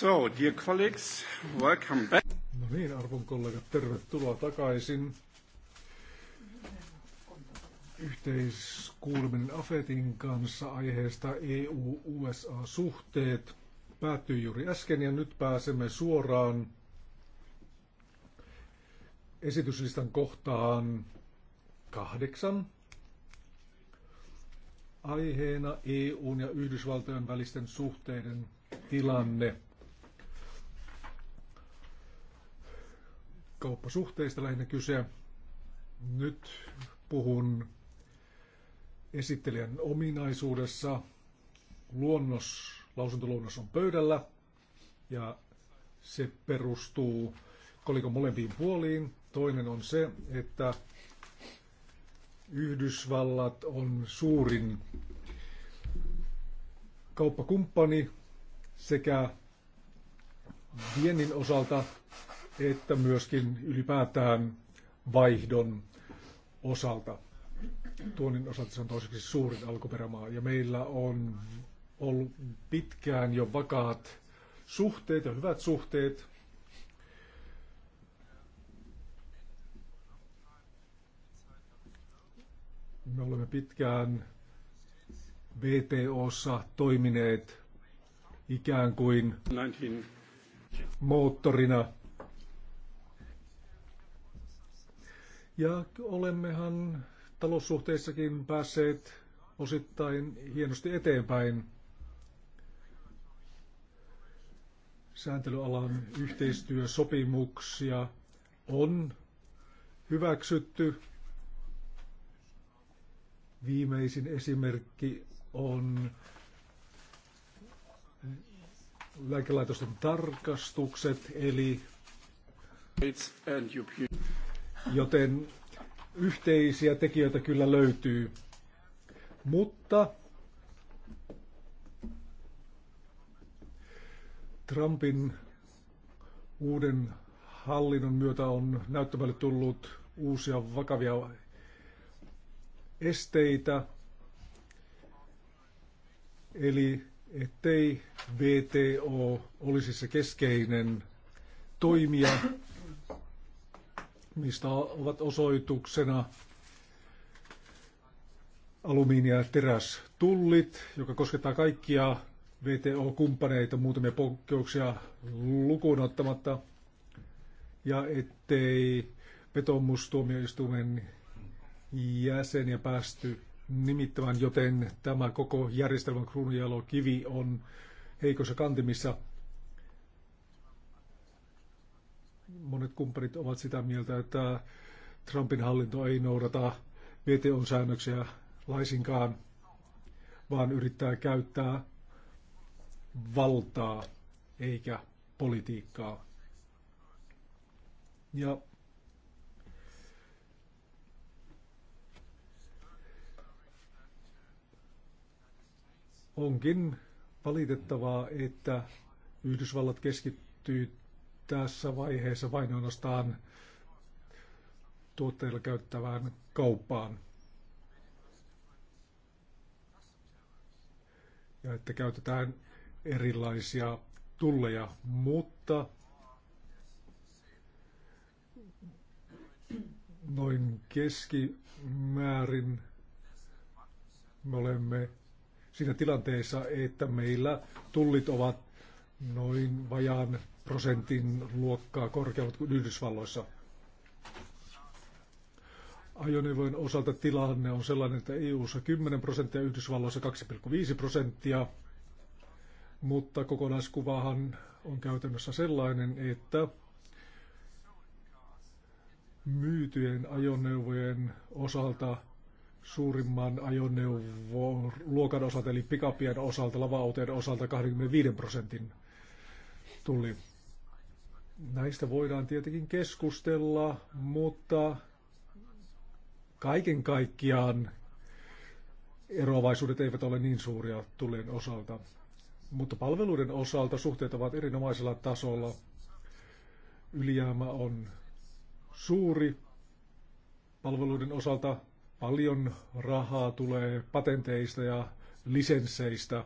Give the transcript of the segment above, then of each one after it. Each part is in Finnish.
So, dear colleagues, welcome back. No niin, arvon kollegat, tervetuloa takaisin. Yhteiskuuleminen AFETin kanssa aiheesta EU-USA-suhteet päättyi juuri äsken ja nyt pääsemme suoraan esityslistan kohtaan kahdeksan. Aiheena EUn ja Yhdysvaltojen välisten suhteiden tilanne. kauppasuhteista lähinnä kyse. Nyt puhun esittelijän ominaisuudessa. Luonnos, lausuntoluonnos on pöydällä ja se perustuu kolikon molempiin puoliin. Toinen on se, että Yhdysvallat on suurin kauppakumppani sekä viennin osalta että myöskin ylipäätään vaihdon osalta. tuonin osalta se on toiseksi suurin alkuperämaa. Ja meillä on ollut pitkään jo vakaat suhteet ja hyvät suhteet Me olemme pitkään VTOssa toimineet ikään kuin moottorina Ja olemmehan taloussuhteissakin päässeet osittain hienosti eteenpäin sääntelyalan yhteistyösopimuksia on hyväksytty. Viimeisin esimerkki on lääkelaitosten tarkastukset, eli Joten yhteisiä tekijöitä kyllä löytyy. Mutta Trumpin uuden hallinnon myötä on näyttämälle tullut uusia vakavia esteitä. Eli ettei VTO olisi se keskeinen toimija mistä ovat osoituksena alumiini- ja terästullit, joka koskettaa kaikkia VTO-kumppaneita, muutamia poikkeuksia lukuun ottamatta, ja ettei vetomustuomioistuimen jäseniä päästy nimittämään, joten tämä koko järjestelmän kruununjalokivi on heikossa kantimissa. Monet kumppanit ovat sitä mieltä, että Trumpin hallinto ei noudata VTO-säännöksiä laisinkaan, vaan yrittää käyttää valtaa eikä politiikkaa. Ja onkin valitettavaa, että Yhdysvallat keskittyy tässä vaiheessa vain ainoastaan tuotteilla käyttävään kauppaan. Ja että käytetään erilaisia tulleja, mutta noin keskimäärin me olemme siinä tilanteessa, että meillä tullit ovat noin vajaan prosentin luokkaa korkeammat kuin Yhdysvalloissa. Ajoneuvojen osalta tilanne on sellainen, että EU-ssa 10 prosenttia, Yhdysvalloissa 2,5 prosenttia, mutta kokonaiskuvahan on käytännössä sellainen, että myytyjen ajoneuvojen osalta suurimman ajoneuvoluokan osalta, eli pikapien osalta, lava osalta 25 prosentin tuli. Näistä voidaan tietenkin keskustella, mutta kaiken kaikkiaan eroavaisuudet eivät ole niin suuria tulien osalta. Mutta palveluiden osalta suhteet ovat erinomaisella tasolla. Ylijäämä on suuri. Palveluiden osalta paljon rahaa tulee patenteista ja lisensseistä,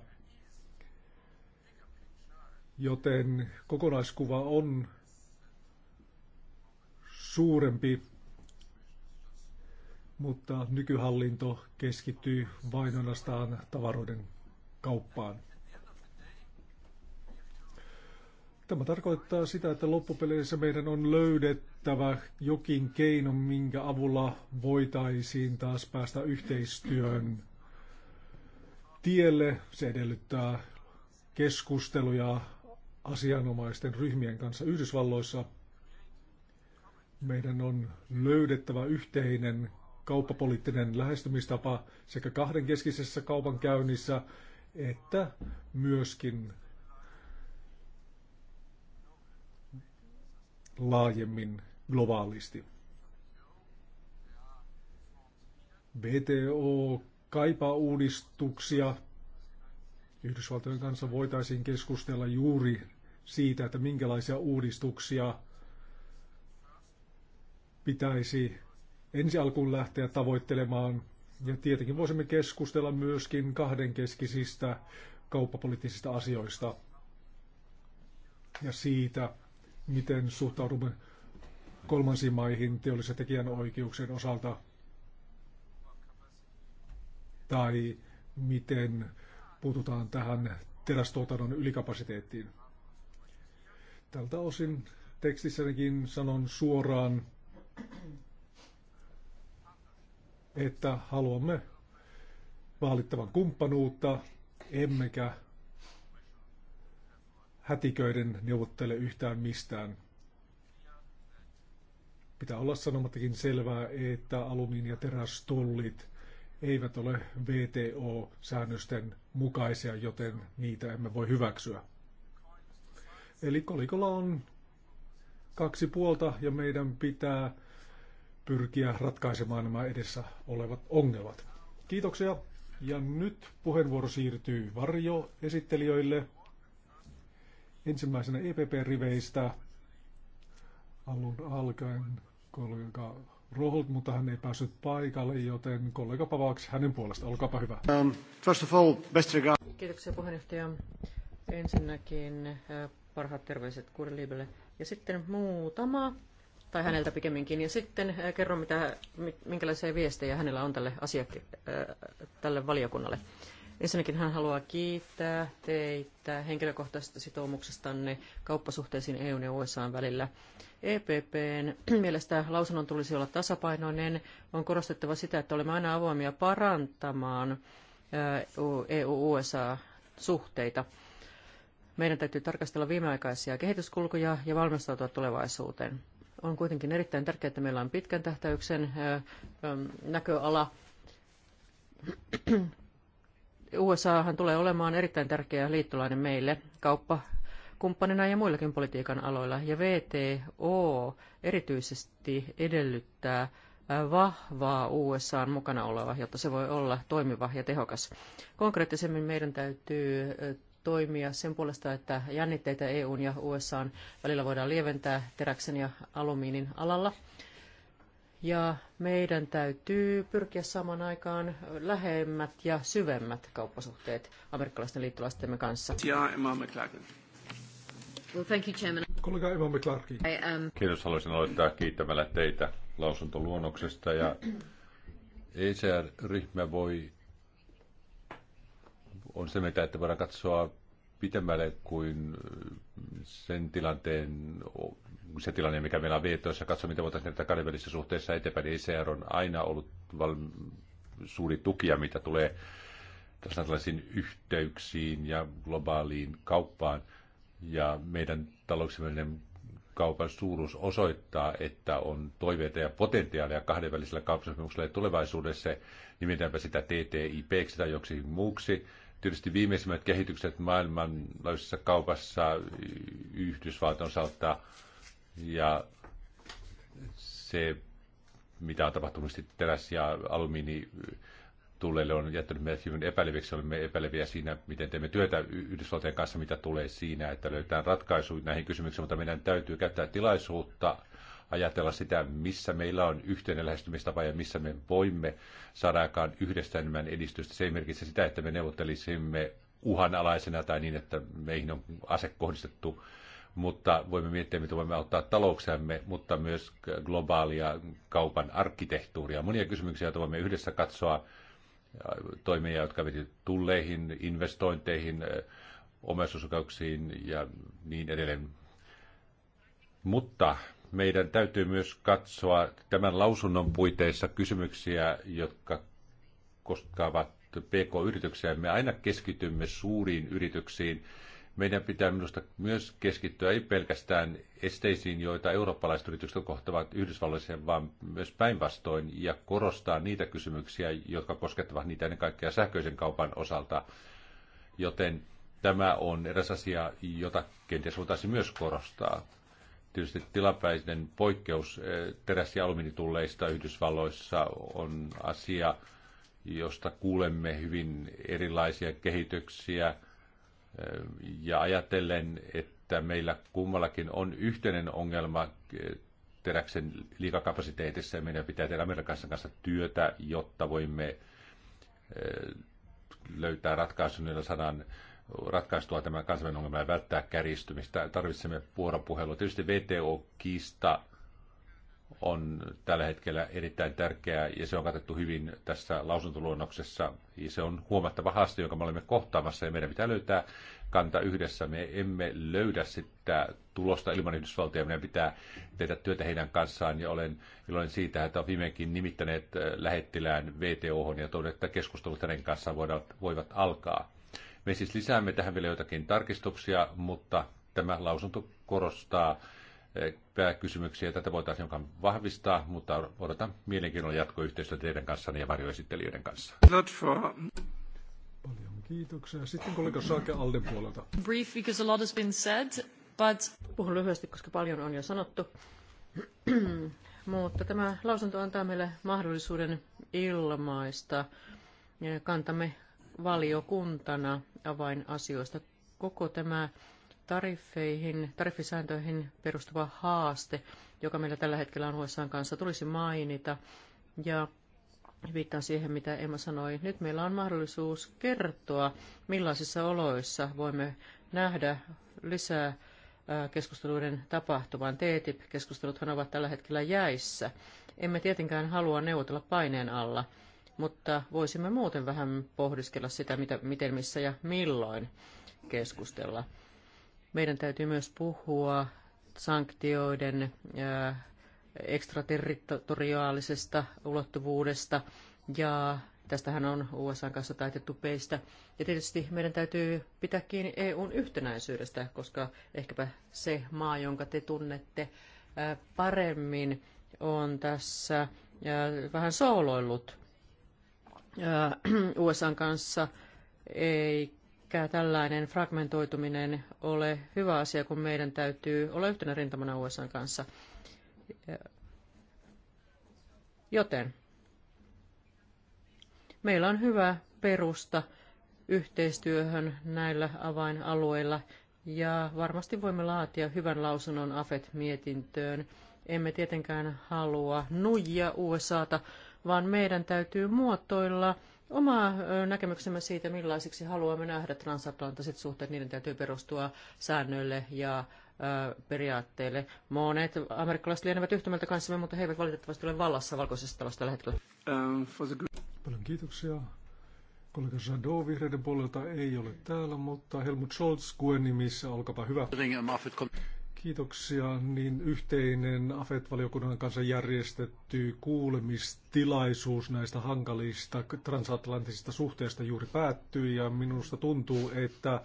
joten kokonaiskuva on suurempi, mutta nykyhallinto keskittyy vain ainoastaan tavaroiden kauppaan. Tämä tarkoittaa sitä, että loppupeleissä meidän on löydettävä jokin keino, minkä avulla voitaisiin taas päästä yhteistyön tielle. Se edellyttää keskusteluja asianomaisten ryhmien kanssa Yhdysvalloissa – meidän on löydettävä yhteinen kauppapoliittinen lähestymistapa sekä kahdenkeskisessä kaupankäynnissä että myöskin laajemmin globaalisti. BTO kaipaa uudistuksia. Yhdysvaltojen kanssa voitaisiin keskustella juuri siitä, että minkälaisia uudistuksia pitäisi ensi alkuun lähteä tavoittelemaan. Ja tietenkin voisimme keskustella myöskin kahdenkeskisistä kauppapoliittisista asioista ja siitä, miten suhtaudumme kolmansiin maihin teollisen tekijänoikeuksien osalta tai miten puututaan tähän terästuotannon ylikapasiteettiin. Tältä osin tekstissäkin sanon suoraan, että haluamme vaalittavan kumppanuutta, emmekä hätiköiden neuvottele yhtään mistään. Pitää olla sanomattakin selvää, että alumiini- ja terästullit eivät ole VTO-säännösten mukaisia, joten niitä emme voi hyväksyä. Eli kolikolla on kaksi puolta ja meidän pitää pyrkiä ratkaisemaan nämä edessä olevat ongelmat. Kiitoksia. Ja nyt puheenvuoro siirtyy varjoesittelijöille. Ensimmäisenä EPP-riveistä alun alkaen kollega Roholt, mutta hän ei päässyt paikalle, joten kollega Pavaks hänen puolesta. Olkaapa hyvä. Um, first of all, best Kiitoksia puheenjohtaja. Ensinnäkin eh, parhaat terveiset Kurilibelle. Ja sitten muutama tai häneltä pikemminkin. Ja sitten äh, kerro mitä, minkälaisia viestejä hänellä on tälle, asiak- äh, tälle valiokunnalle. Ensinnäkin hän haluaa kiittää teitä henkilökohtaisesta sitoumuksestanne kauppasuhteisiin EUn ja USAn välillä. EPPn mielestä lausunnon tulisi olla tasapainoinen. On korostettava sitä, että olemme aina avoimia parantamaan äh, EU-USA-suhteita. Meidän täytyy tarkastella viimeaikaisia kehityskulkuja ja valmistautua tulevaisuuteen on kuitenkin erittäin tärkeää, että meillä on pitkän tähtäyksen näköala. USAhan tulee olemaan erittäin tärkeä liittolainen meille kauppakumppanina ja muillakin politiikan aloilla. Ja VTO erityisesti edellyttää vahvaa USAan mukana oleva, jotta se voi olla toimiva ja tehokas. Konkreettisemmin meidän täytyy toimia sen puolesta, että jännitteitä EUn ja USAn välillä voidaan lieventää teräksen ja alumiinin alalla. Ja meidän täytyy pyrkiä samaan aikaan lähemmät ja syvemmät kauppasuhteet amerikkalaisten liittolaistemme kanssa. Well, thank you, Chairman. Kollega Emma McClarkin. Um, Kiitos, haluaisin aloittaa kiittämällä teitä lausuntoluonnoksesta ja ECR-ryhmä e voi on se mitä, että voidaan katsoa pitemmälle kuin sen tilanteen, se tilanne, mikä meillä on vietoissa, katsoa, mitä voitaisiin näitä kahdenvälisissä suhteissa eteenpäin. Niin ICR on aina ollut val- suuri tukia, mitä tulee tällaisiin yhteyksiin ja globaaliin kauppaan. Ja meidän talouksellinen kaupan suuruus osoittaa, että on toiveita ja potentiaalia kahdenvälisellä kauppasopimuksella tulevaisuudessa, nimetäänpä sitä TTIP tai joksikin muuksi, Tietysti viimeisimmät kehitykset maailmanlaajuisessa kaupassa Yhdysvaltain osalta ja se, mitä on tapahtunut teräs- ja alumiini tulleille on jättänyt meidät hyvin epäileviksi. Olemme epäileviä siinä, miten teemme työtä Yhdysvaltojen kanssa, mitä tulee siinä, että löytää ratkaisuja näihin kysymyksiin, mutta meidän täytyy käyttää tilaisuutta ajatella sitä, missä meillä on yhteinen lähestymistapa ja missä me voimme saada aikaan yhdestä enemmän edistystä. Se ei merkitse sitä, että me neuvottelisimme uhanalaisena tai niin, että meihin on ase kohdistettu, mutta voimme miettiä, miten voimme auttaa talouksemme, mutta myös globaalia kaupan arkkitehtuuria. Monia kysymyksiä, joita voimme yhdessä katsoa, toimia, jotka vetivät tulleihin, investointeihin, omaisuusokauksiin ja niin edelleen. Mutta meidän täytyy myös katsoa tämän lausunnon puiteissa kysymyksiä, jotka koskevat PK-yrityksiä. Me aina keskitymme suuriin yrityksiin. Meidän pitää minusta myös keskittyä ei pelkästään esteisiin, joita eurooppalaiset yritykset kohtavat Yhdysvalloissa, vaan myös päinvastoin ja korostaa niitä kysymyksiä, jotka koskettavat niitä ennen kaikkea sähköisen kaupan osalta. Joten tämä on eräs asia, jota kenties voitaisiin myös korostaa tietysti tilapäinen poikkeus eh, teräs- ja alumiinitulleista Yhdysvalloissa on asia, josta kuulemme hyvin erilaisia kehityksiä. Eh, ja ajatellen, että meillä kummallakin on yhteinen ongelma eh, teräksen liikakapasiteetissa ja meidän pitää tehdä Amerikan kanssa työtä, jotta voimme löytää ratkaisun, jolla saadaan ratkaistua tämä kansainvälinen ongelma ja välttää kärjistymistä. Tarvitsemme vuoropuhelua. Tietysti VTO-kiista on tällä hetkellä erittäin tärkeää ja se on katettu hyvin tässä lausuntoluonnoksessa. Ja se on huomattava haaste, jonka me olemme kohtaamassa ja meidän pitää löytää kanta yhdessä. Me emme löydä sitä tulosta ilman Yhdysvaltoja. Meidän pitää tehdä työtä heidän kanssaan ja olen iloinen siitä, että on viimeinkin nimittäneet lähettilään VTOhon ja toivon, että keskustelut hänen kanssaan voivat alkaa. Me siis lisäämme tähän vielä jotakin tarkistuksia, mutta tämä lausunto korostaa eh, pääkysymyksiä. Tätä voitaisiin jonkun vahvistaa, mutta odotan mielenkiinnolla jatkoyhteistyötä teidän kanssa ja varjoesittelijöiden kanssa. Not for... Paljon kiitoksia. Sitten kollega Saake Alden puolelta. Brief because a lot has been said, but... Puhun lyhyesti, koska paljon on jo sanottu. mutta tämä lausunto antaa meille mahdollisuuden ilmaista kantamme valiokuntana avainasioista. Koko tämä tariffeihin, tariffisääntöihin perustuva haaste, joka meillä tällä hetkellä on USA kanssa, tulisi mainita. Ja viittaan siihen, mitä Emma sanoi. Nyt meillä on mahdollisuus kertoa, millaisissa oloissa voimme nähdä lisää keskusteluiden tapahtuvan. TTIP-keskusteluthan e ovat tällä hetkellä jäissä. Emme tietenkään halua neuvotella paineen alla – mutta voisimme muuten vähän pohdiskella sitä, mitä, miten, missä ja milloin keskustella. Meidän täytyy myös puhua sanktioiden ää, äh, ekstraterritoriaalisesta ulottuvuudesta ja tästähän on USA kanssa taitettu peistä. Ja tietysti meidän täytyy pitää kiinni EUn yhtenäisyydestä, koska ehkäpä se maa, jonka te tunnette äh, paremmin, on tässä äh, vähän sooloillut USAn kanssa, eikä tällainen fragmentoituminen ole hyvä asia, kun meidän täytyy olla yhtenä rintamana USAn kanssa. Joten meillä on hyvä perusta yhteistyöhön näillä avainalueilla ja varmasti voimme laatia hyvän lausunnon AFET-mietintöön. Emme tietenkään halua nuijia USAta vaan meidän täytyy muotoilla oma näkemyksemme siitä, millaisiksi haluamme nähdä transatlanttiset suhteet. Niiden täytyy perustua säännöille ja periaatteille. Monet amerikkalaiset lienevät yhtä mieltä kanssamme, mutta he eivät valitettavasti ole vallassa valkoisessa talossa tällä hetkellä. Um, Paljon kiitoksia. Kollega Jadot vihreiden puolelta ei ole täällä, mutta Helmut Scholz kuen nimissä, olkapa hyvä. Kiitoksia. Niin yhteinen AFET-valiokunnan kanssa järjestetty kuulemistilaisuus näistä hankalista transatlanttisista suhteista juuri päättyi ja minusta tuntuu, että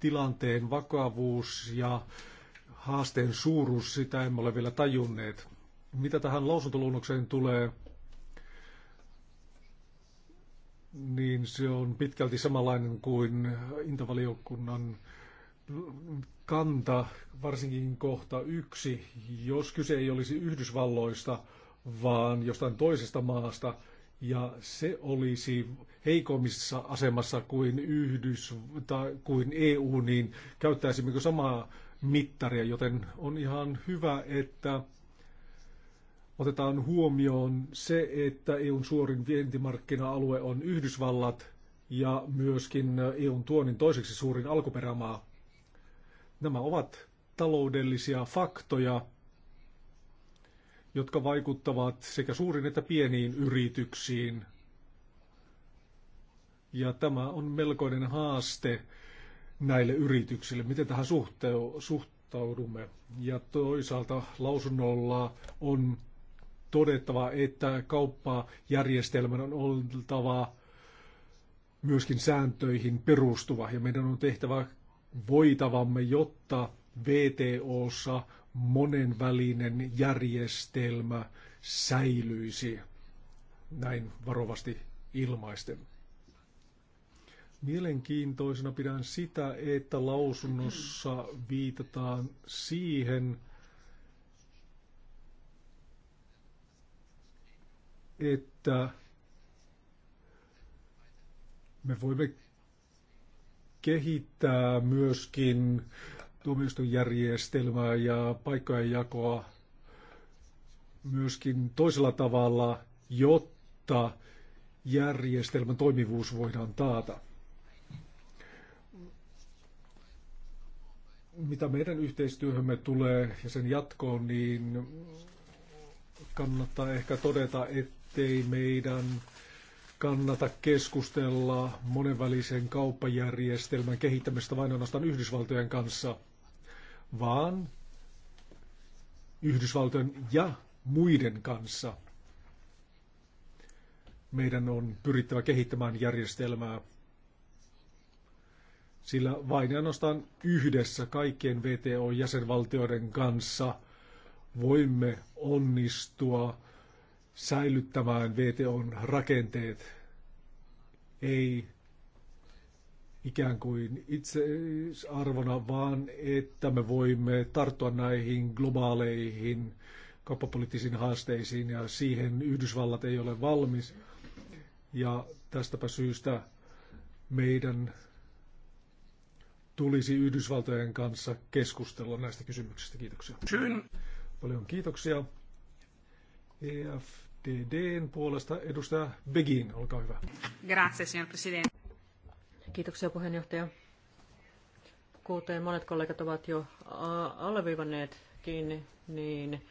tilanteen vakavuus ja haasteen suuruus, sitä emme ole vielä tajunneet. Mitä tähän lausuntoluunnokseen tulee, niin se on pitkälti samanlainen kuin intavaliokunnan kanta, varsinkin kohta yksi, jos kyse ei olisi Yhdysvalloista, vaan jostain toisesta maasta, ja se olisi heikommissa asemassa kuin, Yhdys, tai kuin EU, niin käyttäisimmekö samaa mittaria, joten on ihan hyvä, että otetaan huomioon se, että EUn suorin vientimarkkina-alue on Yhdysvallat ja myöskin EUn tuonnin toiseksi suurin alkuperämaa. Nämä ovat taloudellisia faktoja, jotka vaikuttavat sekä suuriin että pieniin yrityksiin. Ja tämä on melkoinen haaste näille yrityksille, miten tähän suhtaudumme. Ja toisaalta lausunnolla on todettava, että kauppajärjestelmän on oltava myöskin sääntöihin perustuva ja meidän on tehtävä voitavamme, jotta VTOssa monenvälinen järjestelmä säilyisi, näin varovasti ilmaisten. Mielenkiintoisena pidän sitä, että lausunnossa viitataan siihen, että me voimme kehittää myöskin tuomioistujärjestelmää ja paikkojen jakoa myöskin toisella tavalla, jotta järjestelmän toimivuus voidaan taata. Mitä meidän yhteistyöhömme tulee ja sen jatkoon, niin kannattaa ehkä todeta, ettei meidän kannata keskustella monenvälisen kauppajärjestelmän kehittämistä vain ainoastaan Yhdysvaltojen kanssa, vaan Yhdysvaltojen ja muiden kanssa. Meidän on pyrittävä kehittämään järjestelmää, sillä vain ainoastaan yhdessä kaikkien VTO-jäsenvaltioiden kanssa voimme onnistua säilyttämään VTOn rakenteet. Ei ikään kuin itsearvona, vaan että me voimme tarttua näihin globaaleihin kauppapoliittisiin haasteisiin ja siihen Yhdysvallat ei ole valmis. Ja tästäpä syystä meidän tulisi Yhdysvaltojen kanssa keskustella näistä kysymyksistä. Kiitoksia. Schön. Paljon kiitoksia. EF FDDn puolesta edustaja Begin, olkaa hyvä. Grazie, signor Presidente. Kiitoksia puheenjohtaja. Kuten monet kollegat ovat jo kiinni niin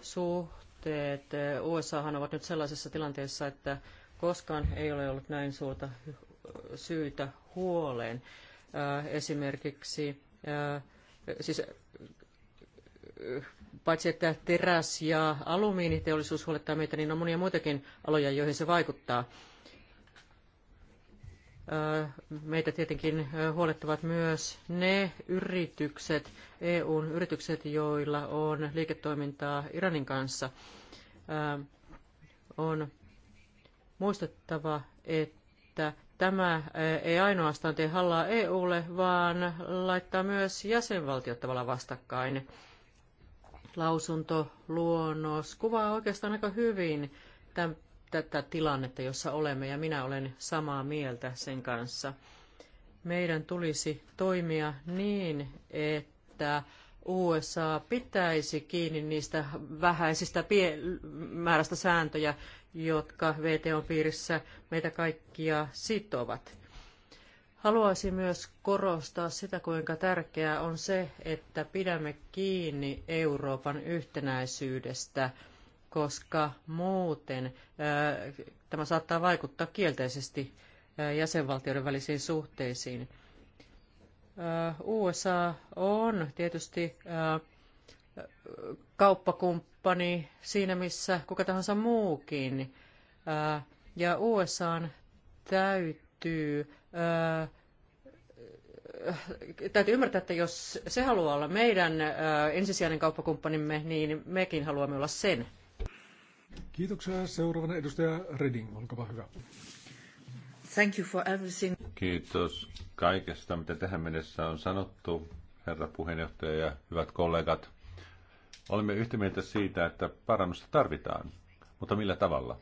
suhteet USAhan ovat nyt sellaisessa tilanteessa, että koskaan ei ole ollut näin suurta syytä huoleen. Esimerkiksi siis paitsi että teräs- ja alumiiniteollisuus huolettaa meitä, niin on monia muitakin aloja, joihin se vaikuttaa. Meitä tietenkin huolettavat myös ne yritykset, EUn yritykset, joilla on liiketoimintaa Iranin kanssa. On muistettava, että tämä ei ainoastaan tee hallaa EUlle, vaan laittaa myös jäsenvaltiot tavallaan vastakkain lausuntoluonnos kuvaa oikeastaan aika hyvin tämän, tätä tilannetta, jossa olemme, ja minä olen samaa mieltä sen kanssa. Meidän tulisi toimia niin, että USA pitäisi kiinni niistä vähäisistä määrästä sääntöjä, jotka vto piirissä meitä kaikkia sitovat. Haluaisin myös korostaa sitä, kuinka tärkeää on se, että pidämme kiinni Euroopan yhtenäisyydestä, koska muuten äh, tämä saattaa vaikuttaa kielteisesti äh, jäsenvaltioiden välisiin suhteisiin. Ää, äh, USA on tietysti ää, kauppakumppani siinä, missä kuka tahansa muukin. ja USAn täytyy täytyy ymmärtää, että jos se haluaa olla meidän ensisijainen kauppakumppanimme, niin mekin haluamme olla sen. Kiitoksia. Seuraavana edustaja Reding, olkaa hyvä. Thank you for everything. Kiitos kaikesta, mitä tähän mennessä on sanottu, herra puheenjohtaja ja hyvät kollegat. Olemme yhtä mieltä siitä, että parannusta tarvitaan, mutta millä tavalla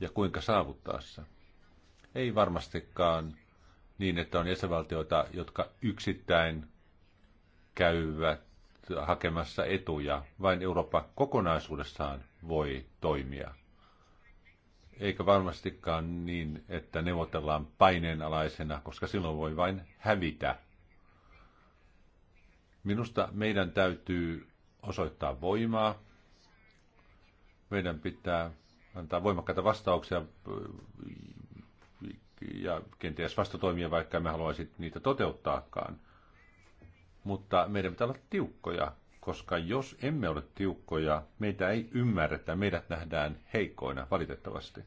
ja kuinka saavuttaa se? Ei varmastikaan niin, että on jäsenvaltioita, jotka yksittäin käyvät hakemassa etuja. Vain Eurooppa kokonaisuudessaan voi toimia. Eikä varmastikaan niin, että neuvotellaan paineenalaisena, koska silloin voi vain hävitä. Minusta meidän täytyy osoittaa voimaa. Meidän pitää antaa voimakkaita vastauksia ja kenties vastatoimia, vaikka me haluaisi niitä toteuttaakaan. Mutta meidän pitää olla tiukkoja, koska jos emme ole tiukkoja, meitä ei ymmärretä, meidät nähdään heikkoina valitettavasti.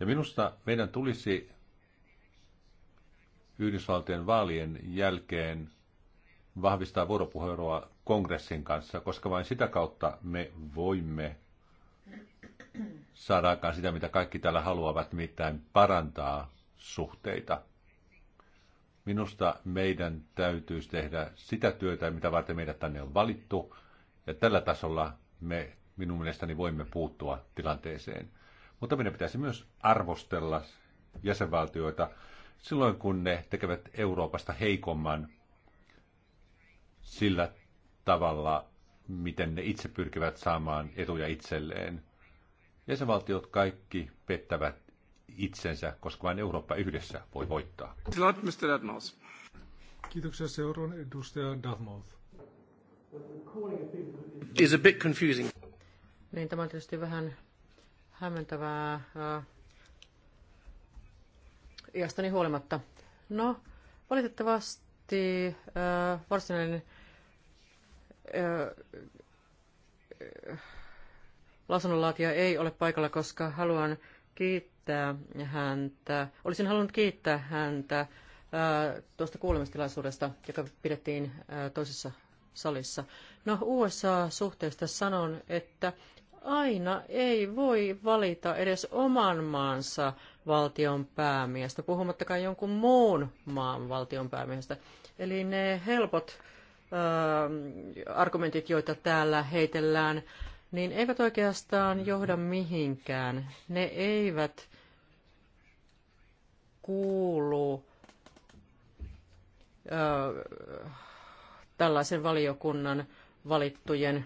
Ja minusta meidän tulisi Yhdysvaltojen vaalien jälkeen vahvistaa vuoropuhelua kongressin kanssa, koska vain sitä kautta me voimme saada sitä, mitä kaikki täällä haluavat, nimittäin parantaa suhteita. Minusta meidän täytyisi tehdä sitä työtä, mitä varten meidät tänne on valittu, ja tällä tasolla me minun mielestäni voimme puuttua tilanteeseen. Mutta meidän pitäisi myös arvostella jäsenvaltioita silloin, kun ne tekevät Euroopasta heikomman sillä tavalla, miten ne itse pyrkivät saamaan etuja itselleen. Jäsenvaltiot kaikki pettävät itsensä, koska vain Eurooppa yhdessä voi voittaa. Kiitoksia seuraan edustaja Dartmouth. Is a bit confusing. Niin, tämä on tietysti vähän hämmentävää äh, iästäni huolimatta. No, valitettavasti äh, varsinainen äh, lausunnonlaatija ei ole paikalla, koska haluan kiittää häntä. Olisin halunnut kiittää häntä äh, tuosta kuulemistilaisuudesta, joka pidettiin äh, toisessa salissa. No USA-suhteesta sanon, että aina ei voi valita edes oman maansa valtion päämiestä, puhumattakaan jonkun muun maan valtion päämiestä. Eli ne helpot äh, argumentit, joita täällä heitellään niin eivät oikeastaan johda mihinkään. Ne eivät kuulu ö, tällaisen valiokunnan valittujen,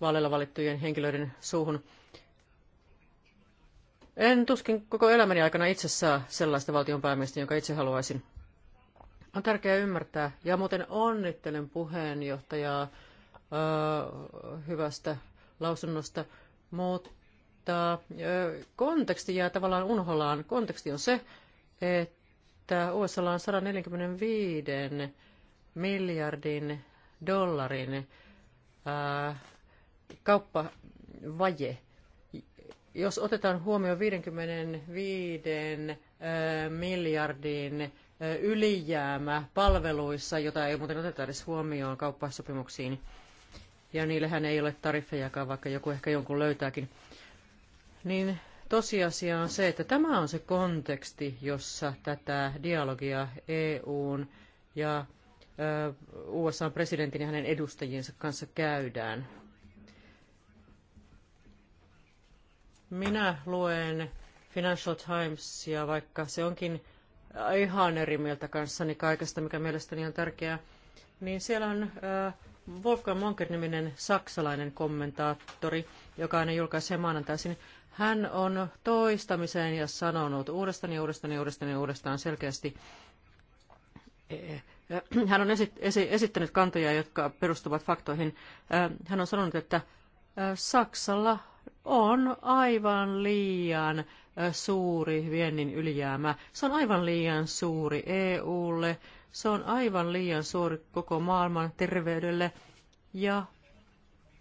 vaaleilla valittujen henkilöiden suuhun. En tuskin koko elämäni aikana itse saa sellaista valtionpäämiestä, jonka itse haluaisin. On tärkeää ymmärtää, ja muuten onnittelen puheenjohtajaa ö, hyvästä lausunnosta, mutta konteksti jää tavallaan unholaan. Konteksti on se, että USA on 145 miljardin dollarin kauppavaje. Jos otetaan huomioon 55 miljardin ylijäämä palveluissa, jota ei muuten oteta edes huomioon kauppasopimuksiin, ja niillähän ei ole tariffejakaan, vaikka joku ehkä jonkun löytääkin, niin tosiasia on se, että tämä on se konteksti, jossa tätä dialogia EUn ja USA-presidentin ja hänen edustajiensa kanssa käydään. Minä luen Financial Timesia, vaikka se onkin ihan eri mieltä kanssani kaikesta, mikä mielestäni on tärkeää, niin siellä on Wolfgang Monker-niminen saksalainen kommentaattori, joka aina julkaisee maanantaisin, hän on toistamiseen ja sanonut uudestaan ja uudestaan ja uudestaan ja uudestaan selkeästi. Eh, hän on esittänyt kantoja, jotka perustuvat faktoihin. Eh, hän on sanonut, että eh, Saksalla on aivan liian suuri viennin ylijäämä. Se on aivan liian suuri EUlle se on aivan liian suuri koko maailman terveydelle ja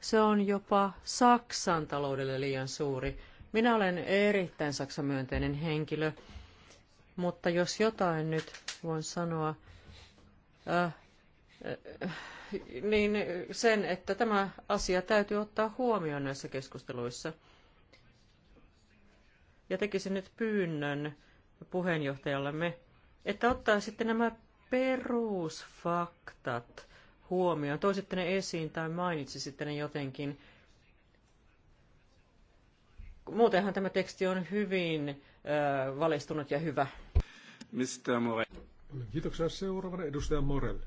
se on jopa Saksan taloudelle liian suuri. Minä olen erittäin saksamyönteinen henkilö, mutta jos jotain nyt voin sanoa, äh, äh, niin sen, että tämä asia täytyy ottaa huomioon näissä keskusteluissa. Ja tekisin nyt pyynnön puheenjohtajallemme, että ottaa sitten nämä perusfaktat huomioon? Toisitte ne esiin tai mainitsisitte ne jotenkin. Muutenhan tämä teksti on hyvin äh, valistunut ja hyvä. Mr. Morel. Kiitoksia. Seuraavana edustaja Morel.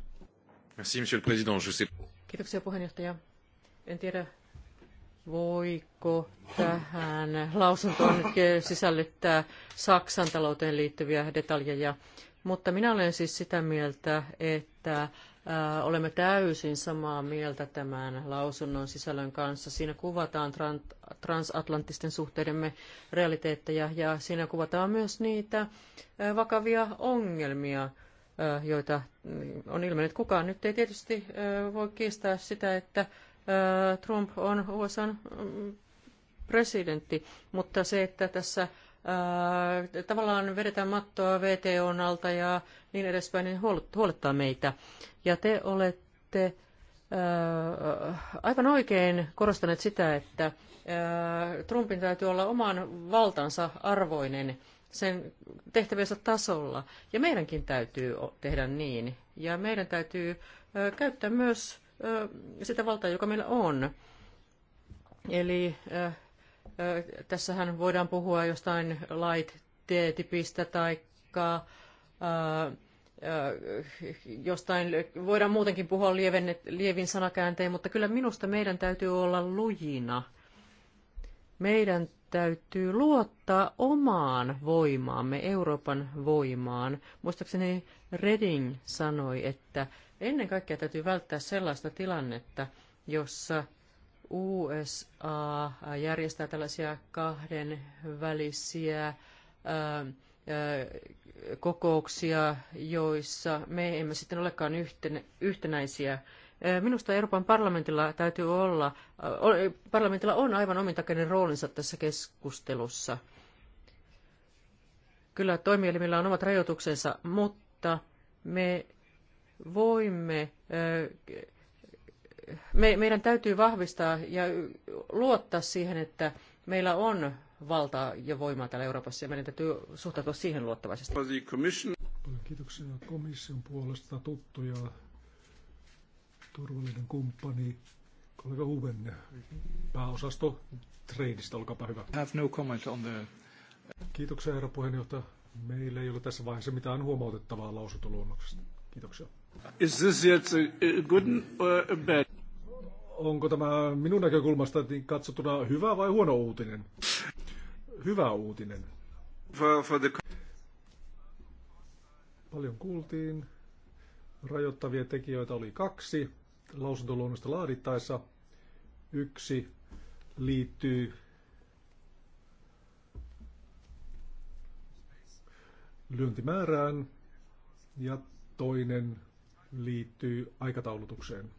Merci, monsieur le président. Je sais... Kiitoksia puheenjohtaja. En tiedä, voiko tähän lausuntoon sisällyttää Saksan talouteen liittyviä detaljeja. Mutta minä olen siis sitä mieltä, että äh, olemme täysin samaa mieltä tämän lausunnon sisällön kanssa. Siinä kuvataan transatlanttisten suhteidemme realiteetteja ja siinä kuvataan myös niitä äh, vakavia ongelmia, äh, joita mm, on ilmennyt. Kukaan nyt ei tietysti voi kiistää sitä, että Trump on USAn mm, presidentti, mutta se, että tässä tavallaan vedetään mattoa VTOn alta ja niin edespäin, niin huolettaa meitä. Ja te olette aivan oikein korostaneet sitä, että Trumpin täytyy olla oman valtansa arvoinen sen tehtäviensä tasolla. Ja meidänkin täytyy tehdä niin. Ja meidän täytyy käyttää myös sitä valtaa, joka meillä on. Eli Tässähän voidaan puhua jostain lait T-tipistä tai jostain, voidaan muutenkin puhua lieven, lievin sanakääntein, mutta kyllä minusta meidän täytyy olla lujina. Meidän täytyy luottaa omaan voimaamme, Euroopan voimaan. Muistaakseni Reding sanoi, että ennen kaikkea täytyy välttää sellaista tilannetta, jossa USA järjestää tällaisia kahden välisiä kokouksia, joissa me emme sitten olekaan yhtenäisiä. Minusta Euroopan parlamentilla täytyy olla, parlamentilla on aivan omintakeinen roolinsa tässä keskustelussa. Kyllä toimielimillä on omat rajoituksensa, mutta me voimme me, meidän täytyy vahvistaa ja luottaa siihen, että meillä on valtaa ja voimaa täällä Euroopassa ja meidän täytyy suhtautua siihen luottavaisesti. Paljon kiitoksia komission puolesta tuttu ja turvallinen kumppani, kollega Uven pääosasto Tradeista, olkaapa hyvä. Have no comment on the... Kiitoksia herra puheenjohtaja. Meillä ei ole tässä vaiheessa mitään huomautettavaa lausutuluonnoksesta. Kiitoksia. Is this yet a good or uh, a bad? onko tämä minun näkökulmasta niin katsottuna hyvä vai huono uutinen? Hyvä uutinen. For, for the... Paljon kuultiin. Rajoittavia tekijöitä oli kaksi lausuntoluonnosta laadittaessa. Yksi liittyy lyöntimäärään ja toinen liittyy aikataulutukseen.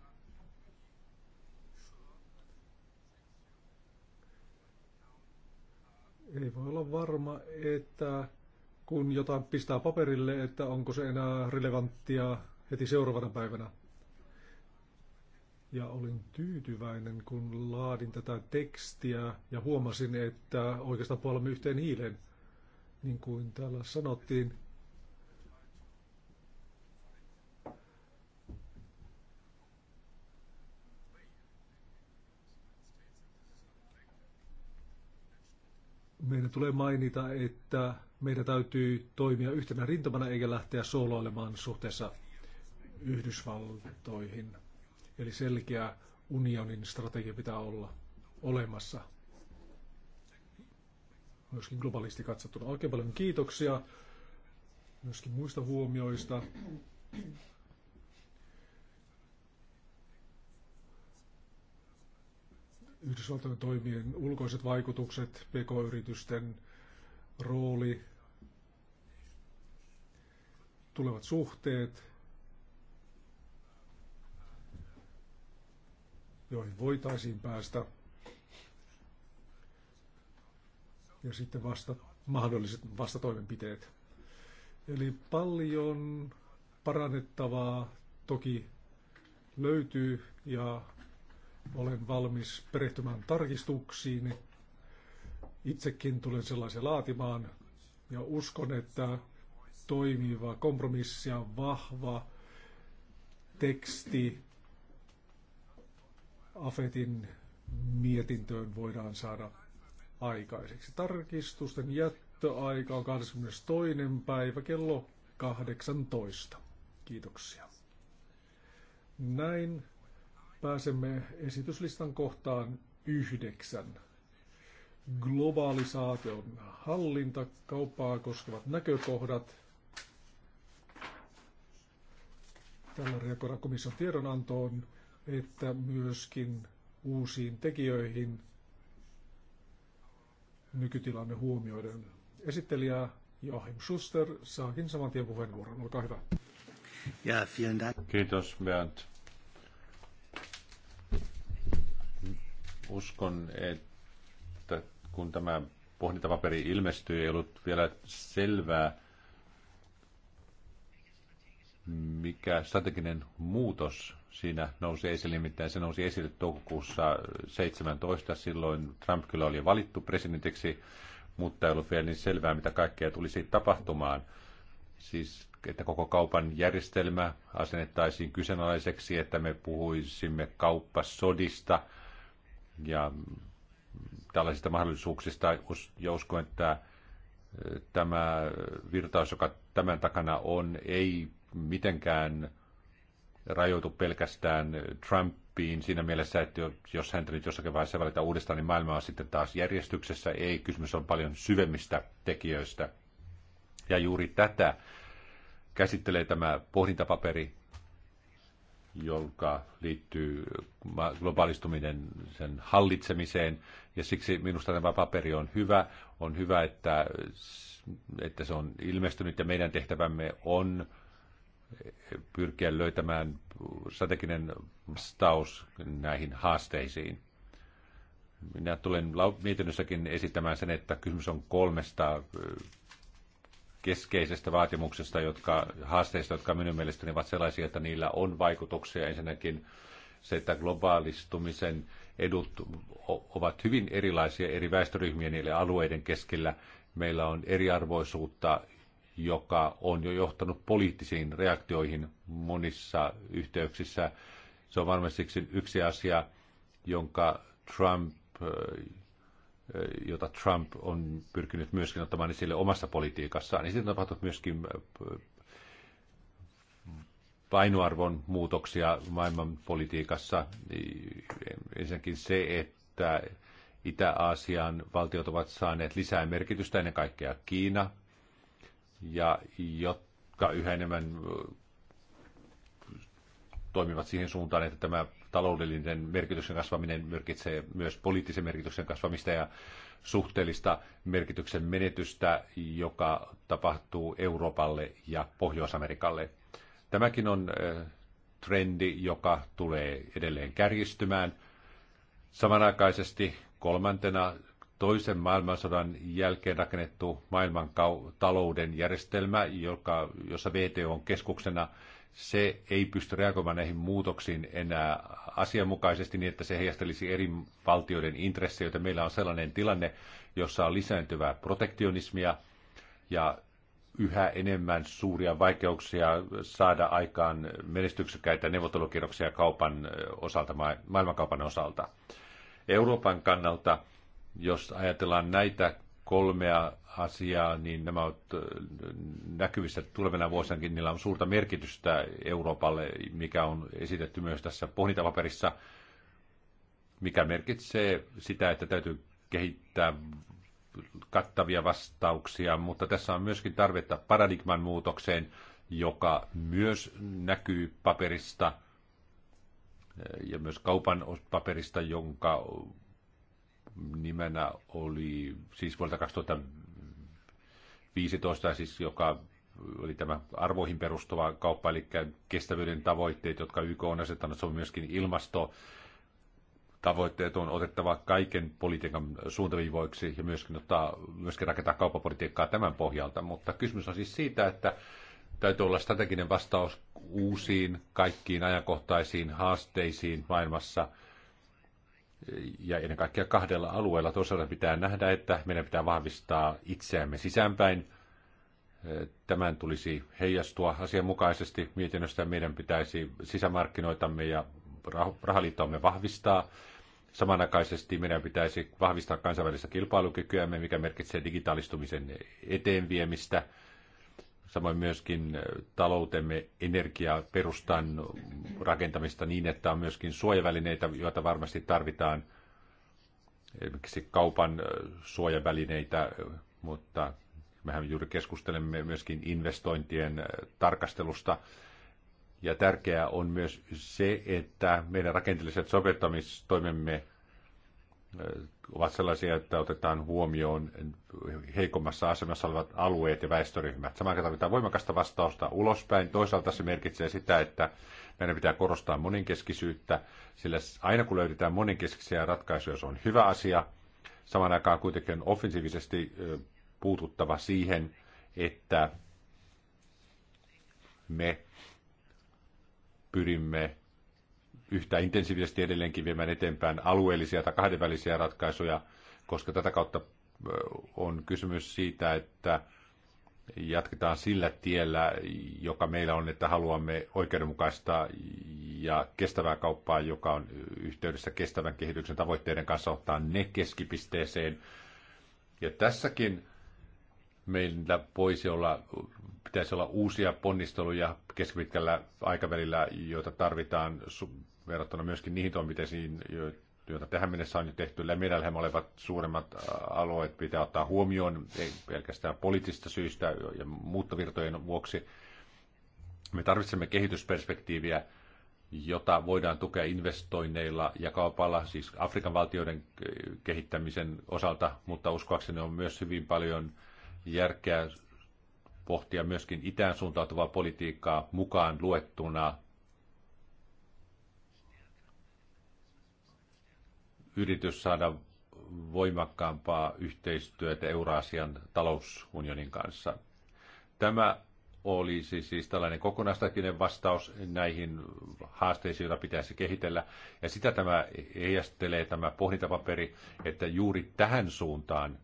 ei voi olla varma, että kun jotain pistää paperille, että onko se enää relevanttia heti seuraavana päivänä. Ja olin tyytyväinen, kun laadin tätä tekstiä ja huomasin, että oikeastaan puolemme yhteen hiileen. Niin kuin täällä sanottiin, meidän tulee mainita, että meidän täytyy toimia yhtenä rintamana eikä lähteä sooloilemaan suhteessa Yhdysvaltoihin. Eli selkeä unionin strategia pitää olla olemassa myöskin globaalisti katsottuna. Oikein paljon kiitoksia myöskin muista huomioista. Yhdysvaltojen toimien ulkoiset vaikutukset, pk-yritysten rooli, tulevat suhteet, joihin voitaisiin päästä. Ja sitten vasta, mahdolliset vastatoimenpiteet. Eli paljon parannettavaa toki löytyy ja olen valmis perehtymään tarkistuksiin. Itsekin tulen sellaisen laatimaan ja uskon, että toimiva kompromissi ja vahva teksti AFETin mietintöön voidaan saada aikaiseksi. Tarkistusten jättöaika on 22. päivä kello 18. Kiitoksia. Näin pääsemme esityslistan kohtaan yhdeksän. Globalisaation hallinta, kauppaa koskevat näkökohdat. Tällä reagoidaan komission tiedonantoon, että myöskin uusiin tekijöihin nykytilanne huomioiden. Esittelijä Joachim Schuster saakin saman tien puheenvuoron. Olkaa hyvä. Ja, vielen Kiitos Bernd. Uskon, että kun tämä pohdintapaperi ilmestyi, ei ollut vielä selvää, mikä strateginen muutos siinä nousi esille. Nimittäin se nousi esille toukokuussa 17. Silloin Trump kyllä oli valittu presidentiksi, mutta ei ollut vielä niin selvää, mitä kaikkea tulisi tapahtumaan. Siis, että koko kaupan järjestelmä asennettaisiin kyseenalaiseksi, että me puhuisimme kauppasodista – ja tällaisista mahdollisuuksista ja uskon, että äh, tämä virtaus, joka tämän takana on, ei mitenkään rajoitu pelkästään Trumpiin siinä mielessä, että jos häntä nyt jossakin vaiheessa valitaan uudestaan, niin maailma on sitten taas järjestyksessä. Ei, kysymys on paljon syvemmistä tekijöistä. Ja juuri tätä käsittelee tämä pohdintapaperi, jonka liittyy globaalistuminen sen hallitsemiseen. Ja siksi minusta tämä paperi on hyvä. On hyvä, että, että se on ilmestynyt ja meidän tehtävämme on pyrkiä löytämään strateginen vastaus näihin haasteisiin. Minä tulen mietinnössäkin esittämään sen, että kysymys on kolmesta keskeisestä vaatimuksesta, jotka, haasteista, jotka minun mielestäni ovat sellaisia, että niillä on vaikutuksia. Ensinnäkin se, että globaalistumisen edut ovat hyvin erilaisia eri väestöryhmien niille alueiden keskellä. Meillä on eriarvoisuutta, joka on jo johtanut poliittisiin reaktioihin monissa yhteyksissä. Se on varmasti yksi asia, jonka Trump jota Trump on pyrkinyt myöskin ottamaan esille omassa politiikassaan, niin sitten tapahtunut myöskin painoarvon muutoksia maailman politiikassa. Ensinnäkin se, että Itä-Aasian valtiot ovat saaneet lisää merkitystä, ennen kaikkea Kiina, ja jotka yhä enemmän toimivat siihen suuntaan, että tämä taloudellinen merkityksen kasvaminen merkitsee myös poliittisen merkityksen kasvamista ja suhteellista merkityksen menetystä, joka tapahtuu Euroopalle ja Pohjois-Amerikalle. Tämäkin on trendi, joka tulee edelleen kärjistymään. Samanaikaisesti kolmantena toisen maailmansodan jälkeen rakennettu maailman talouden järjestelmä, joka, jossa VTO on keskuksena, se ei pysty reagoimaan näihin muutoksiin enää asianmukaisesti niin, että se heijastelisi eri valtioiden intressejä, joten meillä on sellainen tilanne, jossa on lisääntyvää protektionismia ja yhä enemmän suuria vaikeuksia saada aikaan menestyksekkäitä neuvottelukierroksia kaupan osalta, maailmankaupan osalta. Euroopan kannalta, jos ajatellaan näitä kolmea asiaa, niin nämä ovat näkyvissä tulevina vuosinakin. Niillä on suurta merkitystä Euroopalle, mikä on esitetty myös tässä pohdintapaperissa, mikä merkitsee sitä, että täytyy kehittää kattavia vastauksia, mutta tässä on myöskin tarvetta paradigman muutokseen, joka myös näkyy paperista ja myös kaupan paperista, jonka nimenä oli siis vuodelta 2000 15, siis joka oli tämä arvoihin perustuva kauppa, eli kestävyyden tavoitteet, jotka YK on asettanut, se on myöskin ilmasto, tavoitteet on otettava kaiken politiikan suuntaviivoiksi ja myöskin, ottaa, myöskin rakentaa kauppapolitiikkaa tämän pohjalta. Mutta kysymys on siis siitä, että täytyy olla strateginen vastaus uusiin, kaikkiin ajankohtaisiin haasteisiin maailmassa – ja ennen kaikkea kahdella alueella. Toisaalta pitää nähdä, että meidän pitää vahvistaa itseämme sisäänpäin. Tämän tulisi heijastua asianmukaisesti mietinnöstä. Meidän pitäisi sisämarkkinoitamme ja rahaliittoamme vahvistaa. Samanaikaisesti meidän pitäisi vahvistaa kansainvälistä kilpailukykyämme, mikä merkitsee digitaalistumisen eteenviemistä – samoin myöskin taloutemme energiaperustan rakentamista niin, että on myöskin suojavälineitä, joita varmasti tarvitaan, esimerkiksi kaupan suojavälineitä, mutta mehän juuri keskustelemme myöskin investointien tarkastelusta. Ja tärkeää on myös se, että meidän rakenteelliset sopeuttamistoimemme ovat sellaisia, että otetaan huomioon heikommassa asemassa olevat alueet ja väestöryhmät. Samaan tarvitaan voimakasta vastausta ulospäin. Toisaalta se merkitsee sitä, että meidän pitää korostaa moninkeskisyyttä, sillä aina kun löydetään moninkeskisiä ratkaisuja, se on hyvä asia. Samaan aikaan kuitenkin on offensiivisesti puututtava siihen, että me pyrimme yhtä intensiivisesti edelleenkin viemään eteenpäin alueellisia tai kahdenvälisiä ratkaisuja, koska tätä kautta on kysymys siitä, että jatketaan sillä tiellä, joka meillä on, että haluamme oikeudenmukaista ja kestävää kauppaa, joka on yhteydessä kestävän kehityksen tavoitteiden kanssa ottaa ne keskipisteeseen. Ja tässäkin meillä voisi olla, pitäisi olla uusia ponnisteluja keskipitkällä aikavälillä, joita tarvitaan verrattuna myöskin niihin toimenpiteisiin, joita tähän mennessä on jo tehty. Lämidälhem olevat suuremmat alueet pitää ottaa huomioon, ei pelkästään poliittisista syistä ja muuttovirtojen vuoksi. Me tarvitsemme kehitysperspektiiviä, jota voidaan tukea investoinneilla ja kaupalla, siis Afrikan valtioiden kehittämisen osalta, mutta uskoakseni on myös hyvin paljon järkeä pohtia myöskin itään suuntautuvaa politiikkaa mukaan luettuna yritys saada voimakkaampaa yhteistyötä Euraasian talousunionin kanssa. Tämä olisi siis tällainen kokonaistakinen vastaus näihin haasteisiin, joita pitäisi kehitellä. Ja sitä tämä heijastelee tämä pohdintapaperi, että juuri tähän suuntaan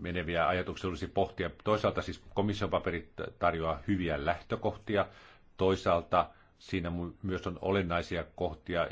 meneviä ajatuksia olisi pohtia. Toisaalta siis komission paperit tarjoaa hyviä lähtökohtia, toisaalta – Siinä myös on olennaisia kohtia,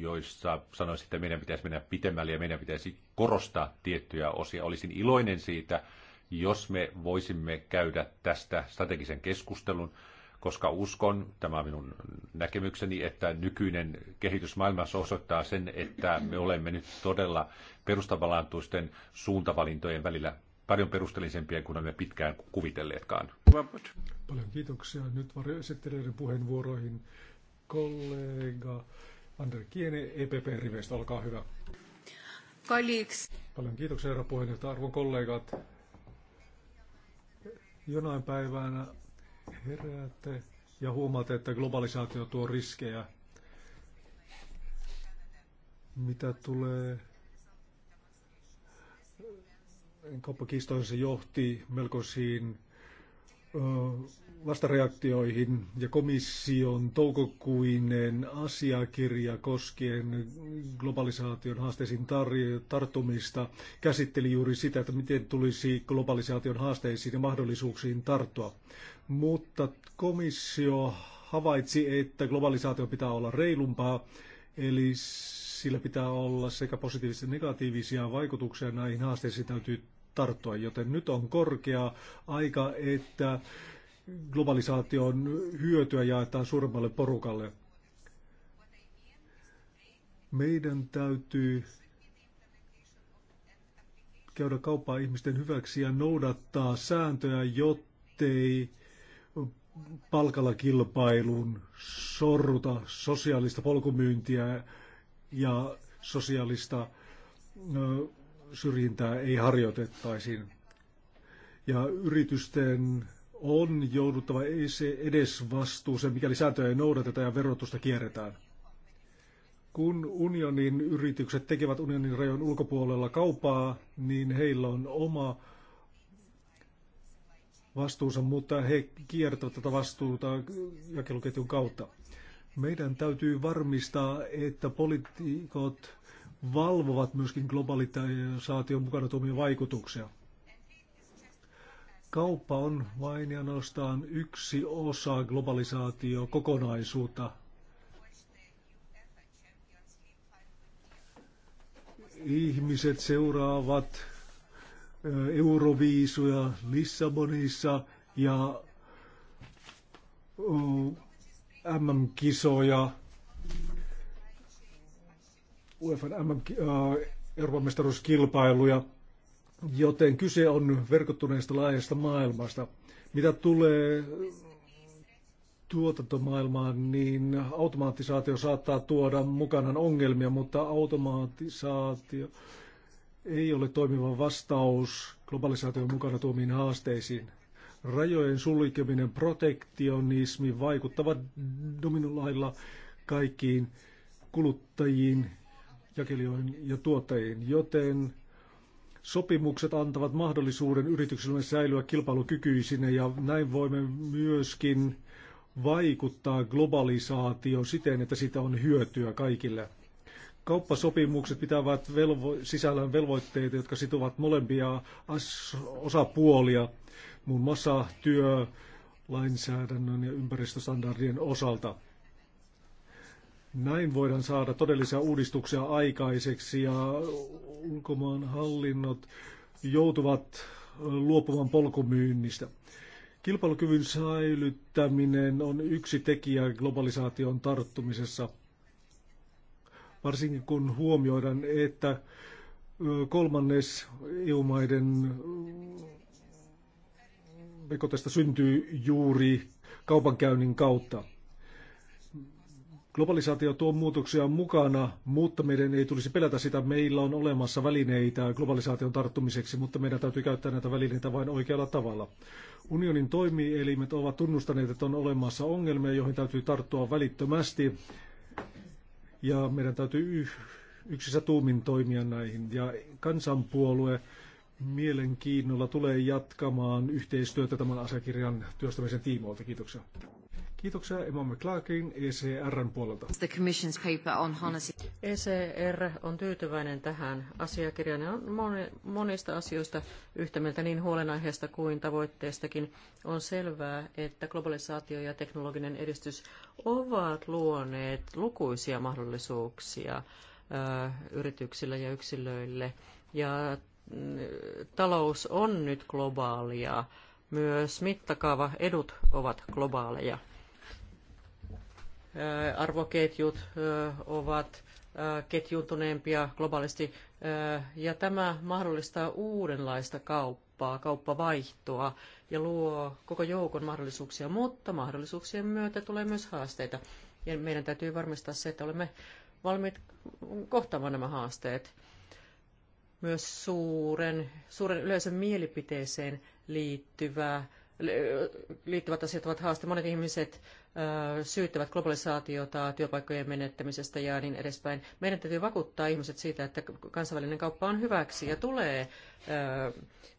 joissa sanoisin, että meidän pitäisi mennä pitemmälle ja meidän pitäisi korostaa tiettyjä osia. Olisin iloinen siitä, jos me voisimme käydä tästä strategisen keskustelun, koska uskon, tämä on minun näkemykseni, että nykyinen kehitys maailmassa osoittaa sen, että me olemme nyt todella perustavanlaatuisten suuntavalintojen välillä paljon perusteellisempia kuin olemme pitkään kuvitelleetkaan. Paljon kiitoksia. Nyt varjoesittelijöiden puheenvuoroihin kollega Andre Kiene EPP-riveistä. Olkaa hyvä. Colleagues. Paljon kiitoksia, herra puheenjohtaja. Arvon kollegat, jonain päivänä heräätte ja huomaatte, että globalisaatio tuo riskejä. Mitä tulee kauppakiistoihin se johti melkoisiin vastareaktioihin ja komission toukokuinen asiakirja koskien globalisaation haasteisiin tar- tarttumista käsitteli juuri sitä, että miten tulisi globalisaation haasteisiin ja mahdollisuuksiin tarttua. Mutta komissio havaitsi, että globalisaatio pitää olla reilumpaa, eli sillä pitää olla sekä positiivisia että negatiivisia vaikutuksia näihin haasteisiin täytyy tarttua, joten nyt on korkea aika, että globalisaation hyötyä jaetaan suuremmalle porukalle. Meidän täytyy käydä kauppaa ihmisten hyväksi ja noudattaa sääntöjä, jottei palkalla kilpailun sorruta sosiaalista polkumyyntiä ja sosiaalista syrjintää ei harjoitettaisiin. Ja yritysten on jouduttava edes vastuuseen, mikäli sääntöjä ei noudateta ja verotusta kierretään. Kun unionin yritykset tekevät unionin rajojen ulkopuolella kaupaa, niin heillä on oma vastuunsa, mutta he kiertävät tätä vastuuta jakeluketjun kautta. Meidän täytyy varmistaa, että poliitikot valvovat myöskin globalisaation mukana tuomia vaikutuksia. Kauppa on vain ja nostaan yksi osa globalisaatio kokonaisuutta. Ihmiset seuraavat Euroviisuja Lissabonissa ja MM-kisoja UEFA äh, Euroopan mestaruuskilpailuja, joten kyse on verkottuneesta laajasta maailmasta. Mitä tulee tuotantomaailmaan, niin automaattisaatio saattaa tuoda mukanaan ongelmia, mutta automaattisaatio ei ole toimiva vastaus globalisaation mukana tuomiin haasteisiin. Rajojen sulkeminen, protektionismi vaikuttavat dominolailla kaikkiin kuluttajiin jakelijoihin ja tuottajiin, joten sopimukset antavat mahdollisuuden yrityksille säilyä kilpailukykyisinä ja näin voimme myöskin vaikuttaa globalisaatioon siten, että sitä on hyötyä kaikille. Kauppasopimukset pitävät velvo- sisällään velvoitteita, jotka sitovat molempia osapuolia, muun muassa työ, lainsäädännön ja ympäristöstandardien osalta – näin voidaan saada todellisia uudistuksia aikaiseksi ja ulkomaan hallinnot joutuvat luopumaan polkumyynnistä. Kilpailukyvyn säilyttäminen on yksi tekijä globalisaation tarttumisessa, varsinkin kun huomioidaan, että kolmannes EU-maiden bekotesta syntyy juuri kaupankäynnin kautta. Globalisaatio tuo muutoksia mukana, mutta meidän ei tulisi pelätä sitä. Meillä on olemassa välineitä globalisaation tarttumiseksi, mutta meidän täytyy käyttää näitä välineitä vain oikealla tavalla. Unionin toimielimet ovat tunnustaneet, että on olemassa ongelmia, joihin täytyy tarttua välittömästi. Ja meidän täytyy yksissä tuumin toimia näihin. Ja kansanpuolue mielenkiinnolla tulee jatkamaan yhteistyötä tämän asiakirjan työstämisen tiimoilta. Kiitoksia. Kiitoksia Emma McClarkin ECRn puolelta. The commission's paper on honesty. ECR on tyytyväinen tähän asiakirjaan on monista asioista yhtä mieltä niin huolenaiheesta kuin tavoitteestakin. On selvää, että globalisaatio ja teknologinen edistys ovat luoneet lukuisia mahdollisuuksia yrityksille ja yksilöille. Ja mm, talous on nyt globaalia. Myös mittakaava edut ovat globaaleja arvoketjut ovat ketjuntuneempia globaalisti, ja tämä mahdollistaa uudenlaista kauppaa, kauppavaihtoa ja luo koko joukon mahdollisuuksia, mutta mahdollisuuksien myötä tulee myös haasteita. Ja meidän täytyy varmistaa se, että olemme valmiit kohtaamaan nämä haasteet. Myös suuren, suuren yleisön mielipiteeseen liittyvää liittyvät asiat ovat haaste. Monet ihmiset syyttävät globalisaatiota työpaikkojen menettämisestä ja niin edespäin. Meidän täytyy vakuuttaa ihmiset siitä, että kansainvälinen kauppa on hyväksi ja tulee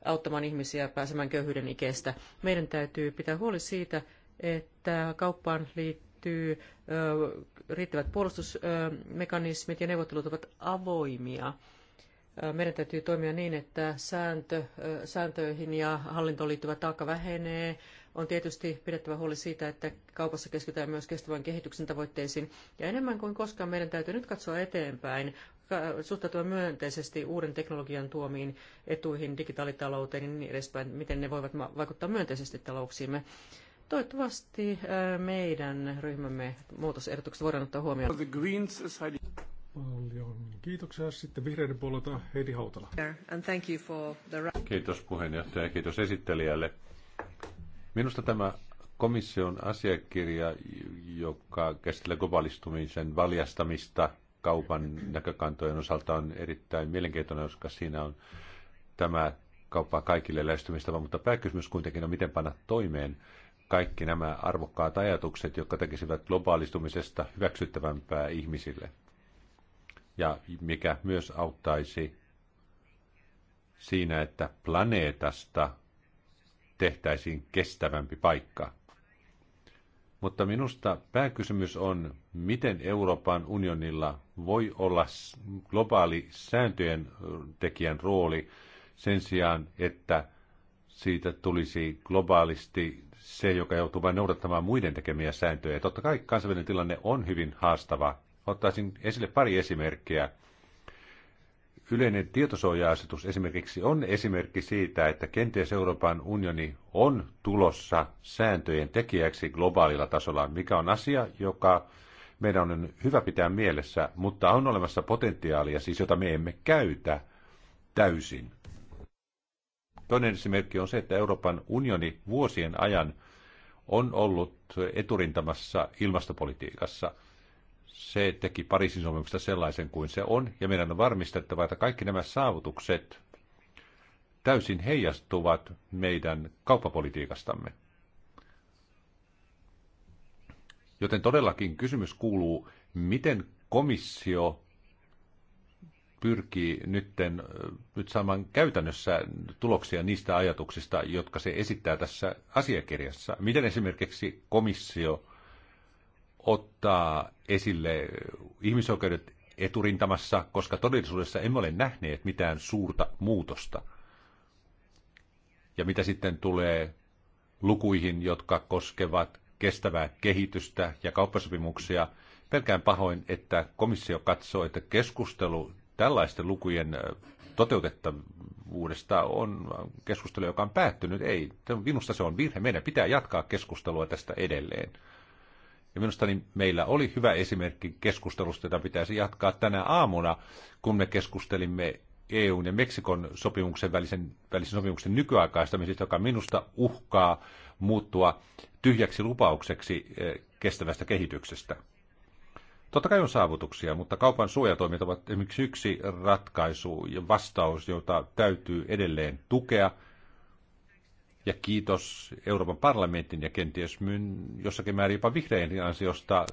auttamaan ihmisiä pääsemään köyhyyden ikeestä. Meidän täytyy pitää huoli siitä, että kauppaan liittyy riittävät puolustusmekanismit ja neuvottelut ovat avoimia meidän täytyy toimia niin, että sääntö, sääntöihin ja hallintoon liittyvä taakka vähenee. On tietysti pidettävä huoli siitä, että kaupassa keskitytään myös kestävän kehityksen tavoitteisiin. Ja enemmän kuin koskaan meidän täytyy nyt katsoa eteenpäin, suhtautua myönteisesti uuden teknologian tuomiin etuihin, digitaalitalouteen ja niin edespäin, miten ne voivat vaikuttaa myönteisesti talouksiimme. Toivottavasti meidän ryhmämme muutosehdotukset voidaan ottaa huomioon. Paljon kiitoksia. Sitten vihreiden puolelta Heidi Hautala. Kiitos puheenjohtaja ja kiitos esittelijälle. Minusta tämä komission asiakirja, joka käsittelee globalistumisen valjastamista kaupan näkökantojen osalta, on erittäin mielenkiintoinen, koska siinä on tämä kauppaa kaikille lähestymistä, mutta pääkysymys kuitenkin on, miten panna toimeen kaikki nämä arvokkaat ajatukset, jotka tekisivät globaalistumisesta hyväksyttävämpää ihmisille ja mikä myös auttaisi siinä, että planeetasta tehtäisiin kestävämpi paikka. Mutta minusta pääkysymys on, miten Euroopan unionilla voi olla globaali sääntöjen tekijän rooli sen sijaan, että siitä tulisi globaalisti se, joka joutuu vain noudattamaan muiden tekemiä sääntöjä. totta kai kansainvälinen tilanne on hyvin haastava Ottaisin esille pari esimerkkiä. Yleinen tietosuoja-asetus esimerkiksi on esimerkki siitä, että kenties Euroopan unioni on tulossa sääntöjen tekijäksi globaalilla tasolla, mikä on asia, joka meidän on hyvä pitää mielessä, mutta on olemassa potentiaalia, siis jota me emme käytä täysin. Toinen esimerkki on se, että Euroopan unioni vuosien ajan on ollut eturintamassa ilmastopolitiikassa – se teki Pariisin sopimuksesta sellaisen kuin se on, ja meidän on varmistettava, että kaikki nämä saavutukset täysin heijastuvat meidän kauppapolitiikastamme. Joten todellakin kysymys kuuluu, miten komissio pyrkii nytten, nyt saamaan käytännössä tuloksia niistä ajatuksista, jotka se esittää tässä asiakirjassa. Miten esimerkiksi komissio ottaa esille ihmisoikeudet eturintamassa, koska todellisuudessa emme ole nähneet mitään suurta muutosta. Ja mitä sitten tulee lukuihin, jotka koskevat kestävää kehitystä ja kauppasopimuksia, pelkään pahoin, että komissio katsoo, että keskustelu tällaisten lukujen toteutettavuudesta on keskustelu, joka on päättynyt. Ei, minusta se on virhe. Meidän pitää jatkaa keskustelua tästä edelleen. Ja minusta niin meillä oli hyvä esimerkki keskustelusta, jota pitäisi jatkaa tänä aamuna, kun me keskustelimme EUn ja Meksikon sopimuksen välisen, välisen sopimuksen nykyaikaistamisesta, joka minusta uhkaa muuttua tyhjäksi lupaukseksi eh, kestävästä kehityksestä. Totta kai on saavutuksia, mutta kaupan suojatoimet ovat esimerkiksi yksi ratkaisu ja vastaus, jota täytyy edelleen tukea – ja kiitos Euroopan parlamentin ja kenties myyn jossakin määrin jopa vihreän ansiosta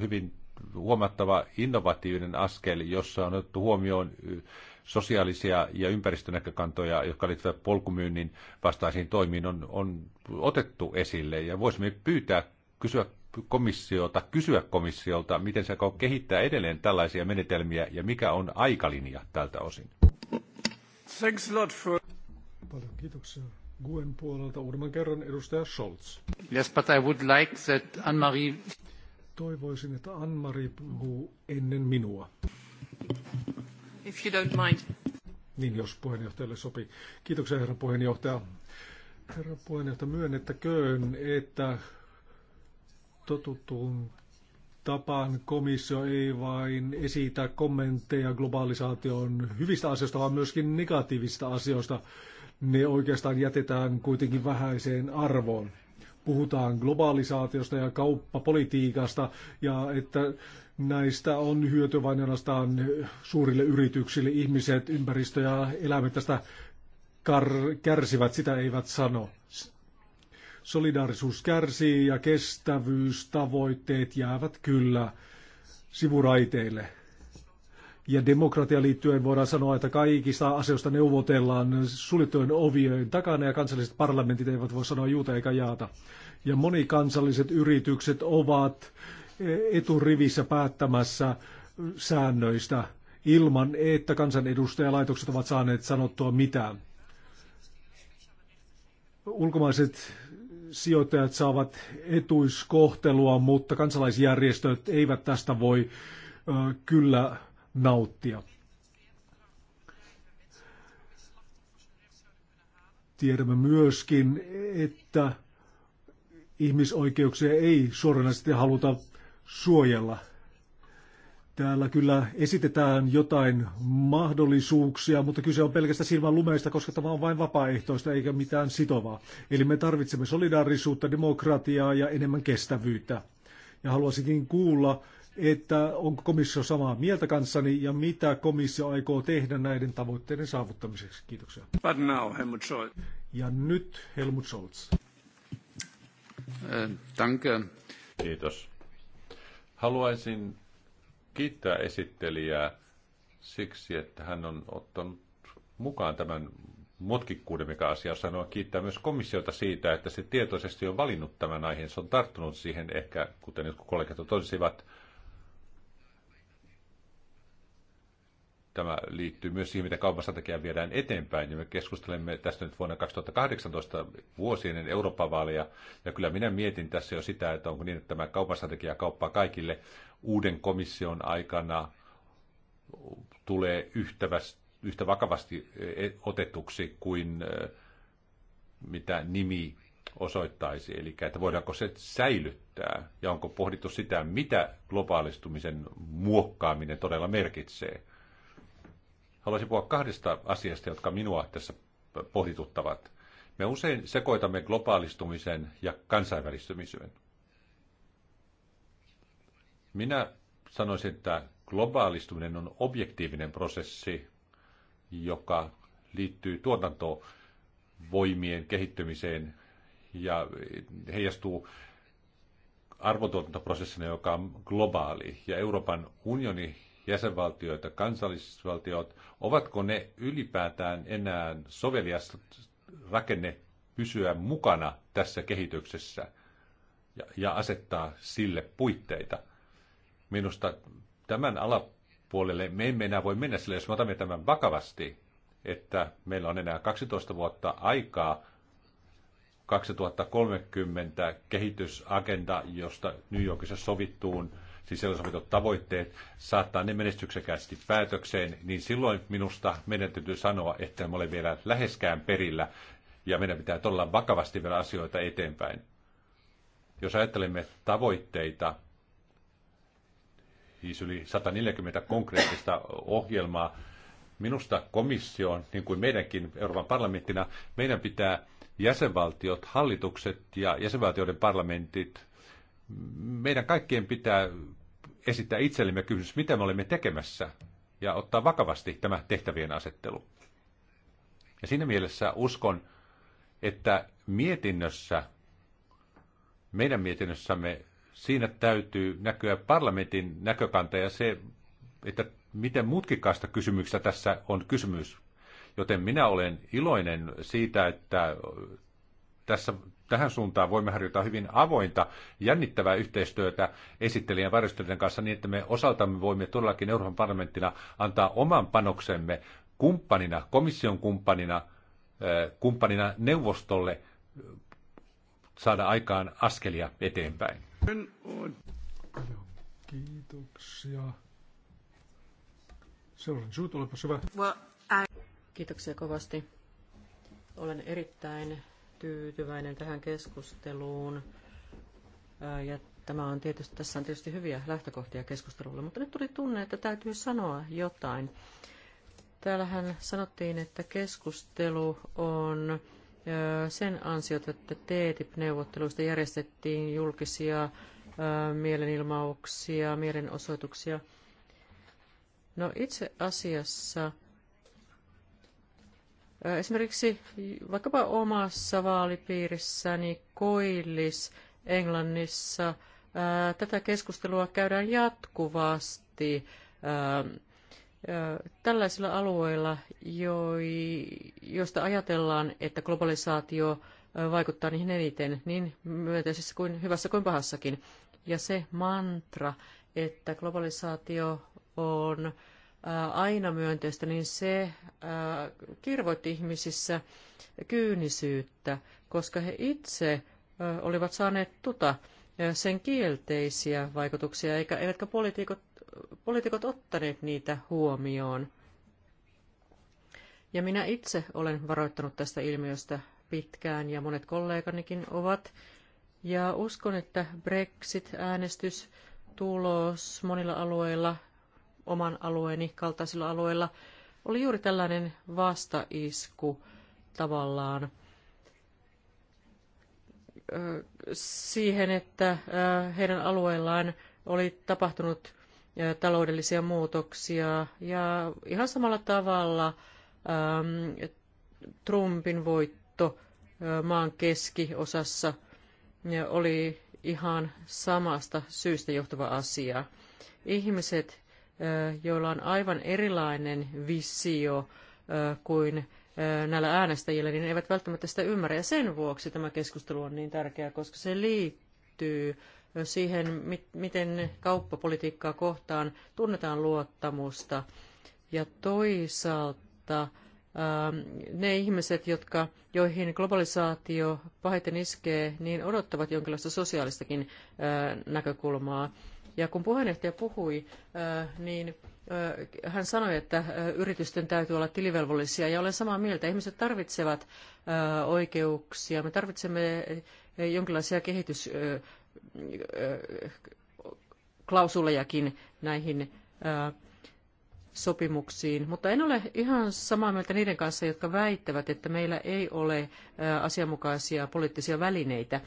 hyvin huomattava innovatiivinen askel, jossa on otettu huomioon sosiaalisia ja ympäristönäkökantoja, jotka liittyvät polkumyynnin vastaisiin toimiin, on, on otettu esille. Ja voisimme pyytää kysyä komissiota, kysyä komissiolta, miten se kehittää edelleen tällaisia menetelmiä ja mikä on aikalinja tältä osin. Thanks a lot for... Paljon kiitoksia Guen puolelta uudemman kerran edustaja Scholz. Yes, but I would like that Anne-Marie... Toivoisin, että Anne-Marie puhuu ennen minua. If you don't mind. Niin, jos puheenjohtajalle sopii. Kiitoksia, herra puheenjohtaja. Herra puheenjohtaja, myönnettäköön, että totuttuun tapaan komissio ei vain esitä kommentteja globalisaation hyvistä asioista, vaan myöskin negatiivista asioista. Ne oikeastaan jätetään kuitenkin vähäiseen arvoon. Puhutaan globalisaatiosta ja kauppapolitiikasta ja että näistä on hyöty vain ainoastaan suurille yrityksille. Ihmiset, ympäristö ja eläimet tästä kärsivät, sitä eivät sano. Solidaarisuus kärsii ja kestävyystavoitteet jäävät kyllä sivuraiteille. Ja demokratia liittyen voidaan sanoa, että kaikista asioista neuvotellaan suljettujen ovien takana ja kansalliset parlamentit eivät voi sanoa juuta eikä jaata. Ja monikansalliset yritykset ovat eturivissä päättämässä säännöistä ilman, että kansanedustajalaitokset ovat saaneet sanottua mitään. Ulkomaiset sijoittajat saavat etuiskohtelua, mutta kansalaisjärjestöt eivät tästä voi kyllä nauttia. Tiedämme myöskin, että ihmisoikeuksia ei suoranaisesti haluta suojella – Täällä kyllä esitetään jotain mahdollisuuksia, mutta kyse on pelkästään silmän lumeista, koska tämä on vain vapaaehtoista eikä mitään sitovaa. Eli me tarvitsemme solidaarisuutta, demokratiaa ja enemmän kestävyyttä. Ja haluaisinkin kuulla, että onko komissio samaa mieltä kanssani ja mitä komissio aikoo tehdä näiden tavoitteiden saavuttamiseksi. Kiitoksia. But now, Helmut Scholz. Ja nyt Helmut Scholz. Äh, danke. Kiitos. Haluaisin kiittää esittelijää siksi, että hän on ottanut mukaan tämän mutkikkuuden, mikä asia sanoa, kiittää myös komissiota siitä, että se tietoisesti on valinnut tämän aiheen. Se on tarttunut siihen ehkä, kuten jotkut kollegat totesivat, Tämä liittyy myös siihen, mitä kaupastrategiaa viedään eteenpäin. Ja me keskustelemme tästä nyt vuonna 2018 vuosien ennen Euroopan vaaleja. Ja kyllä minä mietin tässä jo sitä, että onko niin, että tämä kaupastrategia kauppaa kaikille uuden komission aikana tulee yhtä, yhtä vakavasti e, otetuksi kuin e, mitä nimi osoittaisi, eli että voidaanko se säilyttää ja onko pohdittu sitä, mitä globaalistumisen muokkaaminen todella merkitsee. Haluaisin puhua kahdesta asiasta, jotka minua tässä pohdituttavat. Me usein sekoitamme globaalistumisen ja kansainvälistymisen. Minä sanoisin, että globaalistuminen on objektiivinen prosessi, joka liittyy tuotantovoimien kehittymiseen ja heijastuu arvotuotantoprosessina, joka on globaali. Ja Euroopan unioni jäsenvaltioita, kansallisvaltiot, ovatko ne ylipäätään enää sovelias rakenne pysyä mukana tässä kehityksessä ja, ja asettaa sille puitteita. Minusta tämän alapuolelle me emme enää voi mennä sille, jos me otamme tämän vakavasti, että meillä on enää 12 vuotta aikaa 2030 kehitysagenda, josta New Yorkissa sovittuun siis siellä on tavoitteet, saattaa ne menestyksekästi päätökseen, niin silloin minusta meidän täytyy sanoa, että me ole vielä läheskään perillä ja meidän pitää todella vakavasti vielä asioita eteenpäin. Jos ajattelemme tavoitteita, siis yli 140 konkreettista ohjelmaa, minusta komission, niin kuin meidänkin Euroopan parlamenttina, meidän pitää jäsenvaltiot, hallitukset ja jäsenvaltioiden parlamentit meidän kaikkien pitää esittää itsellemme kysymys, mitä me olemme tekemässä, ja ottaa vakavasti tämä tehtävien asettelu. Ja siinä mielessä uskon, että mietinnössä, meidän mietinnössämme, siinä täytyy näkyä parlamentin näkökanta ja se, että miten mutkikkaasta kysymyksestä tässä on kysymys. Joten minä olen iloinen siitä, että tässä tähän suuntaan voimme harjoittaa hyvin avointa, jännittävää yhteistyötä esittelijän ja varjostelijan kanssa niin, että me osaltamme voimme todellakin Euroopan parlamenttina antaa oman panoksemme kumppanina, komission kumppanina, eh, kumppanina neuvostolle eh, saada aikaan askelia eteenpäin. Kiitoksia. Seuraavaksi Juut, olepas hyvä. Kiitoksia kovasti. Olen erittäin tyytyväinen tähän keskusteluun. Ja tämä on tietysti, tässä on tietysti hyviä lähtökohtia keskustelulle, mutta nyt tuli tunne, että täytyy sanoa jotain. Täällähän sanottiin, että keskustelu on sen ansiot, että TTIP-neuvotteluista e järjestettiin julkisia mielenilmauksia, mielenosoituksia. No itse asiassa Esimerkiksi vaikkapa omassa vaalipiirissäni Koillis Englannissa tätä keskustelua käydään jatkuvasti tällaisilla alueilla, joista ajatellaan, että globalisaatio vaikuttaa niihin eniten, niin myönteisessä kuin hyvässä kuin pahassakin. Ja se mantra, että globalisaatio on aina myönteistä, niin se kirvoitti ihmisissä kyynisyyttä, koska he itse olivat saaneet tuta sen kielteisiä vaikutuksia, eikä, eivätkä poliitikot, poliitikot ottaneet niitä huomioon. Ja minä itse olen varoittanut tästä ilmiöstä pitkään ja monet kolleganikin ovat. Ja uskon, että Brexit-äänestystulos monilla alueilla oman alueeni kaltaisilla alueilla, oli juuri tällainen vastaisku tavallaan siihen, että heidän alueellaan oli tapahtunut taloudellisia muutoksia ja ihan samalla tavalla Trumpin voitto maan keskiosassa oli ihan samasta syystä johtuva asia. Ihmiset joilla on aivan erilainen visio kuin näillä äänestäjillä, niin eivät välttämättä sitä ymmärrä. Ja sen vuoksi tämä keskustelu on niin tärkeää, koska se liittyy siihen, miten kauppapolitiikkaa kohtaan tunnetaan luottamusta. Ja toisaalta ne ihmiset, jotka, joihin globalisaatio pahiten iskee, niin odottavat jonkinlaista sosiaalistakin näkökulmaa. Ja kun puheenjohtaja puhui, äh, niin äh, hän sanoi, että äh, yritysten täytyy olla tilivelvollisia ja olen samaa mieltä. Ihmiset tarvitsevat oikeuksia. Me tarvitsemme jonkinlaisia kehitysklausulejakin näihin sopimuksiin, mutta en ole ihan samaa mieltä niiden kanssa, jotka väittävät, että meillä ei ole asianmukaisia poliittisia välineitä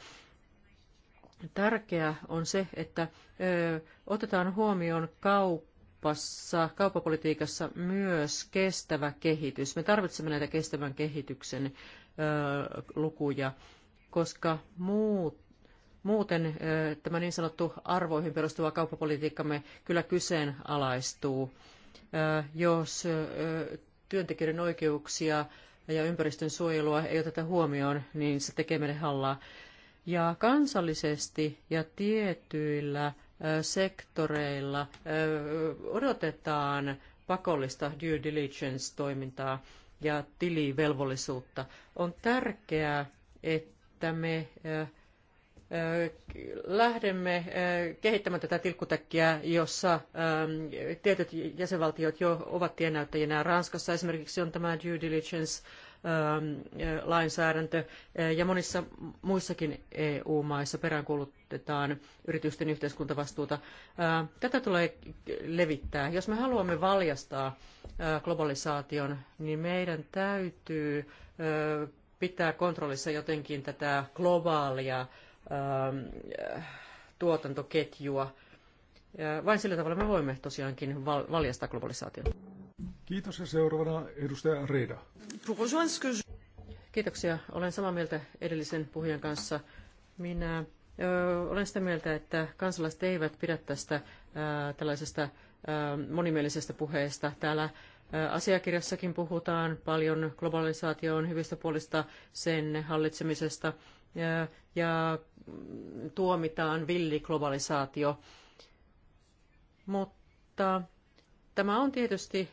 Tärkeää on se, että otetaan huomioon kaupassa, kauppapolitiikassa myös kestävä kehitys. Me tarvitsemme näitä kestävän kehityksen lukuja, koska muut Muuten tämä niin sanottu arvoihin perustuva kauppapolitiikkamme kyllä kyseenalaistuu. Jos työntekijöiden oikeuksia ja ympäristön suojelua ei oteta huomioon, niin se tekee meille hallaa. Ja kansallisesti ja tietyillä sektoreilla odotetaan pakollista due diligence-toimintaa ja tilivelvollisuutta. On tärkeää, että me lähdemme kehittämään tätä tilkkutäkkiä, jossa tietyt jäsenvaltiot jo ovat tiennäyttäjinä. Ranskassa esimerkiksi on tämä due diligence lainsäädäntö ja monissa muissakin EU-maissa peräänkuulutetaan yritysten yhteiskuntavastuuta. Tätä tulee levittää. Jos me haluamme valjastaa globalisaation, niin meidän täytyy pitää kontrollissa jotenkin tätä globaalia tuotantoketjua. Vain sillä tavalla me voimme tosiaankin valjastaa globalisaation. Kiitos ja seuraavana edustaja Reida. Kiitoksia. Olen samaa mieltä edellisen puhujan kanssa. Minä ö, olen sitä mieltä, että kansalaiset eivät pidä tästä ö, tällaisesta ö, monimielisestä puheesta. Täällä ö, asiakirjassakin puhutaan paljon globalisaation hyvistä puolista, sen hallitsemisesta ja, ja tuomitaan villi globalisaatio. Mutta tämä on tietysti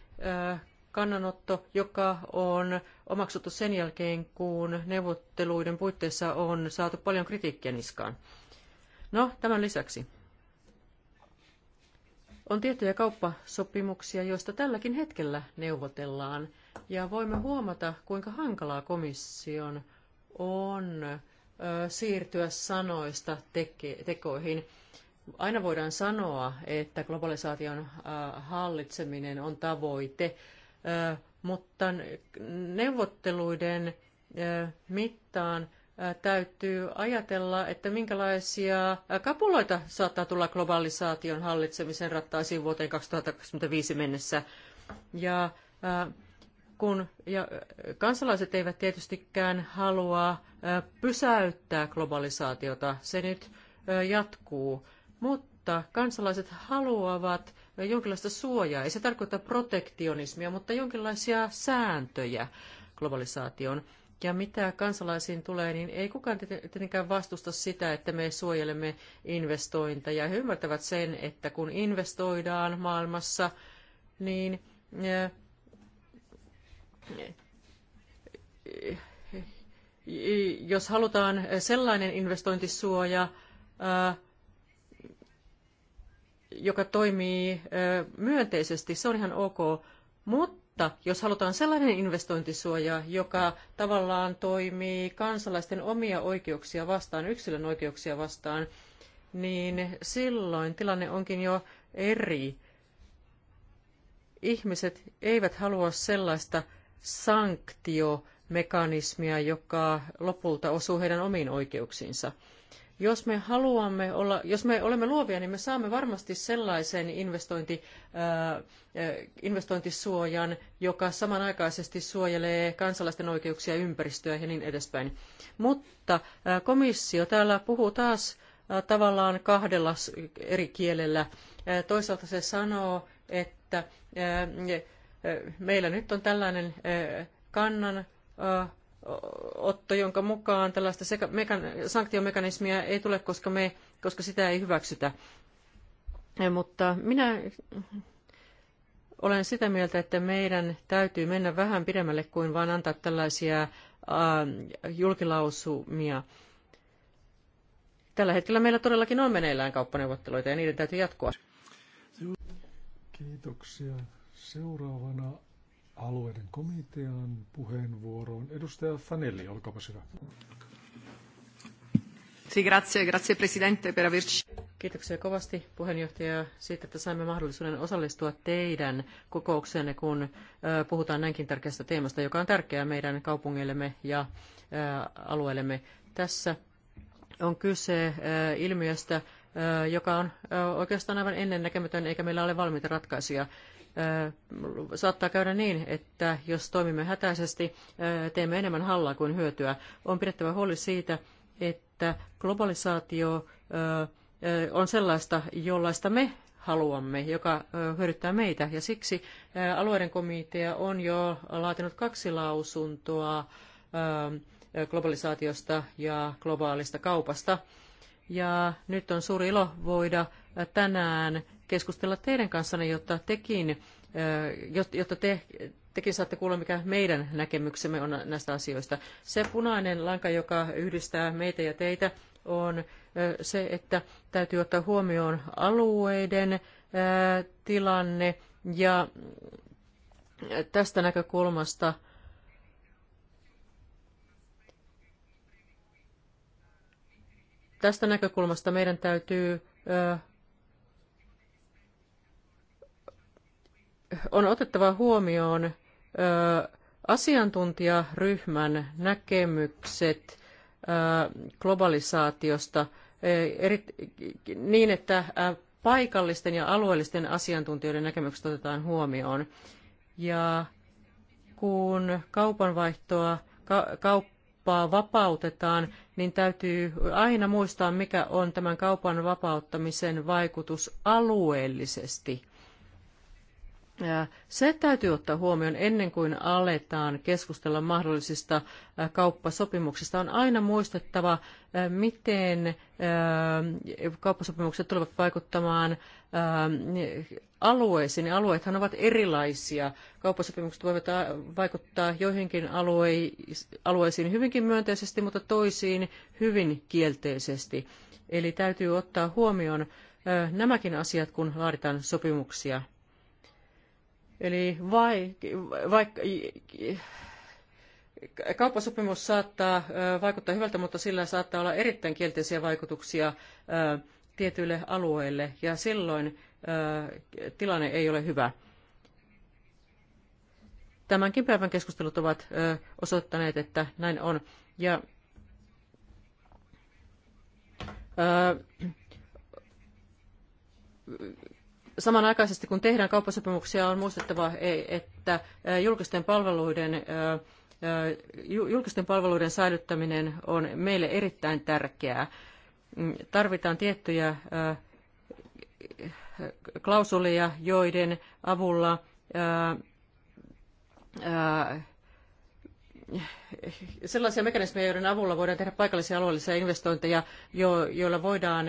kannanotto, joka on omaksuttu sen jälkeen, kun neuvotteluiden puitteissa on saatu paljon kritiikkiä niskaan. No, tämän lisäksi on tiettyjä kauppasopimuksia, joista tälläkin hetkellä neuvotellaan, ja voimme huomata, kuinka hankalaa komission on siirtyä sanoista tekoihin. Aina voidaan sanoa, että globalisaation äh, hallitseminen on tavoite, äh, mutta neuvotteluiden äh, mittaan täytyy ajatella, että minkälaisia kapuloita saattaa tulla globalisaation hallitsemisen rattaisiin vuoteen 2025 mennessä. Ja, kun, ja kansalaiset eivät tietystikään halua pysäyttää globalisaatiota, se nyt jatkuu mutta kansalaiset haluavat jonkinlaista suojaa. Ei se tarkoita protektionismia, mutta jonkinlaisia sääntöjä globalisaation. Ja mitä kansalaisiin tulee, niin ei kukaan tietenkään vastusta sitä, että me suojelemme investointeja. He ymmärtävät sen, että kun investoidaan maailmassa, niin äh, äh, jos halutaan sellainen investointisuoja, äh, joka toimii myönteisesti, se on ihan ok. Mutta jos halutaan sellainen investointisuoja, joka tavallaan toimii kansalaisten omia oikeuksia vastaan, yksilön oikeuksia vastaan, niin silloin tilanne onkin jo eri. Ihmiset eivät halua sellaista sanktiomekanismia, joka lopulta osuu heidän omiin oikeuksiinsa. Jos me haluamme olla, jos me olemme luovia, niin me saamme varmasti sellaisen investointi, investointisuojan, joka samanaikaisesti suojelee kansalaisten oikeuksia, ympäristöä ja niin edespäin. Mutta komissio täällä puhuu taas tavallaan kahdella eri kielellä. Toisaalta se sanoo, että meillä nyt on tällainen kannan otto, jonka mukaan tällaista sanktiomekanismia ei tule, koska, me, koska sitä ei hyväksytä. Mutta minä olen sitä mieltä, että meidän täytyy mennä vähän pidemmälle kuin vain antaa tällaisia julkilausumia. Tällä hetkellä meillä todellakin on meneillään kauppaneuvotteluita ja niiden täytyy jatkua. Kiitoksia. Seuraavana alueiden komitean puheenvuoroon. Edustaja Fanelli, olkaapa hyvä. Grazie, grazie presidente per averci. Kiitoksia kovasti puheenjohtaja siitä, että saimme mahdollisuuden osallistua teidän kokoukseenne, kun puhutaan näinkin tärkeästä teemasta, joka on tärkeää meidän kaupungillemme ja alueellemme. Tässä on kyse ilmiöstä, joka on oikeastaan aivan ennennäkemätön, eikä meillä ole valmiita ratkaisuja saattaa käydä niin, että jos toimimme hätäisesti, teemme enemmän hallaa kuin hyötyä. On pidettävä huoli siitä, että globalisaatio on sellaista, jollaista me haluamme, joka hyödyttää meitä. Ja siksi alueiden komitea on jo laatinut kaksi lausuntoa globalisaatiosta ja globaalista kaupasta. Ja nyt on suuri ilo voida tänään keskustella teidän kanssanne, jotta tekin, jotta te, tekin saatte kuulla, mikä meidän näkemyksemme on näistä asioista. Se punainen lanka, joka yhdistää meitä ja teitä, on se, että täytyy ottaa huomioon alueiden tilanne ja tästä näkökulmasta tästä näkökulmasta meidän täytyy on otettava huomioon asiantuntijaryhmän näkemykset globalisaatiosta niin, että paikallisten ja alueellisten asiantuntijoiden näkemykset otetaan huomioon. Ja kun kaupanvaihtoa, ka, kauppaa vapautetaan, niin täytyy aina muistaa, mikä on tämän kaupan vapauttamisen vaikutus alueellisesti – se täytyy ottaa huomioon ennen kuin aletaan keskustella mahdollisista kauppasopimuksista. On aina muistettava, miten kauppasopimukset tulevat vaikuttamaan alueisiin. Alueethan ovat erilaisia. Kauppasopimukset voivat vaikuttaa joihinkin alueisiin hyvinkin myönteisesti, mutta toisiin hyvin kielteisesti. Eli täytyy ottaa huomioon nämäkin asiat, kun laaditaan sopimuksia. Eli vai, vaikka kauppasopimus saattaa vaikuttaa hyvältä, mutta sillä saattaa olla erittäin kielteisiä vaikutuksia tietyille alueille, ja silloin tilanne ei ole hyvä. Tämänkin päivän keskustelut ovat osoittaneet, että näin on. Ja samanaikaisesti kun tehdään kauppasopimuksia, on muistettava, e, että julkisten palveluiden, julkisten palveluiden säilyttäminen on meille erittäin tärkeää. Mm, tarvitaan tiettyjä klausuleja, joiden avulla sellaisia mekanismeja, joiden avulla voidaan tehdä paikallisia alueellisia investointeja, jo, joilla voidaan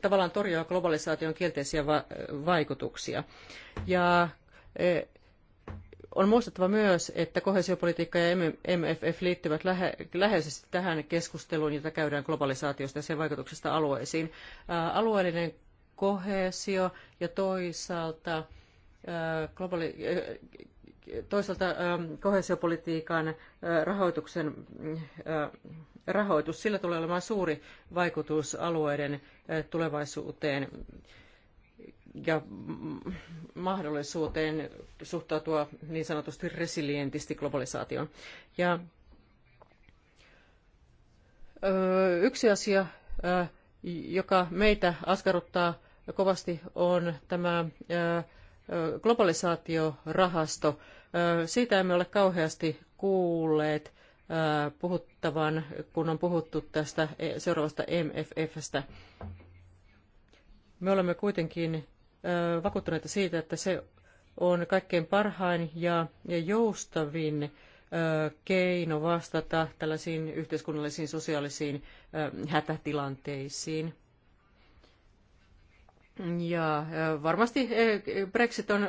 tavallaan torjua globalisaation kielteisiä va- vaikutuksia. Ja e, on muistettava myös, että kohesiopolitiikka ja MFF liittyvät lähe, läheisesti tähän keskusteluun, jota käydään globalisaatiosta ja sen vaikutuksesta alueisiin. Ä, alueellinen kohesio ja toisaalta ä, globaali, ä, toisaalta ähm, kohesiopolitiikan äh, rahoituksen äh, rahoitus, sillä tulee olemaan suuri vaikutus alueiden äh, tulevaisuuteen ja mahdollisuuteen suhtautua niin sanotusti resilientisti globalisaatioon. Ja yksi asia, joka meitä askarruttaa kovasti, on tämä globalisaatiorahasto, siitä emme ole kauheasti kuulleet puhuttavan, kun on puhuttu tästä e, seuraavasta MFFstä. Me olemme kuitenkin vakuuttuneita siitä, että se on kaikkein parhain ja joustavin keino vastata tällaisiin yhteiskunnallisiin sosiaalisiin hätätilanteisiin. Ja varmasti Brexit on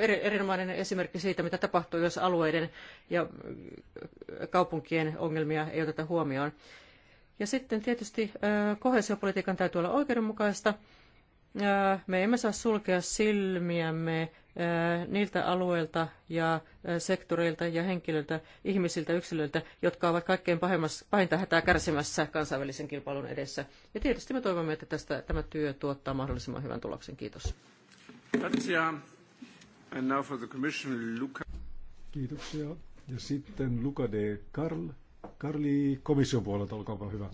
erinomainen esimerkki siitä, mitä tapahtuu, jos alueiden ja kaupunkien ongelmia ei oteta huomioon. Ja sitten tietysti kohesiopolitiikan täytyy olla oikeudenmukaista. Me emme saa sulkea silmiämme niiltä alueilta ja sektoreilta ja henkilöiltä, ihmisiltä, yksilöiltä, jotka ovat kaikkein pahinta hätää kärsimässä kansainvälisen kilpailun edessä. Ja tietysti me toivomme, että tästä, tämä työ tuottaa mahdollisimman hyvän tuloksen. Kiitos. Kiitoksia. Ja sitten Luca de Karl. Karli komission puolelta, hyvä.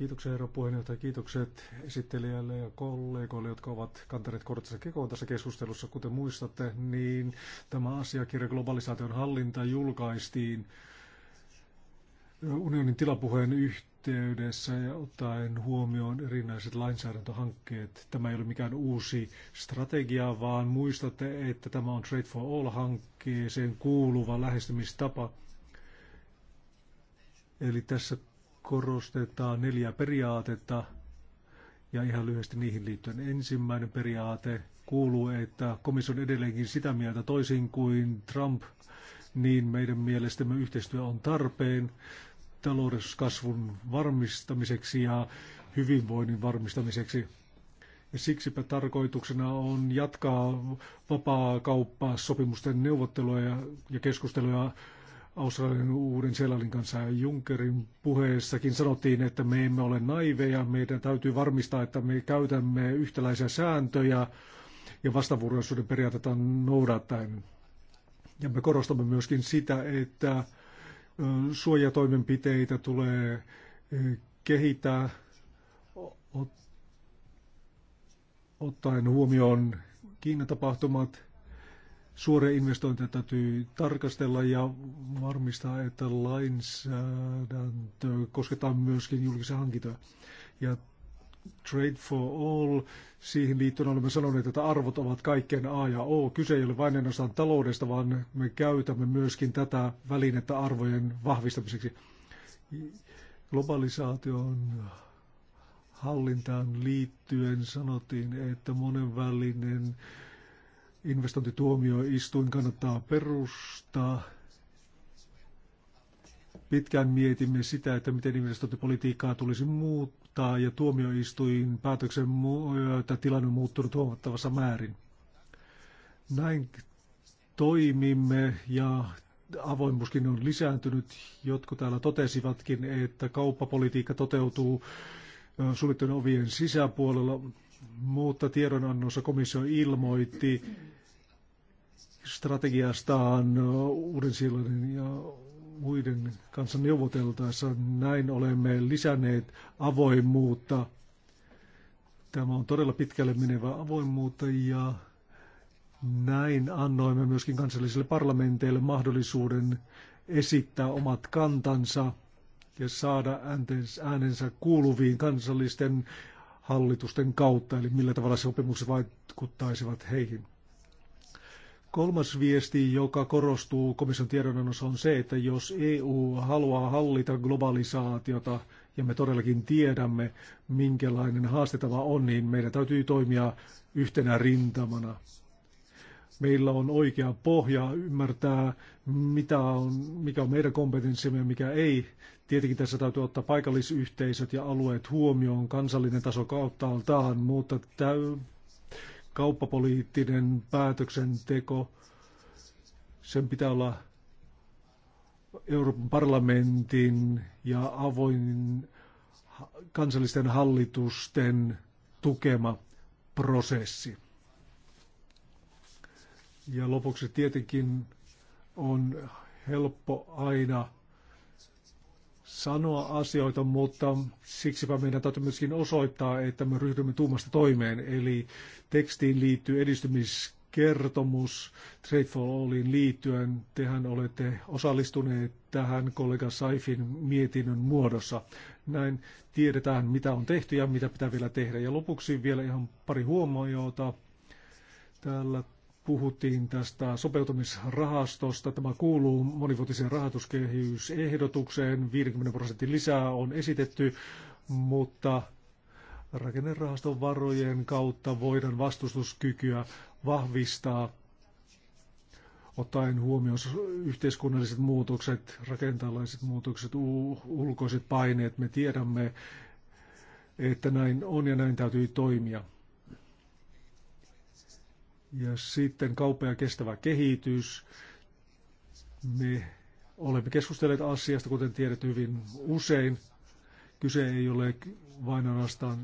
Kiitoksia herra puheenjohtaja, kiitokset esittelijälle ja kollegoille, jotka ovat kantaneet kortissa kekoon tässä keskustelussa. Kuten muistatte, niin tämä asiakirja globalisaation hallinta julkaistiin unionin tilapuheen yhteydessä ja ottaen huomioon erinäiset lainsäädäntöhankkeet. Tämä ei ole mikään uusi strategia, vaan muistatte, että tämä on Trade for All-hankkeeseen kuuluva lähestymistapa. Eli tässä korostetaan neljä periaatetta ja ihan lyhyesti niihin liittyen. Ensimmäinen periaate kuuluu, että komission edelleenkin sitä mieltä toisin kuin Trump, niin meidän mielestämme yhteistyö on tarpeen talouskasvun varmistamiseksi ja hyvinvoinnin varmistamiseksi. Ja siksipä tarkoituksena on jatkaa vapaa kauppaa sopimusten neuvotteluja ja keskusteluja Australian uuden Seelannin kanssa Junckerin puheessakin sanottiin, että me emme ole naiveja, meidän täytyy varmistaa, että me käytämme yhtäläisiä sääntöjä ja vastavuoroisuuden periaatetta noudattaen. Ja me korostamme myöskin sitä, että suojatoimenpiteitä tulee kehittää ottaen huomioon Kiinan tapahtumat – suoria investointeja täytyy tarkastella ja varmistaa, että lainsäädäntö kosketaan myöskin julkisia hankintoja. Ja Trade for All, siihen liittyen olemme sanoneet, että arvot ovat kaikkien A ja O. Kyse ei ole vain ainoastaan taloudesta, vaan me käytämme myöskin tätä välinettä arvojen vahvistamiseksi. Globalisaation hallintaan liittyen sanottiin, että monenvälinen välinen investointituomioistuin kannattaa perustaa. Pitkään mietimme sitä, että miten investointipolitiikkaa tulisi muuttaa ja tuomioistuin päätöksen myötä tilanne on muuttunut huomattavassa määrin. Näin toimimme ja avoimuuskin on lisääntynyt. Jotkut täällä totesivatkin, että kauppapolitiikka toteutuu suljettujen ovien sisäpuolella mutta tiedonannossa komissio ilmoitti strategiastaan uuden sillan ja muiden kanssa neuvoteltaessa. Näin olemme lisänneet avoimuutta. Tämä on todella pitkälle menevä avoimuutta ja näin annoimme myöskin kansallisille parlamenteille mahdollisuuden esittää omat kantansa ja saada äänensä kuuluviin kansallisten hallitusten kautta, eli millä tavalla sopimukset vaikuttaisivat heihin. Kolmas viesti, joka korostuu komission tiedonannossa, on se, että jos EU haluaa hallita globalisaatiota, ja me todellakin tiedämme, minkälainen haaste tämä on, niin meidän täytyy toimia yhtenä rintamana. Meillä on oikea pohja ymmärtää, mitä on, mikä on meidän kompetenssimme ja mikä ei. Tietenkin tässä täytyy ottaa paikallisyhteisöt ja alueet huomioon, kansallinen taso kauttaaltaan, mutta tämä kauppapoliittinen päätöksenteko, sen pitää olla Euroopan parlamentin ja avoin kansallisten hallitusten tukema prosessi. Ja lopuksi tietenkin on helppo aina sanoa asioita, mutta siksipä meidän täytyy myöskin osoittaa, että me ryhdymme tuumasta toimeen. Eli tekstiin liittyy edistymiskertomus Trade for Allin liittyen. Tehän olette osallistuneet tähän kollega Saifin mietinnön muodossa. Näin tiedetään, mitä on tehty ja mitä pitää vielä tehdä. Ja lopuksi vielä ihan pari huomioita Täällä puhuttiin tästä sopeutumisrahastosta. Tämä kuuluu monivuotiseen rahoituskehysehdotukseen. 50 prosentin lisää on esitetty, mutta rakennerahaston varojen kautta voidaan vastustuskykyä vahvistaa ottaen huomioon yhteiskunnalliset muutokset, rakentalaiset muutokset, ulkoiset paineet. Me tiedämme, että näin on ja näin täytyy toimia. Ja sitten kauppa ja kestävä kehitys. Me olemme keskustelleet asiasta, kuten tiedät hyvin usein. Kyse ei ole vain ainoastaan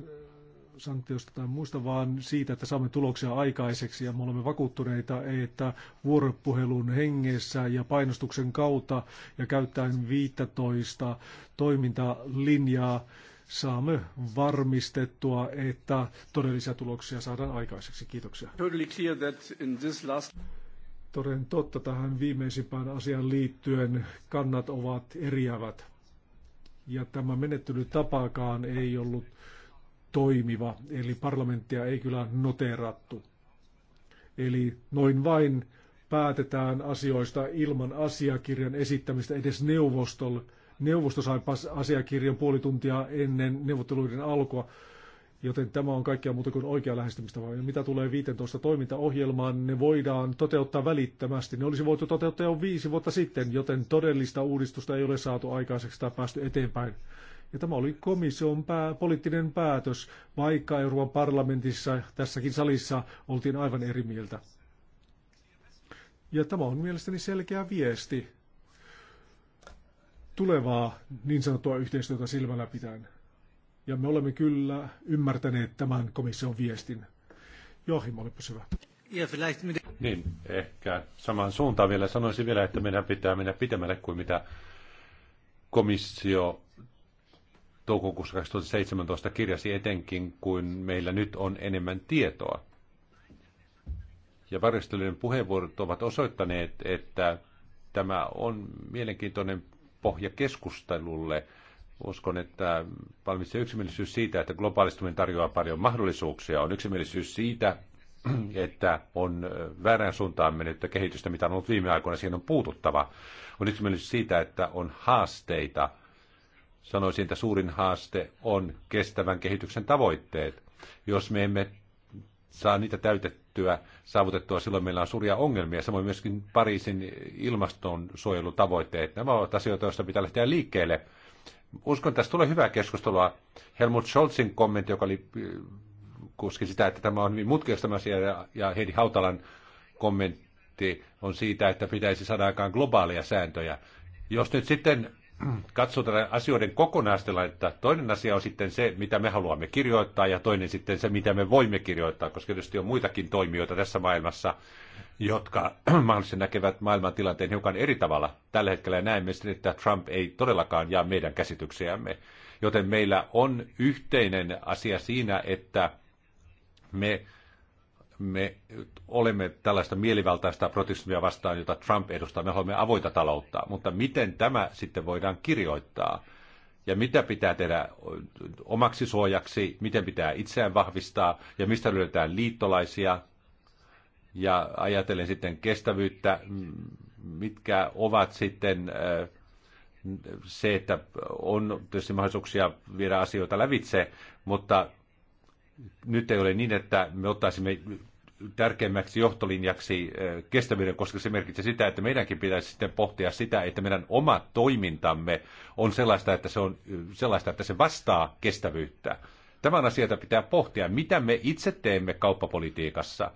sanktiosta tai muista, vaan siitä, että saamme tuloksia aikaiseksi ja me olemme vakuuttuneita, että vuoropuhelun hengessä ja painostuksen kautta ja käyttäen 15 toimintalinjaa saamme varmistettua, että todellisia tuloksia saadaan aikaiseksi. Kiitoksia. Toden totta tähän viimeisimpään asiaan liittyen kannat ovat eriävät. Ja tämä menettelytapaakaan ei ollut toimiva, eli parlamenttia ei kyllä noteerattu. Eli noin vain päätetään asioista ilman asiakirjan esittämistä edes neuvostolle, Neuvosto sai asiakirjan puoli tuntia ennen neuvotteluiden alkua, joten tämä on kaikkea muuta kuin oikea lähestymistä. Ja mitä tulee 15 toimintaohjelmaan, ne voidaan toteuttaa välittömästi. Ne olisi voitu toteuttaa jo viisi vuotta sitten, joten todellista uudistusta ei ole saatu aikaiseksi tai päästy eteenpäin. Ja tämä oli komission pää, poliittinen päätös, vaikka Euroopan parlamentissa tässäkin salissa oltiin aivan eri mieltä. Ja tämä on mielestäni selkeä viesti tulevaa niin sanottua yhteistyötä silmällä pitäen. Ja me olemme kyllä ymmärtäneet tämän komission viestin. Joachim, olipa hyvä. Niin, ehkä samaan suuntaan vielä sanoisin vielä, että meidän pitää mennä pitemmälle kuin mitä komissio toukokuussa 2017 kirjasi etenkin, kuin meillä nyt on enemmän tietoa. Ja varjostelijoiden puheenvuorot ovat osoittaneet, että tämä on mielenkiintoinen pohja keskustelulle. Uskon, että valmistaa yksimielisyys siitä, että globaalistuminen tarjoaa paljon mahdollisuuksia. On yksimielisyys siitä, että on väärään suuntaan mennyttä kehitystä, mitä on ollut viime aikoina, siihen on puututtava. On yksimielisyys siitä, että on haasteita. Sanoisin, että suurin haaste on kestävän kehityksen tavoitteet. Jos me emme saa niitä täytettyä, saavutettua, silloin meillä on suuria ongelmia. Samoin myöskin Pariisin ilmastonsuojelutavoitteet. Nämä ovat asioita, joista pitää lähteä liikkeelle. Uskon, että tästä tulee hyvää keskustelua. Helmut Scholzin kommentti, joka oli äh, kuski sitä, että tämä on hyvin mutkista asia, ja Heidi Hautalan kommentti on siitä, että pitäisi saada aikaan globaaleja sääntöjä. Jos nyt sitten katsoo tätä asioiden että Toinen asia on sitten se, mitä me haluamme kirjoittaa, ja toinen sitten se, mitä me voimme kirjoittaa, koska tietysti on muitakin toimijoita tässä maailmassa, jotka mahdollisesti näkevät maailman tilanteen hiukan eri tavalla. Tällä hetkellä näemme sitten, että Trump ei todellakaan jaa meidän käsityksiämme. Joten meillä on yhteinen asia siinä, että me me olemme tällaista mielivaltaista protektionismia vastaan, jota Trump edustaa. Me haluamme avoita taloutta, mutta miten tämä sitten voidaan kirjoittaa? Ja mitä pitää tehdä omaksi suojaksi, miten pitää itseään vahvistaa ja mistä löydetään liittolaisia? Ja ajatellen sitten kestävyyttä, mitkä ovat sitten äh, se, että on tietysti mahdollisuuksia viedä asioita lävitse, mutta nyt ei ole niin, että me ottaisimme tärkeimmäksi johtolinjaksi eh, kestävyyden, koska se merkitsee sitä, että meidänkin pitäisi sitten pohtia sitä, että meidän oma toimintamme on sellaista, että se, on eh, sellaista, että se vastaa kestävyyttä. Tämän asian pitää pohtia, mitä me itse teemme kauppapolitiikassa,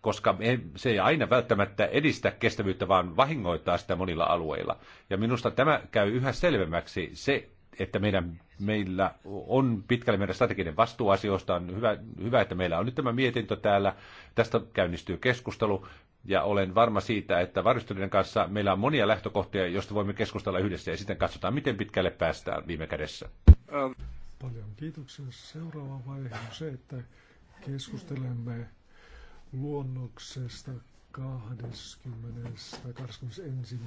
koska se ei aina välttämättä edistä kestävyyttä, vaan vahingoittaa sitä monilla alueilla. Ja minusta tämä käy yhä selvemmäksi. Se että meidän, meillä on pitkälle meidän strateginen vastuu asioista. On hyvä, hyvä, että meillä on nyt tämä mietintö täällä. Tästä käynnistyy keskustelu. Ja olen varma siitä, että varustelijoiden kanssa meillä on monia lähtökohtia, joista voimme keskustella yhdessä ja sitten katsotaan, miten pitkälle päästään viime kädessä. Paljon kiitoksia. Seuraava vaihe on se, että keskustelemme luonnoksesta 20. 21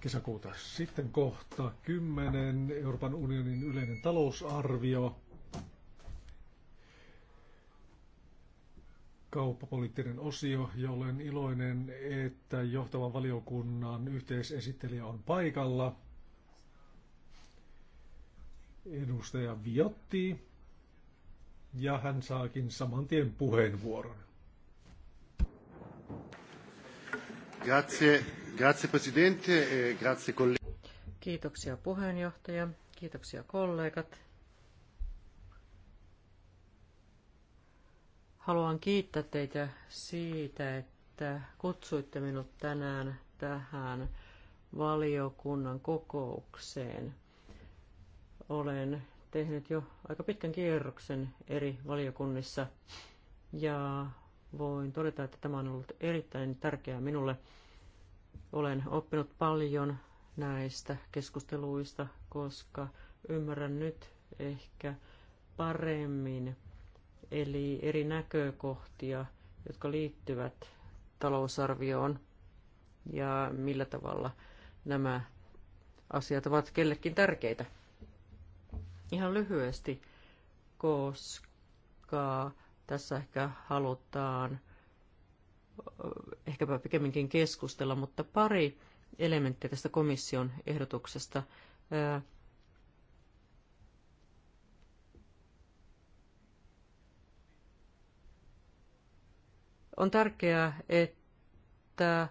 kesäkuuta. Sitten kohta 10 Euroopan unionin yleinen talousarvio. kauppapoliittinen osio ja olen iloinen, että johtavan valiokunnan yhteisesittelijä on paikalla. Edustaja Viotti ja hän saakin saman tien puheenvuoron. Grazie. Grazie Presidente, e grazie Kiitoksia puheenjohtaja, kiitoksia kollegat. Haluan kiittää teitä siitä, että kutsuitte minut tänään tähän valiokunnan kokoukseen. Olen tehnyt jo aika pitkän kierroksen eri valiokunnissa ja voin todeta, että tämä on ollut erittäin tärkeää minulle. Olen oppinut paljon näistä keskusteluista, koska ymmärrän nyt ehkä paremmin, eli eri näkökohtia, jotka liittyvät talousarvioon ja millä tavalla nämä asiat ovat kellekin tärkeitä. Ihan lyhyesti, koska tässä ehkä halutaan ehkäpä pikemminkin keskustella, mutta pari elementtiä tästä komission ehdotuksesta. On tärkeää, että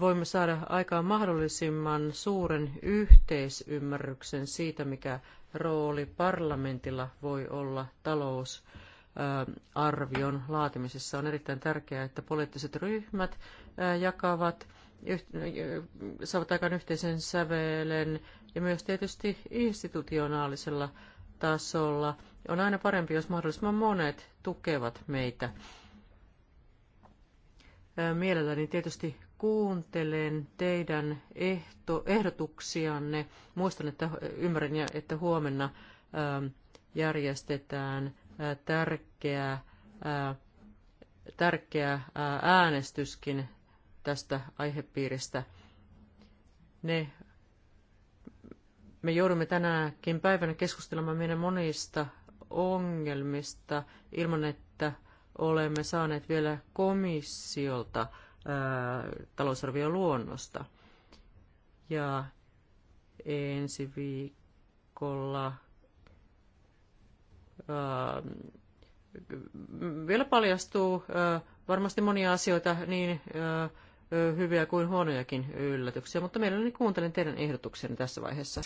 voimme saada aikaan mahdollisimman suuren yhteisymmärryksen siitä, mikä rooli parlamentilla voi olla talous- arvion laatimisessa on erittäin tärkeää, että poliittiset ryhmät jakavat, saavat aikaan yhteisen sävelen ja myös tietysti institutionaalisella tasolla. On aina parempi, jos mahdollisimman monet tukevat meitä. Mielelläni tietysti kuuntelen teidän ehto, ehdotuksianne. Muistan, että ymmärrän, että huomenna järjestetään tärkeä, tärkeä äänestyskin tästä aihepiiristä. Ne, me joudumme tänäänkin päivänä keskustelemaan meidän monista ongelmista ilman, että olemme saaneet vielä komissiolta talousarvion luonnosta. Ja ensi viikolla Äh, vielä paljastuu äh, varmasti monia asioita niin äh, hyviä kuin huonojakin yllätyksiä, mutta mielelläni kuuntelen teidän ehdotuksenne tässä vaiheessa.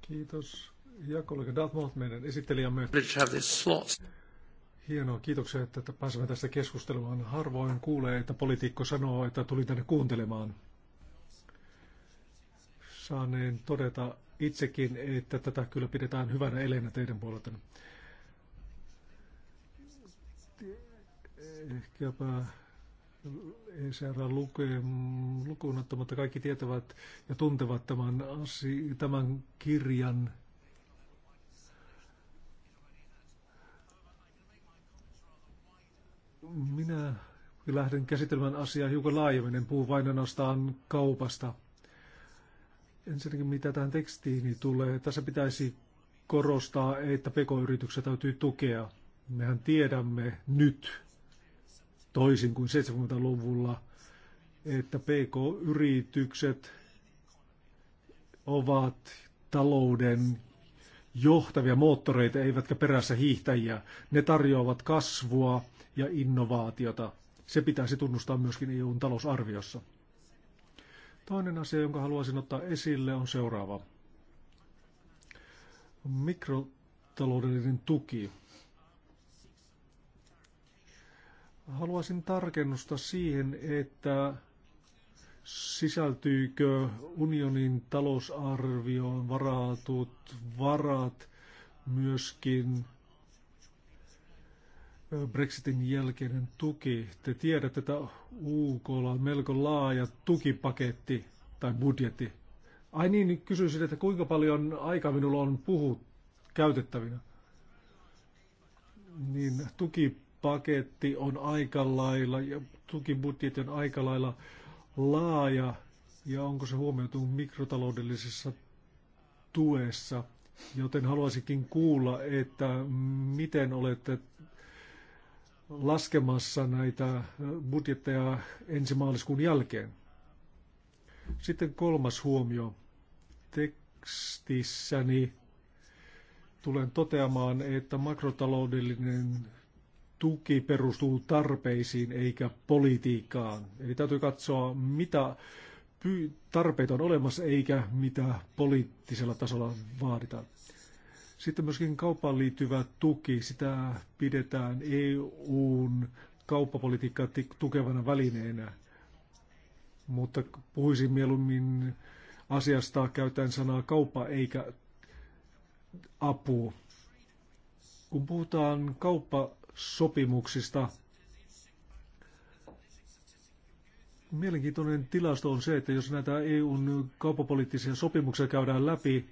Kiitos. Ja kollega Dartmouth, meidän esittelijämme. Hienoa, kiitoksia, että pääsemme tästä keskustelemaan. Harvoin kuulee, että poliitikko sanoo, että tuli tänne kuuntelemaan. Saaneen todeta, itsekin, että tätä kyllä pidetään hyvänä eleenä teidän puolelta. Ehkäpä ei seuraa lukuun mutta kaikki tietävät ja tuntevat tämän, asi, tämän kirjan. Minä lähden käsittelemään asiaa hiukan laajemmin, en puhu vain ainoastaan kaupasta. Ensinnäkin mitä tähän tekstiin niin tulee, tässä pitäisi korostaa, että pk-yrityksiä täytyy tukea. Mehän tiedämme nyt, toisin kuin 70-luvulla, että pk-yritykset ovat talouden johtavia moottoreita, eivätkä perässä hiihtäjiä. Ne tarjoavat kasvua ja innovaatiota. Se pitäisi tunnustaa myöskin EUn talousarviossa. Toinen asia, jonka haluaisin ottaa esille, on seuraava. Mikrotaloudellinen tuki. Haluaisin tarkennusta siihen, että sisältyykö unionin talousarvioon varatut varat myöskin Brexitin jälkeinen tuki. Te tiedätte, että UK on melko laaja tukipaketti tai budjetti. Ai niin, niin kysyisin, että kuinka paljon aikaa minulla on puhut käytettävinä? Niin, tukipaketti on aika lailla ja tukibudjetti on aika lailla laaja. Ja onko se huomioitu mikrotaloudellisessa tuessa? Joten haluaisinkin kuulla, että miten olette laskemassa näitä äh, budjetteja ensi maaliskuun jälkeen. Sitten kolmas huomio. Tekstissäni tulen toteamaan, että makrotaloudellinen tuki perustuu tarpeisiin eikä politiikkaan. Eli täytyy katsoa, mitä tarpeita on olemassa eikä mitä poliittisella tasolla vaaditaan. Sitten myöskin kauppaan liittyvä tuki, sitä pidetään EUn kauppapolitiikkaa tukevana välineenä. Mutta puhuisin mieluummin asiasta käytän sanaa kauppa eikä apu. Kun puhutaan kauppasopimuksista, mielenkiintoinen tilasto on se, että jos näitä EUn kauppapoliittisia sopimuksia käydään läpi,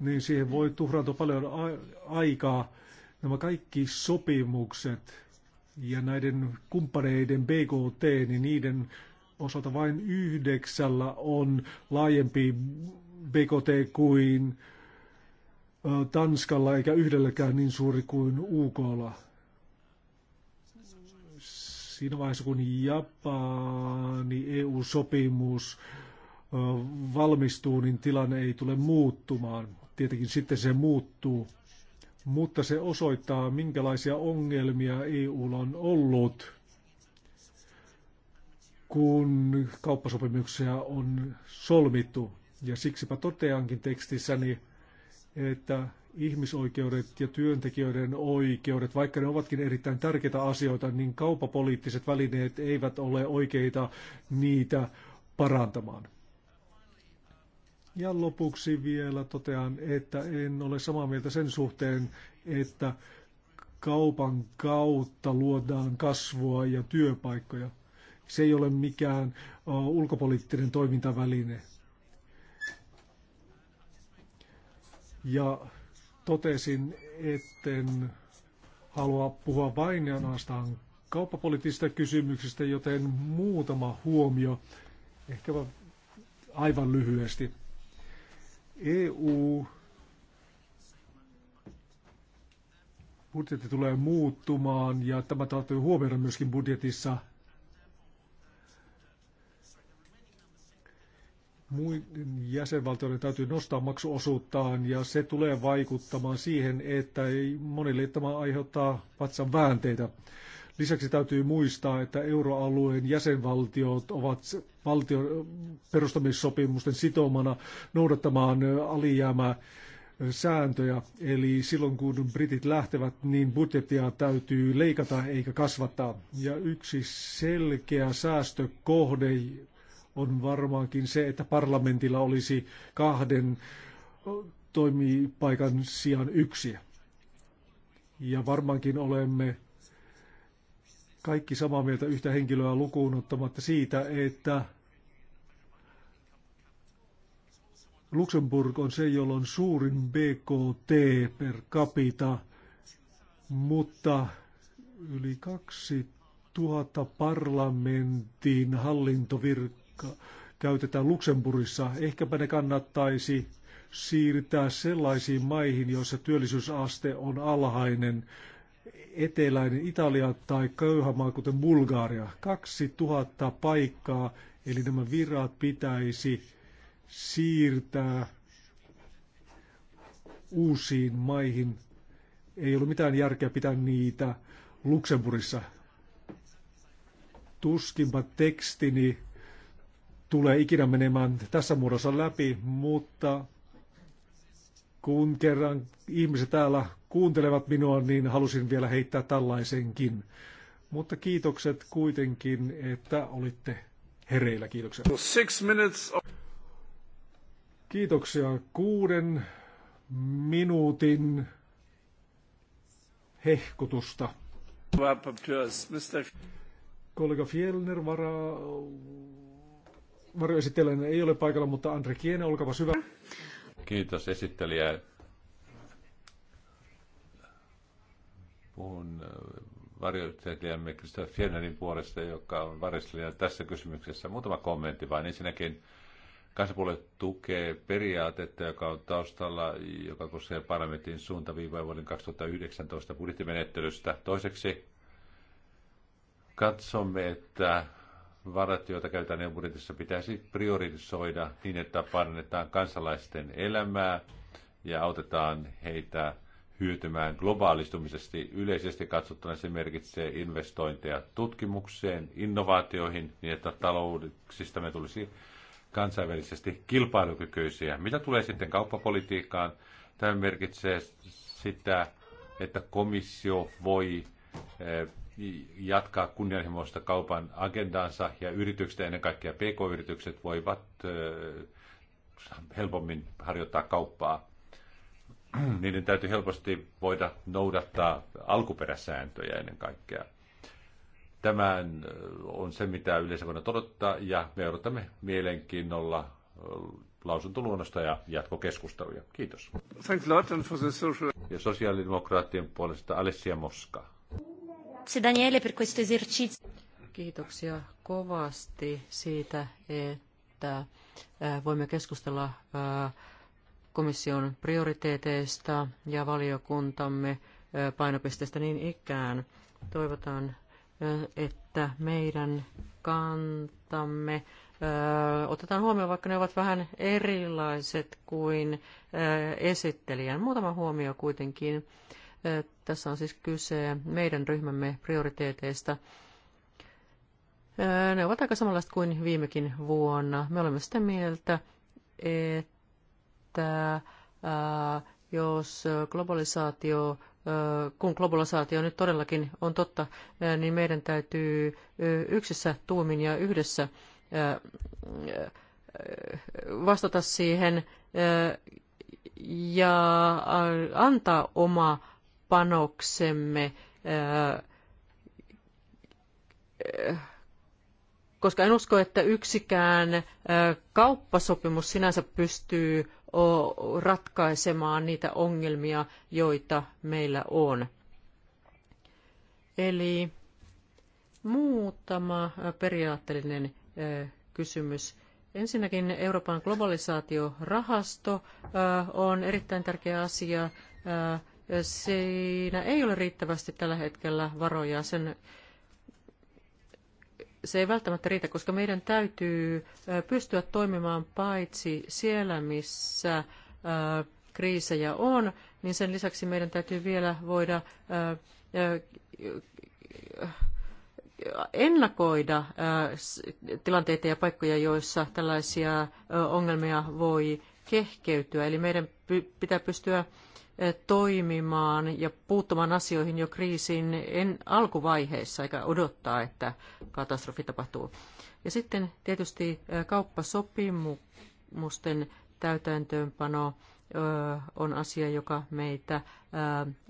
niin siihen voi tuhrautua paljon aikaa. Nämä kaikki sopimukset ja näiden kumppaneiden BKT, niin niiden osalta vain yhdeksällä on laajempi BKT kuin Tanskalla eikä yhdelläkään niin suuri kuin UKlla. Siinä vaiheessa kun Japani EU-sopimus valmistuu, niin tilanne ei tule muuttumaan tietenkin sitten se muuttuu, mutta se osoittaa, minkälaisia ongelmia EUlla on ollut, kun kauppasopimuksia on solmittu. Ja siksipä toteankin tekstissäni, että ihmisoikeudet ja työntekijöiden oikeudet, vaikka ne ovatkin erittäin tärkeitä asioita, niin kauppapoliittiset välineet eivät ole oikeita niitä parantamaan. Ja lopuksi vielä totean, että en ole samaa mieltä sen suhteen, että kaupan kautta luodaan kasvua ja työpaikkoja. Se ei ole mikään ulkopoliittinen toimintaväline. Ja totesin, etten halua puhua vain ja ainoastaan kauppapoliittisista kysymyksistä, joten muutama huomio, ehkä aivan lyhyesti. EU budjetti tulee muuttumaan ja tämä täytyy huomioida myöskin budjetissa. Muiden jäsenvaltioiden täytyy nostaa maksuosuuttaan ja se tulee vaikuttamaan siihen, että monille tämä aiheuttaa vatsan väänteitä. Lisäksi täytyy muistaa, että euroalueen jäsenvaltiot ovat valtion äh, perustamissopimusten sitomana noudattamaan äh, alijäämää äh, sääntöjä. Eli silloin kun britit lähtevät, niin budjettia täytyy leikata eikä kasvattaa. Ja yksi selkeä säästökohde on varmaankin se, että parlamentilla olisi kahden toimipaikan sijaan yksi. Ja varmaankin olemme kaikki samaa mieltä yhtä henkilöä lukuun ottamatta siitä, että Luxemburg on se, jolla on suurin BKT per capita, mutta yli 2000 parlamentin hallintovirkka käytetään Luxemburgissa. Ehkäpä ne kannattaisi siirtää sellaisiin maihin, joissa työllisyysaste on alhainen, eteläinen Italia tai köyhä maa, kuten Bulgaria. 2000 paikkaa, eli nämä virat pitäisi siirtää uusiin maihin. Ei ollut mitään järkeä pitää niitä Luxemburissa. Tuskinpa tekstini tulee ikinä menemään tässä muodossa läpi, mutta kun kerran ihmiset täällä kuuntelevat minua, niin halusin vielä heittää tällaisenkin. Mutta kiitokset kuitenkin, että olitte hereillä. kiitokset. Six minutes of... Kiitoksia kuuden minuutin hehkutusta. Kollega Fjellner, vara... varjoesittelijänä ei ole paikalla, mutta Andre Kiene, olkaa hyvä. Kiitos esittelijä. Puhun äh, varjoesittelijämme Krista Fjellnerin puolesta, joka on varjoesittelijä tässä kysymyksessä. Muutama kommentti vain. Ensinnäkin Kansapuolue tukee periaatetta, joka on taustalla, joka koskee parlamentin suuntaviivoja vuoden 2019 budjettimenettelystä. Toiseksi katsomme, että varat, joita käytetään budjetissa, pitäisi priorisoida niin, että parannetaan kansalaisten elämää ja autetaan heitä hyötymään globaalistumisesti. Yleisesti katsottuna se merkitsee investointeja tutkimukseen, innovaatioihin, niin että talouksista me tulisi kansainvälisesti kilpailukykyisiä. Mitä tulee sitten kauppapolitiikkaan? Tämä merkitsee sitä, että komissio voi eh, jatkaa kunnianhimoista kaupan agendansa ja yritykset, ennen kaikkea pk-yritykset, voivat eh, helpommin harjoittaa kauppaa. Niiden täytyy helposti voida noudattaa alkuperäsääntöjä ennen kaikkea. Tämän on se, mitä yleensä voidaan odottaa, ja me odotamme mielenkiinnolla lausuntoluonnosta ja jatkokeskusteluja. Kiitos. Thanks a lot for the social... Ja sosiaalidemokraattien puolesta Alessia Moska. Daniele per questo esercizio. Kiitoksia kovasti siitä, että voimme keskustella komission prioriteeteista ja valiokuntamme painopisteistä niin ikään. toivotaan että meidän kantamme otetaan huomioon, vaikka ne ovat vähän erilaiset kuin esittelijän. Muutama huomio kuitenkin. Tässä on siis kyse meidän ryhmämme prioriteeteista. Ne ovat aika samanlaiset kuin viimekin vuonna. Me olemme sitä mieltä, että jos globalisaatio kun globalisaatio nyt todellakin on totta, niin meidän täytyy yksissä tuumin ja yhdessä vastata siihen ja antaa oma panoksemme, koska en usko, että yksikään kauppasopimus sinänsä pystyy ratkaisemaan niitä ongelmia, joita meillä on. Eli muutama periaatteellinen kysymys. Ensinnäkin Euroopan globalisaatiorahasto on erittäin tärkeä asia. Siinä ei ole riittävästi tällä hetkellä varoja sen se ei välttämättä riitä, koska meidän täytyy pystyä toimimaan paitsi siellä, missä kriisejä on, niin sen lisäksi meidän täytyy vielä voida ennakoida tilanteita ja paikkoja, joissa tällaisia ongelmia voi kehkeytyä. Eli meidän pitää pystyä toimimaan ja puuttumaan asioihin jo kriisin en, alkuvaiheessa, eikä odottaa, että katastrofi tapahtuu. Ja sitten tietysti kauppasopimusten täytäntöönpano on asia, joka meitä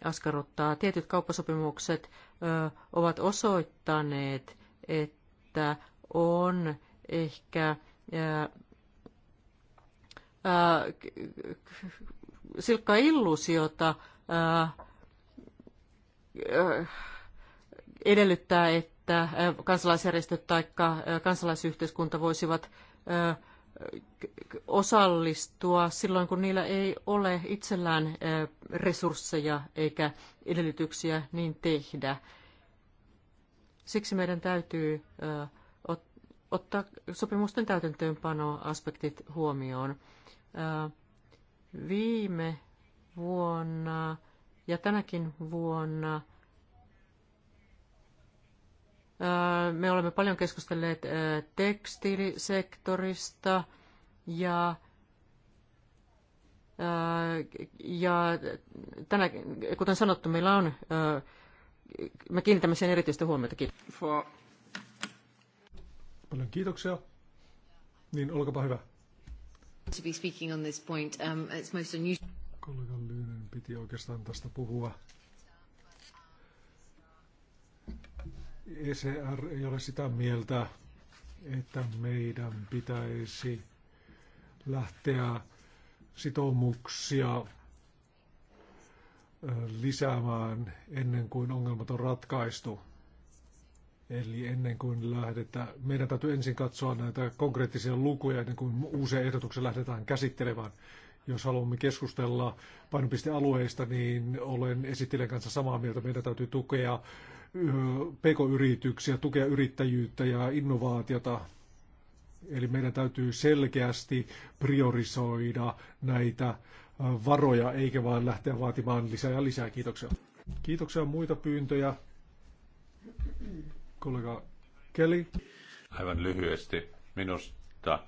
askarruttaa. Tietyt kauppasopimukset ovat osoittaneet, että on ehkä silkkaa illuusiota edellyttää, että kansalaisjärjestöt tai kansalaisyhteiskunta voisivat osallistua silloin, kun niillä ei ole itsellään resursseja eikä edellytyksiä niin tehdä. Siksi meidän täytyy ottaa sopimusten täytäntöönpanoaspektit huomioon. Viime vuonna ja tänäkin vuonna öö, me olemme paljon keskustelleet öö, tekstiilisektorista ja öö, ja tänä, kuten sanottu, meillä on, me kiinnitämme sen erityistä huomiota. Paljon kiitoksia. Niin, olkapa hyvä. To be speaking on this point, um, it's most unusual. Kollega Lyynen piti oikeastaan tästä puhua. ECR ei ole sitä mieltä, että meidän pitäisi lähteä sitoumuksia lisäämään ennen kuin ongelmat on ratkaistu. Eli ennen kuin lähdetään, meidän täytyy ensin katsoa näitä konkreettisia lukuja ennen kuin uusia ehdotuksia lähdetään käsittelemään. Jos haluamme keskustella painopistealueista, niin olen esittelen kanssa samaa mieltä. Meidän täytyy tukea pk-yrityksiä, tukea yrittäjyyttä ja innovaatiota. Eli meidän täytyy selkeästi priorisoida näitä varoja, eikä vain lähteä vaatimaan lisää ja lisää. Kiitoksia. Kiitoksia muita pyyntöjä. Kollega Keli. Aivan lyhyesti. Minusta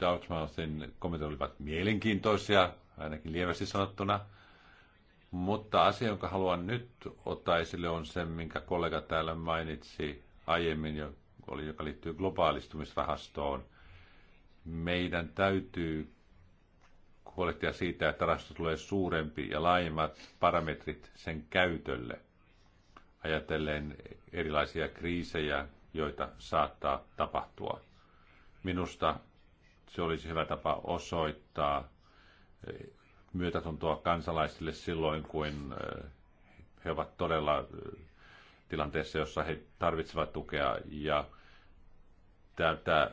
Dartmouthin kommentit olivat mielenkiintoisia, ainakin lievästi sanottuna. Mutta asia, jonka haluan nyt ottaa esille, on se, minkä kollega täällä mainitsi aiemmin, joka liittyy globaalistumisrahastoon. Meidän täytyy huolehtia siitä, että rahasta tulee suurempi ja laajemmat parametrit sen käytölle, ajatellen erilaisia kriisejä, joita saattaa tapahtua. Minusta se olisi hyvä tapa osoittaa eh, myötätuntoa kansalaisille silloin, kun eh, he ovat todella eh, tilanteessa, jossa he tarvitsevat tukea ja tätä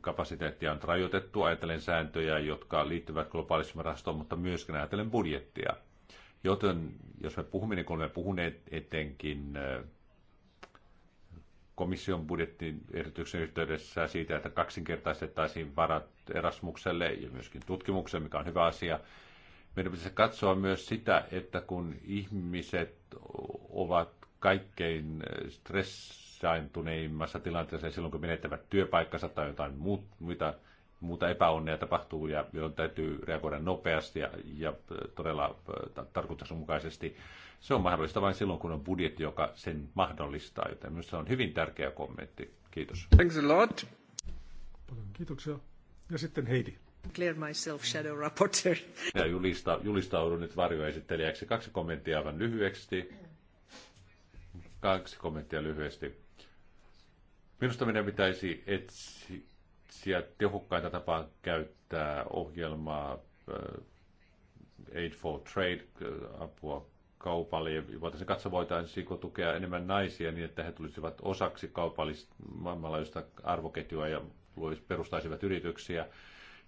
kapasiteettia on rajoitettu, ajatellen sääntöjä, jotka liittyvät globaalismirastoon, mutta myöskin ajatellen budjettia. Joten jos me puhumme, niin kun olemme puhuneet etenkin eh, komission budjettin erityksen yhteydessä siitä, että kaksinkertaistettaisiin varat Erasmukselle ja myöskin tutkimukselle, mikä on hyvä asia. Meidän pitäisi katsoa myös sitä, että kun ihmiset ovat kaikkein stress ansaintuneimmassa tilanteessa silloin, kun menettävät työpaikkansa tai jotain muut, muita, muuta epäonnea tapahtuu ja on täytyy reagoida nopeasti ja, ja todella tarkoituksenmukaisesti. Se on mahdollista vain silloin, kun on budjetti, joka sen mahdollistaa, joten minusta se on hyvin tärkeä kommentti. Kiitos. Thanks a lot. Paljon kiitoksia. Ja sitten Heidi. Clear myself shadow reporter. Ja julista, julistaudun nyt varjoesittelijäksi. Kaksi kommenttia aivan lyhyesti. Kaksi kommenttia lyhyesti. Minusta meidän pitäisi etsiä tehokkaita tapaa käyttää ohjelmaa äh, Aid for Trade-apua äh, kaupalle ja voitaisiin katsoa, voitaisiinko tukea enemmän naisia niin, että he tulisivat osaksi kaupallista maailmanlaajuista arvoketjua ja perustaisivat yrityksiä.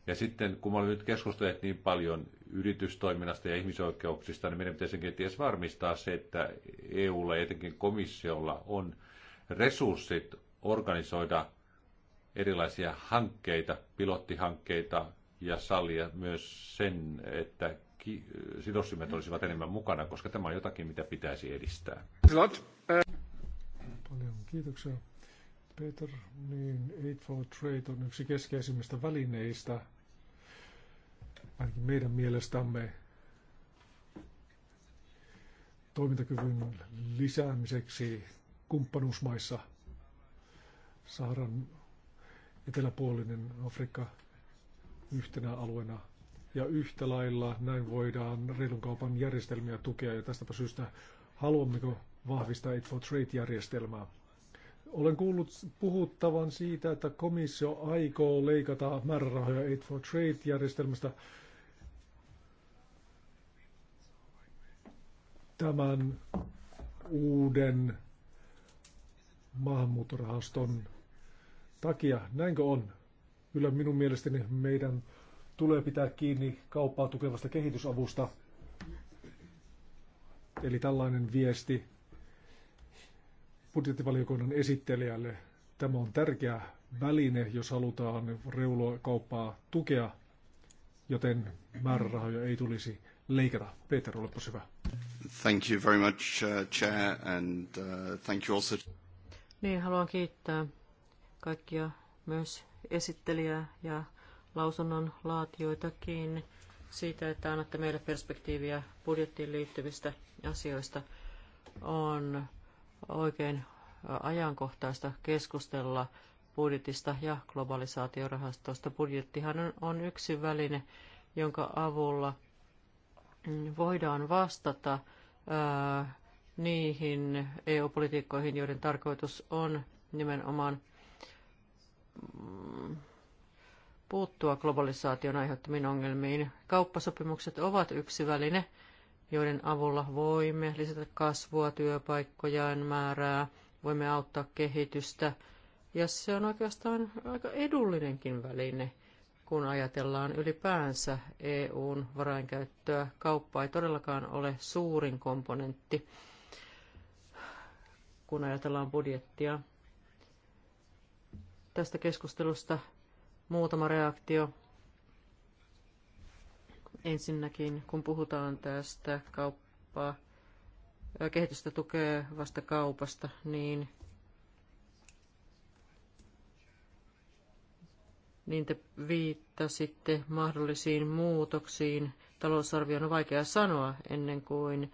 Ja sitten kun me olemme nyt keskustelleet niin paljon yritystoiminnasta ja ihmisoikeuksista, niin meidän pitäisi kenties varmistaa se, että EUlla ja etenkin komissiolla on resurssit organisoida erilaisia hankkeita, pilottihankkeita ja sallia myös sen, että sidosryhmät olisivat enemmän mukana, koska tämä on jotakin, mitä pitäisi edistää. Eh. Paljon kiitoksia. Peter, niin Aid for Trade on yksi keskeisimmistä välineistä, ainakin meidän mielestämme, toimintakyvyn lisäämiseksi kumppanuusmaissa – Saharan eteläpuolinen Afrikka yhtenä alueena. Ja yhtä lailla näin voidaan reilun kaupan järjestelmiä tukea ja tästäpä syystä haluammeko vahvistaa it for Trade-järjestelmää. Olen kuullut puhuttavan siitä, että komissio aikoo leikata määrärahoja Aid for Trade-järjestelmästä tämän uuden maahanmuuttorahaston takia. Näinkö on? Kyllä minun mielestäni meidän tulee pitää kiinni kauppaa tukevasta kehitysavusta. Eli tällainen viesti budjettivaliokunnan esittelijälle. Tämä on tärkeä väline, jos halutaan reulua kauppaa tukea, joten määrärahoja ei tulisi leikata. Peter, olepa hyvä. Thank you very much, uh, Chair, and uh, thank you also. Niin, haluan kiittää kaikkia myös esittelijää ja lausunnon laatioitakin siitä, että annatte meille perspektiiviä budjettiin liittyvistä asioista. On oikein ajankohtaista keskustella budjetista ja globalisaatiorahastosta. Budjettihan on yksi väline, jonka avulla voidaan vastata niihin EU-politiikkoihin, joiden tarkoitus on nimenomaan puuttua globalisaation aiheuttamiin ongelmiin. Kauppasopimukset ovat yksi väline, joiden avulla voimme lisätä kasvua, ja määrää, voimme auttaa kehitystä. Ja se on oikeastaan aika edullinenkin väline, kun ajatellaan ylipäänsä EUn varainkäyttöä. Kauppa ei todellakaan ole suurin komponentti, kun ajatellaan budjettia tästä keskustelusta. Muutama reaktio. Ensinnäkin, kun puhutaan tästä kauppaa, kehitystä tukevasta kaupasta, niin, niin te viittasitte mahdollisiin muutoksiin. Talousarvio on vaikea sanoa ennen kuin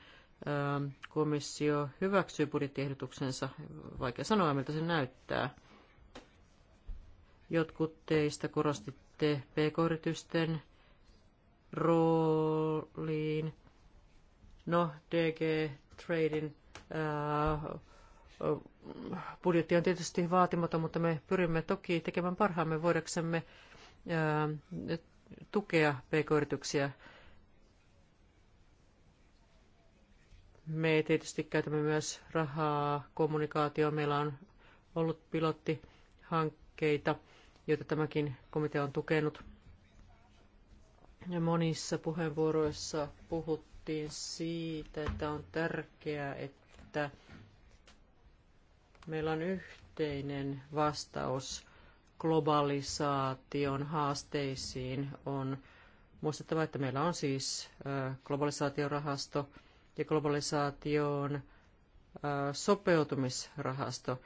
komissio hyväksyy budjettiehdotuksensa. Vaikea sanoa, miltä se näyttää. Jotkut teistä korostitte pk-yritysten rooliin. No, DG äh, budjetti on tietysti vaatimaton, mutta me pyrimme toki tekemään parhaamme voidaksemme äh, tukea pk-yrityksiä. Me tietysti käytämme myös rahaa kommunikaatioon. Meillä on ollut pilottihankkeita joita tämäkin komitea on tukenut. Ja monissa puheenvuoroissa puhuttiin siitä, että on tärkeää, että meillä on yhteinen vastaus globalisaation haasteisiin. On muistettava, että meillä on siis globalisaatiorahasto ja globalisaation sopeutumisrahasto –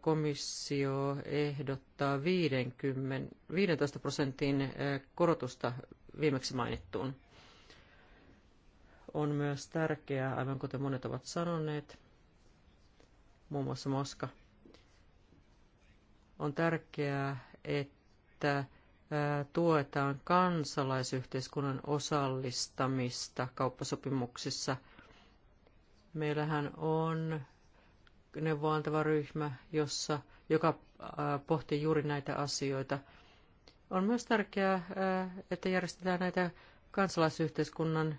komissio ehdottaa 50, 15 prosentin korotusta viimeksi mainittuun. On myös tärkeää, aivan kuten monet ovat sanoneet, muun muassa Moska, on tärkeää, että tuetaan kansalaisyhteiskunnan osallistamista kauppasopimuksissa. Meillähän on neuvoantava ryhmä, jossa, joka pohtii juuri näitä asioita. On myös tärkeää, että järjestetään näitä kansalaisyhteiskunnan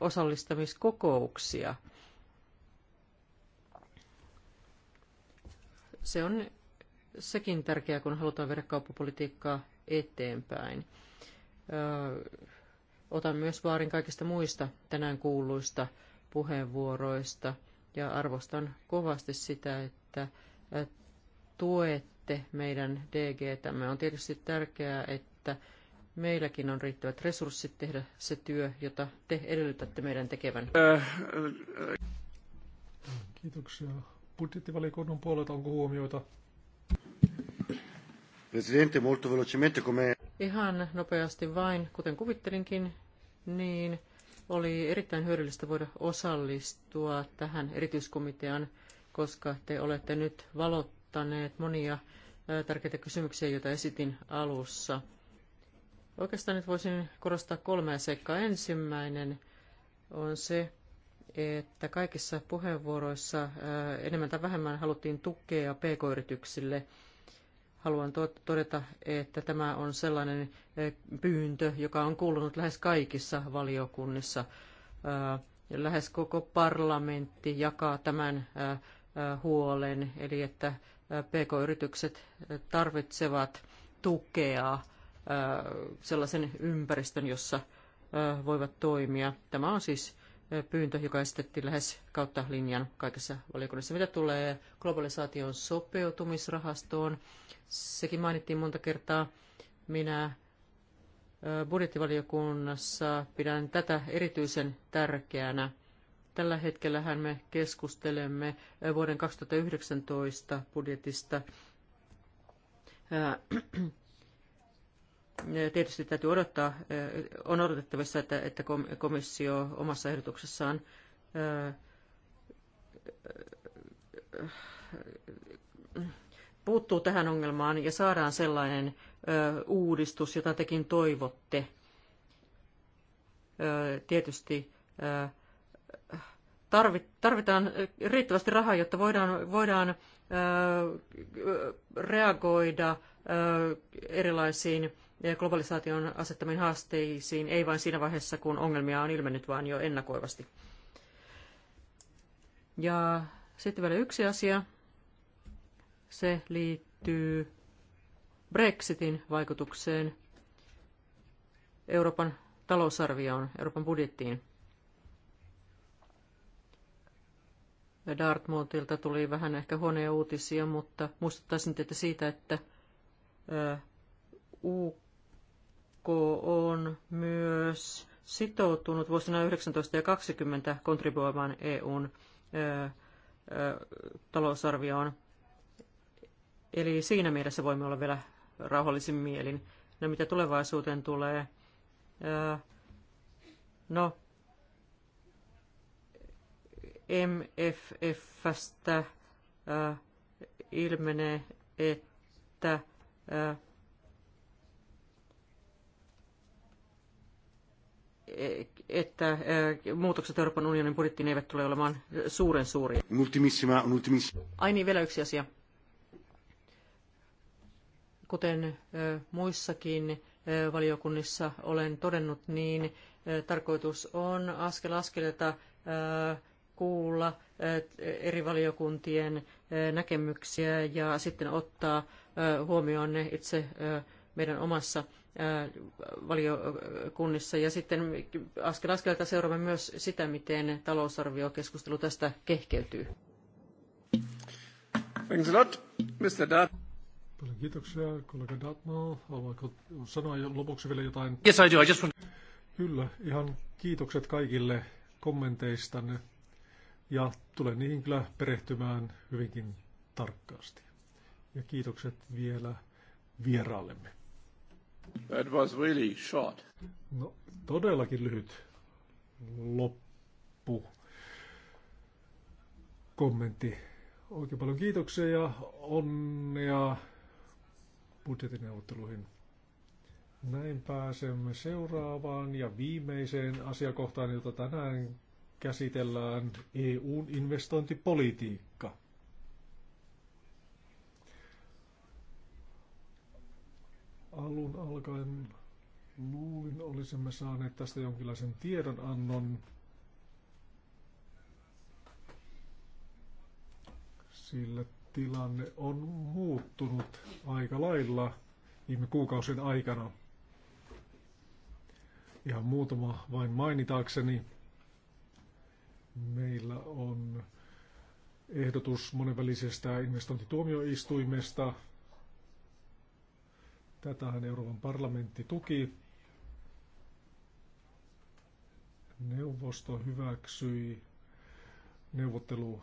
osallistamiskokouksia. Se on sekin tärkeää, kun halutaan viedä kauppapolitiikkaa eteenpäin. Otan myös vaarin kaikista muista tänään kuuluista puheenvuoroista – ja arvostan kovasti sitä, että tuette meidän DG. tämme on tietysti tärkeää, että meilläkin on riittävät resurssit tehdä se työ, jota te edellytätte meidän tekevän. Kiitoksia. Budjettivaliokunnan puolelta onko huomioita? Presidente, molto velocemente come... Ihan nopeasti vain, kuten kuvittelinkin, niin oli erittäin hyödyllistä voida osallistua tähän erityiskomitean, koska te olette nyt valottaneet monia tärkeitä kysymyksiä, joita esitin alussa. Oikeastaan nyt voisin korostaa kolmea seikkaa. Ensimmäinen on se, että kaikissa puheenvuoroissa enemmän tai vähemmän haluttiin tukea pk-yrityksille – haluan todeta, että tämä on sellainen eh, pyyntö, joka on kuulunut lähes kaikissa valiokunnissa. Eh, lähes koko parlamentti jakaa tämän eh, huolen, eli että pk-yritykset tarvitsevat tukea sellaisen ympäristön, jossa voivat toimia. Tämä on siis pyyntö, joka esitettiin lähes kautta linjan kaikessa valiokunnassa. Mitä tulee globalisaation sopeutumisrahastoon, sekin mainittiin monta kertaa. Minä budjettivaliokunnassa pidän tätä erityisen tärkeänä. Tällä hetkellähän me keskustelemme vuoden 2019 budjetista tietysti täytyy odottaa, on odotettavissa, että, että komissio omassa ehdotuksessaan puuttuu tähän ongelmaan ja saadaan sellainen uudistus, jota tekin toivotte. Tietysti tarvitaan riittävästi rahaa, jotta voidaan, voidaan reagoida erilaisiin globalisaation asettamiin haasteisiin, ei vain siinä vaiheessa, kun ongelmia on ilmennyt, vaan jo ennakoivasti. Ja sitten vielä yksi asia. Se liittyy Brexitin vaikutukseen Euroopan talousarvioon, Euroopan budjettiin. Dartmouthilta tuli vähän ehkä huonoja uutisia, mutta muistuttaisin teitä siitä, että UK Marokko on myös sitoutunut vuosina 19 ja 20 kontribuoimaan EUn ö, ö, talousarvioon. Eli siinä mielessä voimme olla vielä rauhallisin mielin. No mitä tulevaisuuteen tulee? Ö, no, MFFstä ö, ilmenee, että ö, että äh, muutokset Euroopan unionin budjettiin eivät tule olemaan suuren suuria. Ultimissima, ultimissima. Ai niin, vielä yksi asia. Kuten äh, muissakin äh, valiokunnissa olen todennut, niin tarkoitus on askel askeleta kuulla eri valiokuntien näkemyksiä ja sitten ottaa huomioon ne itse meidän omassa Äh, valiokunnissa. Ja sitten askel askelta seuraamme myös sitä, miten talousarviokeskustelu tästä kehkeytyy. Thanks a lot, Mr. Dat. Paljon kiitoksia, kollega Datmo. Haluatko sanoa lopuksi vielä jotain? Yes, I do. I just want... Kyllä, ihan kiitokset kaikille kommenteistanne. Ja tulen niihin kyllä perehtymään hyvinkin tarkkaasti. Ja kiitokset vielä vieraallemme. That was really short. No, todellakin lyhyt loppu kommentti. Oikein paljon kiitoksia ja onnea budjetineuvotteluihin. Näin pääsemme seuraavaan ja viimeiseen asiakohtaan, jota tänään käsitellään EUn investointipolitiikka. alun alkaen luulin olisimme saaneet tästä jonkinlaisen tiedonannon, sillä tilanne on muuttunut aika lailla viime kuukausien aikana. Ihan muutama vain mainitakseni. Meillä on ehdotus monenvälisestä investointituomioistuimesta – Tätähän Euroopan parlamentti tuki. Neuvosto hyväksyi neuvottelu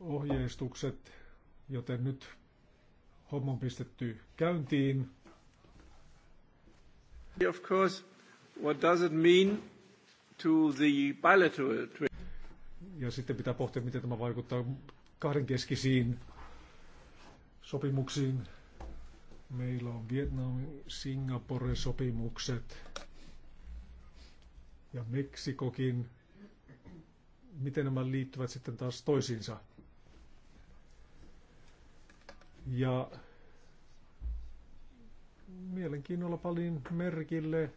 ohjeistukset, joten nyt homma on pistetty käyntiin. Of course, what does it mean to the bilateral Ja sitten pitää pohtia, miten tämä vaikuttaa kahdenkeskisiin sopimuksiin. Meillä on Vietnam, Singapore sopimukset ja Meksikokin. Miten nämä liittyvät sitten taas toisiinsa? Ja mielenkiinnolla palin merkille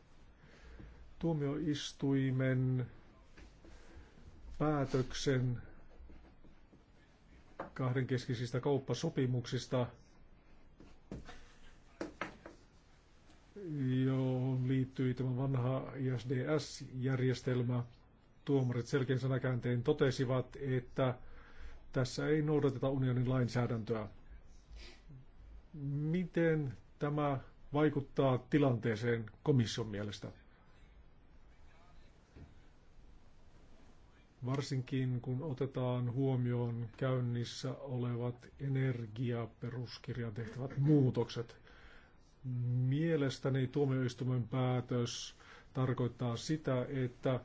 tuomioistuimen päätöksen kahdenkeskisistä kauppasopimuksista, johon liittyi tämä vanha ISDS-järjestelmä. Tuomarit selkeän sanakääntein totesivat, että tässä ei noudateta unionin lainsäädäntöä. Miten tämä vaikuttaa tilanteeseen komission mielestä? varsinkin kun otetaan huomioon käynnissä olevat energiaperuskirjan tehtävät muutokset. Mielestäni tuomioistuimen päätös tarkoittaa sitä, että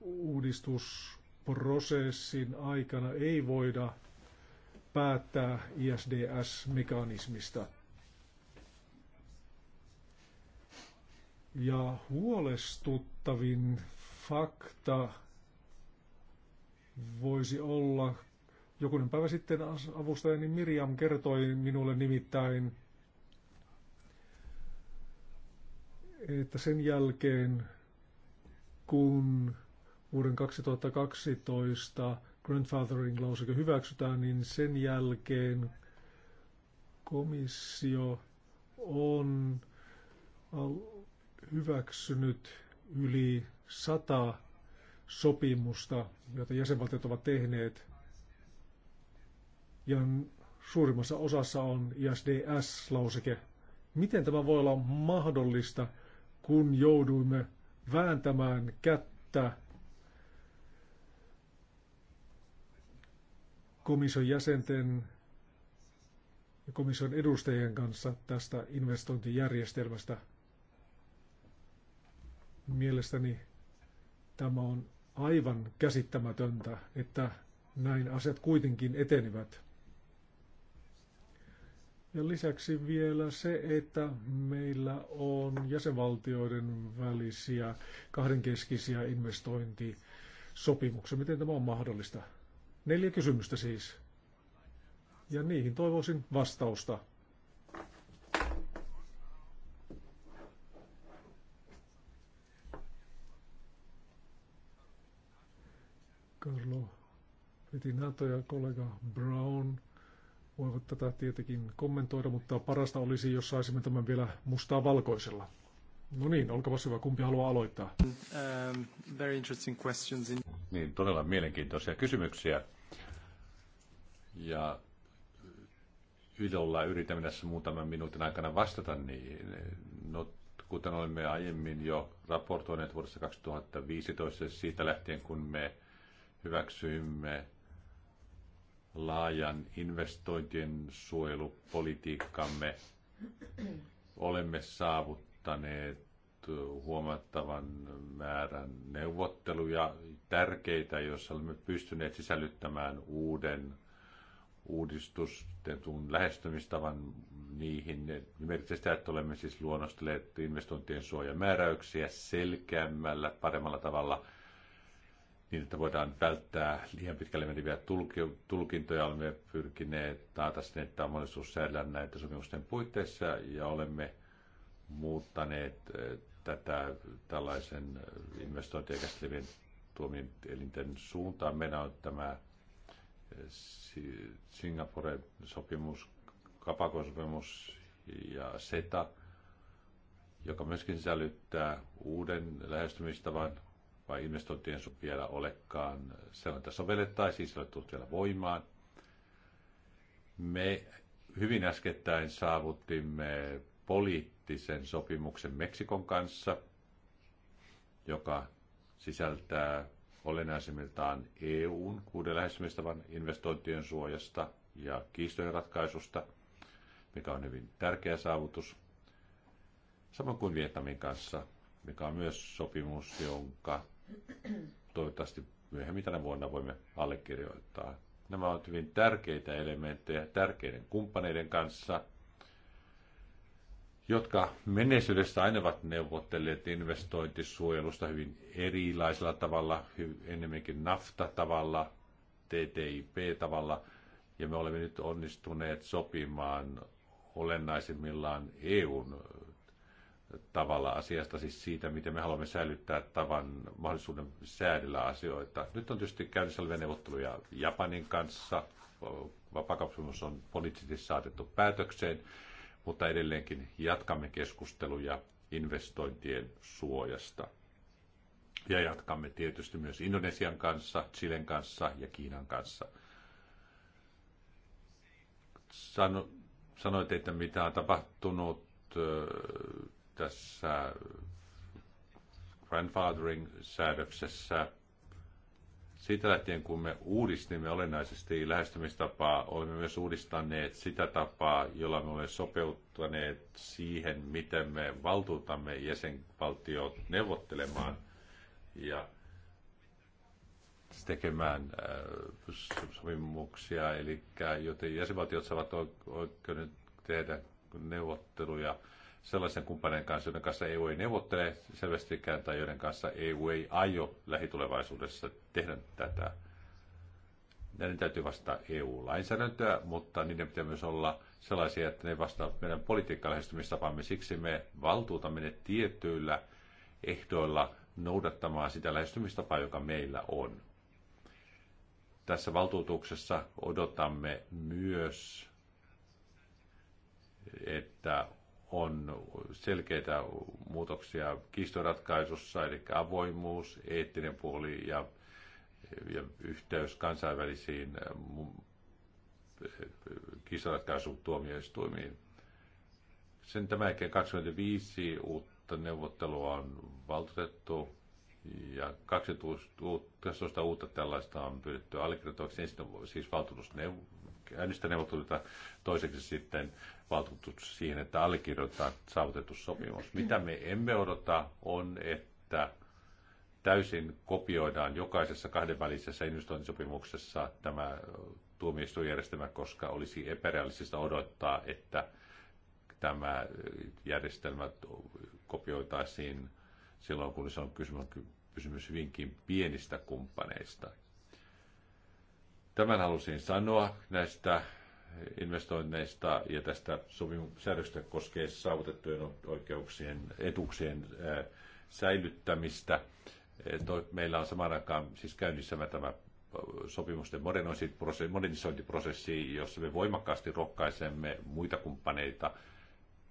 uudistusprosessin aikana ei voida päättää ISDS-mekanismista. Ja huolestuttavin fakta voisi olla. Jokunen päivä sitten avustajani Miriam kertoi minulle nimittäin, että sen jälkeen kun vuoden 2012 grandfathering lauseke hyväksytään, niin sen jälkeen komissio on hyväksynyt yli sata sopimusta, jota jäsenvaltiot ovat tehneet. Ja suurimmassa osassa on ISDS-lauseke. Miten tämä voi olla mahdollista, kun jouduimme vääntämään kättä komission jäsenten ja komission edustajien kanssa tästä investointijärjestelmästä. Mielestäni tämä on aivan käsittämätöntä, että näin asiat kuitenkin etenivät. Ja lisäksi vielä se, että meillä on jäsenvaltioiden välisiä kahdenkeskisiä investointisopimuksia. Miten tämä on mahdollista? Neljä kysymystä siis. Ja niihin toivoisin vastausta. Carlo Petinato ja kollega Brown voivat tätä tietenkin kommentoida, mutta parasta olisi, jos saisimme tämän vielä mustaa valkoisella. No niin, olkaa hyvä, kumpi haluaa aloittaa? Um, very interesting questions in... Niin, todella mielenkiintoisia kysymyksiä. Ja ilolla yritämme tässä muutaman minuutin aikana vastata Niin, No, kuten olemme aiemmin jo raportoineet vuodesta 2015, siitä lähtien kun me hyväksyimme laajan investointien suojelupolitiikkamme. Olemme saavuttaneet huomattavan määrän neuvotteluja tärkeitä, joissa olemme pystyneet sisällyttämään uuden uudistustetun lähestymistavan niihin. Merkitsee sitä, että olemme siis luonnostelleet investointien suojamääräyksiä selkeämmällä, paremmalla tavalla – niin, että voidaan välttää liian pitkälle meneviä tulkintoja. Olemme pyrkineet taata sen, että on mahdollisuus säädellä näitä sopimusten puitteissa ja olemme muuttaneet eh, tätä tällaisen eh, investointia käsittelevien elinten suuntaan. Meillä on tämä eh, Singapore-sopimus, Kapakon-sopimus ja SETA, joka myöskin sisällyttää uuden lähestymistavan vai investointien vielä olekaan sellaista sovellettaisiin, se ei ole tullut vielä voimaan. Me hyvin äskettäin saavuttimme poliittisen sopimuksen Meksikon kanssa, joka sisältää olennaisimmiltaan EUn kuuden lähestymistavan investointien suojasta ja kiistojen ratkaisusta, mikä on hyvin tärkeä saavutus. Samoin kuin Vietnamin kanssa, mikä on myös sopimus, jonka toivottavasti myöhemmin tänä vuonna voimme allekirjoittaa. Nämä ovat hyvin tärkeitä elementtejä tärkeiden kumppaneiden kanssa, jotka menneisyydessä aina ovat neuvotteleet investointisuojelusta hyvin erilaisella tavalla, enemmänkin nafta-tavalla, TTIP-tavalla, ja me olemme nyt onnistuneet sopimaan olennaisimmillaan EUn tavalla asiasta, siis siitä, miten me haluamme säilyttää tavan mahdollisuuden säädellä asioita. Nyt on tietysti käynnissä olevia neuvotteluja Japanin kanssa. Vapakauppasopimus on poliittisesti saatettu päätökseen, mutta edelleenkin jatkamme keskusteluja investointien suojasta. Ja jatkamme tietysti myös Indonesian kanssa, Chilen kanssa ja Kiinan kanssa. Sano, sanoit, että mitä on tapahtunut tässä grandfathering-säädöksessä. Siitä lähtien, kun me uudistimme olennaisesti lähestymistapaa, olemme myös uudistaneet sitä tapaa, jolla me olemme sopeuttaneet siihen, miten me valtuutamme jäsenvaltiot neuvottelemaan ja tekemään äh, sopimuksia, eli joten jäsenvaltiot saavat oikeuden tehdä neuvotteluja sellaisen kumppanin kanssa, joiden kanssa EU ei neuvottele selvästikään tai joiden kanssa EU ei aio lähitulevaisuudessa tehdä tätä. Näiden täytyy vastata EU-lainsäädäntöä, mutta niiden pitää myös olla sellaisia, että ne vastaavat meidän politiikkalähestymistapamme. Siksi me valtuutamme ne tietyillä ehdoilla noudattamaan sitä lähestymistapaa, joka meillä on. Tässä valtuutuksessa odotamme myös, että on selkeitä muutoksia kiistoratkaisussa, eli avoimuus, eettinen puoli ja, ja yhteys kansainvälisiin äh, kiistoratkaisutuomioistuimiin. Sen tämän jälkeen 25 uutta neuvottelua on valtuutettu ja 12 uutta tällaista on pyydetty allekirjoittavaksi. Ensin siis valtuutusneuvo, neuvotteluita toiseksi sitten valtuutus siihen, että allekirjoitetaan saavutettu sopimus. Mitä me emme odota on, että täysin kopioidaan jokaisessa kahdenvälisessä investointisopimuksessa tämä tuomioistuinjärjestelmä, koska olisi epärealistista odottaa, että tämä järjestelmä kopioitaisiin silloin, kun se on kysymys, kysymys hyvinkin pienistä kumppaneista. Tämän halusin sanoa näistä investoinneista ja tästä sopimussäädöstä koskee saavutettujen oikeuksien etuuksien säilyttämistä. Meillä on samaan aikaan siis käynnissä tämä sopimusten modernisointiprosessi, jossa me voimakkaasti rohkaisemme muita kumppaneita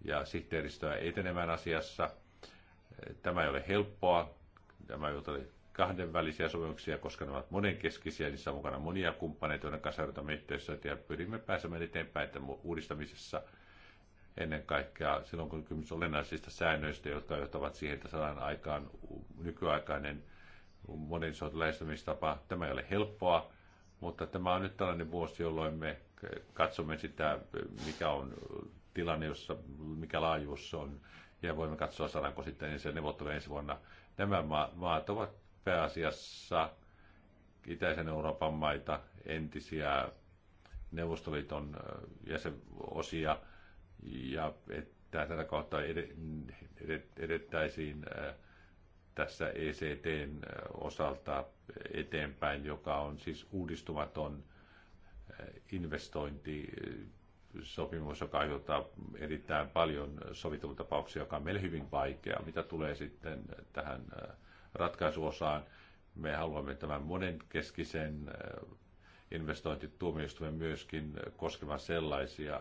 ja sihteeristöä etenemään asiassa. Tämä ei ole helppoa, tämä ei kahdenvälisiä sopimuksia, koska ne ovat monenkeskisiä, niissä on mukana monia kumppaneita, joiden kanssa yritämme yhteistyötä ja pyrimme pääsemään eteenpäin että uudistamisessa ennen kaikkea silloin, kun kysymys olennaisista säännöistä, jotka johtavat siihen, että saadaan aikaan nykyaikainen modernisoitu lähestymistapa. Tämä ei ole helppoa, mutta tämä on nyt tällainen vuosi, jolloin me katsomme sitä, mikä on tilanne, jossa, mikä laajuus on, ja voimme katsoa, saadaanko sitten ensi neuvotteluja ensi vuonna. Nämä maat ovat pääasiassa itäisen Euroopan maita, entisiä Neuvostoliiton jäsenosia, ja että tätä kautta edettäisiin tässä ECTn osalta eteenpäin, joka on siis uudistumaton investointisopimus, joka aiheuttaa erittäin paljon sovittelutapauksia, joka on meille hyvin vaikea. Mitä tulee sitten tähän ratkaisuosaan. Me haluamme tämän monenkeskisen äh, investointituomioistuimen myöskin koskevan sellaisia äh,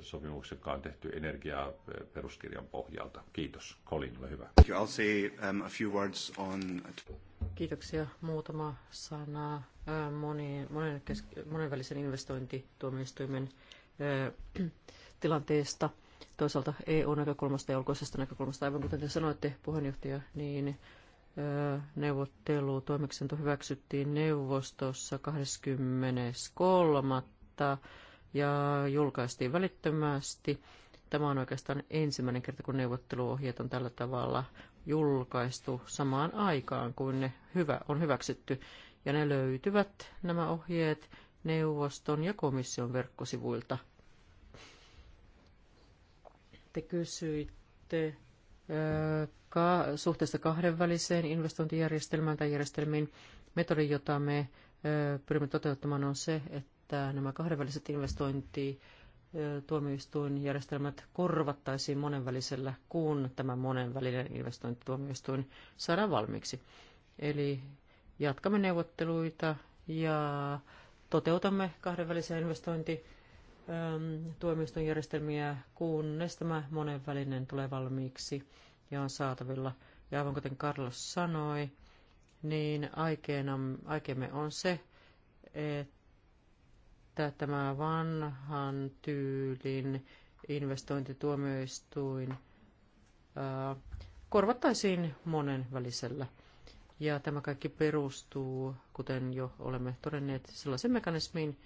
sopimuksia, jotka on tehty energiaa äh, peruskirjan pohjalta. Kiitos. Colin, ole hyvä. I'll say um, a few words on... Kiitoksia. Muutama sana monen, monenvälisen investointituomioistuimen tilanteesta. Toisaalta EU-näkökulmasta ja ulkoisesta näkökulmasta, aivan kuten te sanoitte puheenjohtaja, niin neuvottelu toimeksianto hyväksyttiin neuvostossa 23. ja julkaistiin välittömästi. Tämä on oikeastaan ensimmäinen kerta, kun neuvotteluohjeet on tällä tavalla julkaistu samaan aikaan kuin ne hyvä, on hyväksytty. Ja ne löytyvät nämä ohjeet neuvoston ja komission verkkosivuilta. Te kysyitte ka- suhteessa kahdenväliseen investointijärjestelmään tai järjestelmiin. Metodi, jota me pyrimme toteuttamaan, on se, että nämä kahdenväliset investointituomioistuinjärjestelmät korvattaisiin monenvälisellä, kun tämä monenvälinen investointituomioistuin saadaan valmiiksi. Eli jatkamme neuvotteluita ja toteutamme kahdenvälisiä investointi tuomioistuin järjestelmiä, kunnes tämä monenvälinen tulee valmiiksi ja on saatavilla. Ja aivan kuten Carlos sanoi, niin aikeemme on se, että tämä vanhan tyylin investointituomioistuin ää, korvattaisiin monenvälisellä. Ja tämä kaikki perustuu, kuten jo olemme todenneet, sellaisen mekanismiin,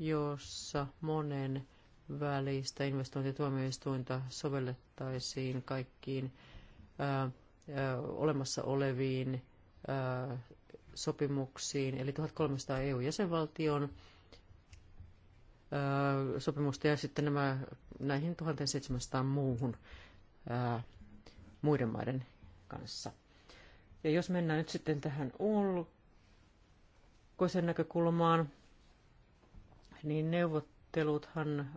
jossa monen välistä investointituomioistuinta sovellettaisiin kaikkiin ää, ää, olemassa oleviin ää, sopimuksiin, eli 1300 EU-jäsenvaltion sopimusta ja sitten nämä, näihin 1700 muuhun ää, muiden maiden kanssa. Ja jos mennään nyt sitten tähän ulkoisen näkökulmaan, niin neuvotteluthan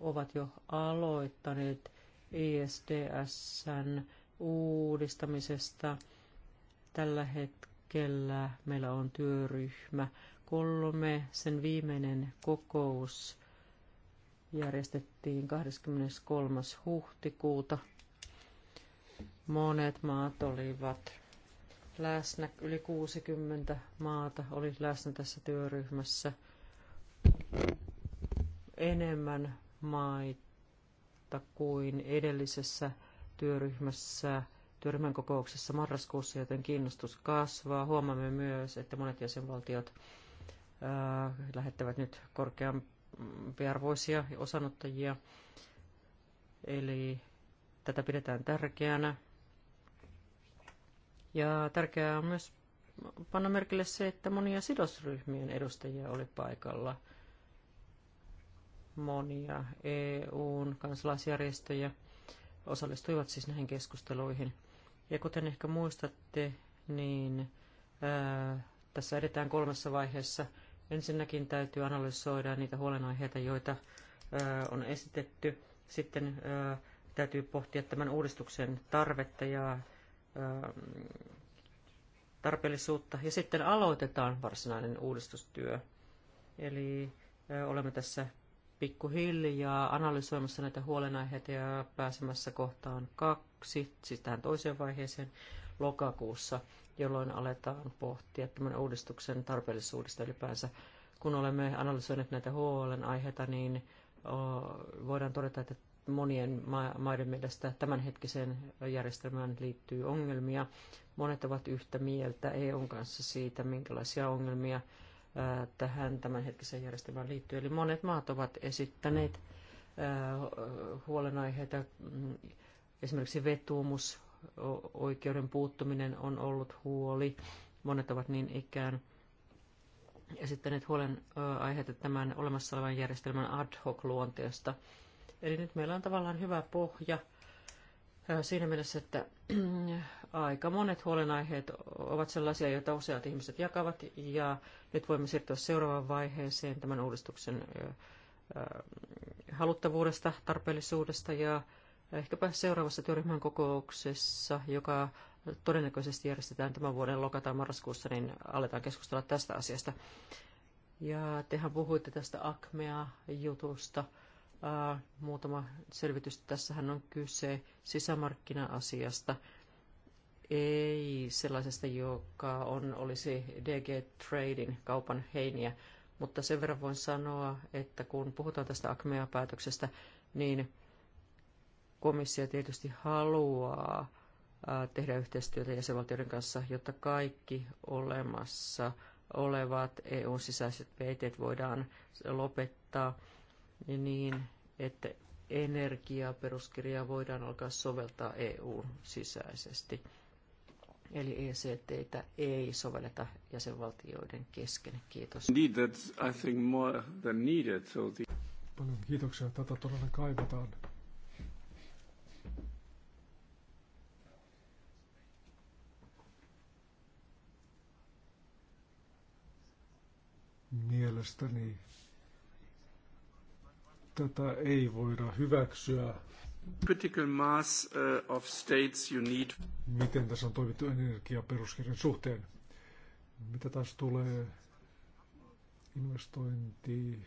ovat jo aloittaneet ISDSn e uudistamisesta. Tällä hetkellä meillä on työryhmä kolme. Sen viimeinen kokous järjestettiin 23. huhtikuuta. Monet maat olivat läsnä, yli 60 maata oli läsnä tässä työryhmässä – enemmän maita kuin edellisessä työryhmässä, työryhmän kokouksessa marraskuussa, joten kiinnostus kasvaa. Huomaamme myös, että monet jäsenvaltiot äh, lähettävät nyt korkeampiarvoisia osanottajia, eli tätä pidetään tärkeänä. Ja tärkeää on myös panna merkille se, että monia sidosryhmien edustajia oli paikalla – monia EUn kansalaisjärjestöjä osallistuivat siis näihin keskusteluihin. Ja kuten ehkä muistatte, niin ää, tässä edetään kolmessa vaiheessa. Ensinnäkin täytyy analysoida niitä huolenaiheita, joita ää, on esitetty. Sitten ää, täytyy pohtia tämän uudistuksen tarvetta ja ää, tarpeellisuutta. Ja sitten aloitetaan varsinainen uudistustyö. Eli olemme tässä pikkuhiljaa analysoimassa näitä huolenaiheita ja pääsemässä kohtaan kaksi, siis tähän toiseen vaiheeseen lokakuussa, jolloin aletaan pohtia tämän uudistuksen tarpeellisuudesta ylipäänsä. Kun olemme analysoineet näitä huolenaiheita, niin voidaan todeta, että monien maiden mielestä tämänhetkiseen järjestelmään liittyy ongelmia. Monet ovat yhtä mieltä EUn kanssa siitä, minkälaisia ongelmia Äh, tähän tämänhetkiseen järjestelmään liittyy. Eli monet maat ovat esittäneet äh, huolenaiheita. Mm, esimerkiksi vetumus, oikeuden puuttuminen on ollut huoli. Monet ovat niin ikään esittäneet huolenaiheita äh, tämän olemassa olevan järjestelmän ad hoc luonteesta. Eli nyt meillä on tavallaan hyvä pohja – siinä mielessä, että aika monet huolenaiheet ovat sellaisia, joita useat ihmiset jakavat, ja nyt voimme siirtyä seuraavaan vaiheeseen tämän uudistuksen haluttavuudesta, tarpeellisuudesta, ja ehkäpä seuraavassa työryhmän kokouksessa, joka todennäköisesti järjestetään tämän vuoden lokataan marraskuussa, niin aletaan keskustella tästä asiasta. Ja tehän puhuitte tästä Akmea-jutusta muutama selvitys. Tässähän on kyse sisämarkkina-asiasta, ei sellaisesta, joka on, olisi DG Trading kaupan heiniä, mutta sen verran voin sanoa, että kun puhutaan tästä Acmea-päätöksestä, niin komissio tietysti haluaa tehdä yhteistyötä jäsenvaltioiden kanssa, jotta kaikki olemassa olevat eu sisäiset peiteet voidaan lopettaa – niin, että energiaperuskirjaa voidaan alkaa soveltaa EU sisäisesti. Eli ECTtä ei sovelleta jäsenvaltioiden kesken. Kiitos. Indeed, that's, I think, more than needed. So the... Paljon kiitoksia. Tätä todella kaivataan. Mielestäni Tätä ei voida hyväksyä. Critical mass uh, of states you need. Miten tässä on toimittu energiaperuskirjan suhteen? Mitä taas tulee investointi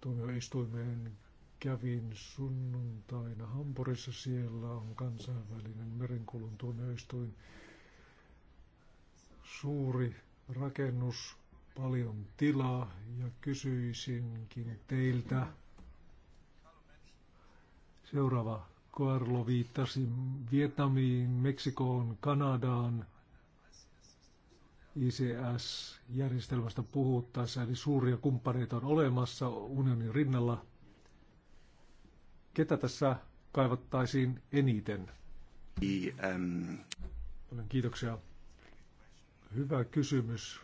tuomioistuimeen kävin sunnuntaina Hampurissa. Siellä on kansainvälinen merenkulun tuomioistuin. Suuri rakennus, paljon tilaa ja kysyisinkin teiltä, Seuraava Koarlo viittasi Vietnamiin, Meksikoon, Kanadaan, ICS-järjestelmästä puhuttaessa, eli suuria kumppaneita on olemassa unionin rinnalla. Ketä tässä kaivattaisiin eniten? Paljon kiitoksia. Hyvä kysymys.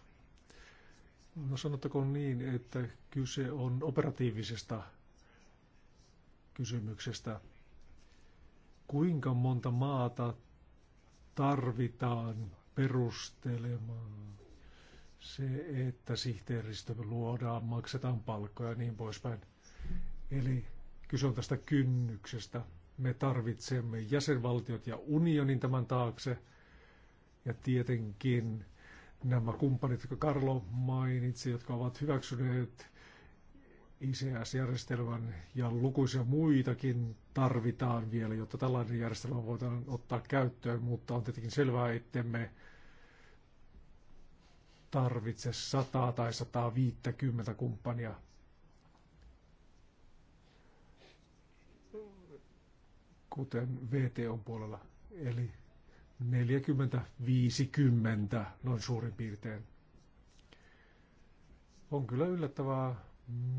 No sanottakoon niin, että kyse on operatiivisesta kysymyksestä. Kuinka monta maata tarvitaan perustelemaan se, että sihteeristö luodaan, maksetaan palkkoja ja niin poispäin. Eli kyse on tästä kynnyksestä. Me tarvitsemme jäsenvaltiot ja unionin tämän taakse ja tietenkin nämä kumppanit, jotka Karlo mainitsi, jotka ovat hyväksyneet ICS-järjestelmän ja lukuisia muitakin tarvitaan vielä, jotta tällainen järjestelmä voidaan ottaa käyttöön, mutta on tietenkin selvää, ettemme tarvitse 100 tai 150 kumppania. kuten VTOn puolella, eli 40-50 noin suurin piirtein. On kyllä yllättävää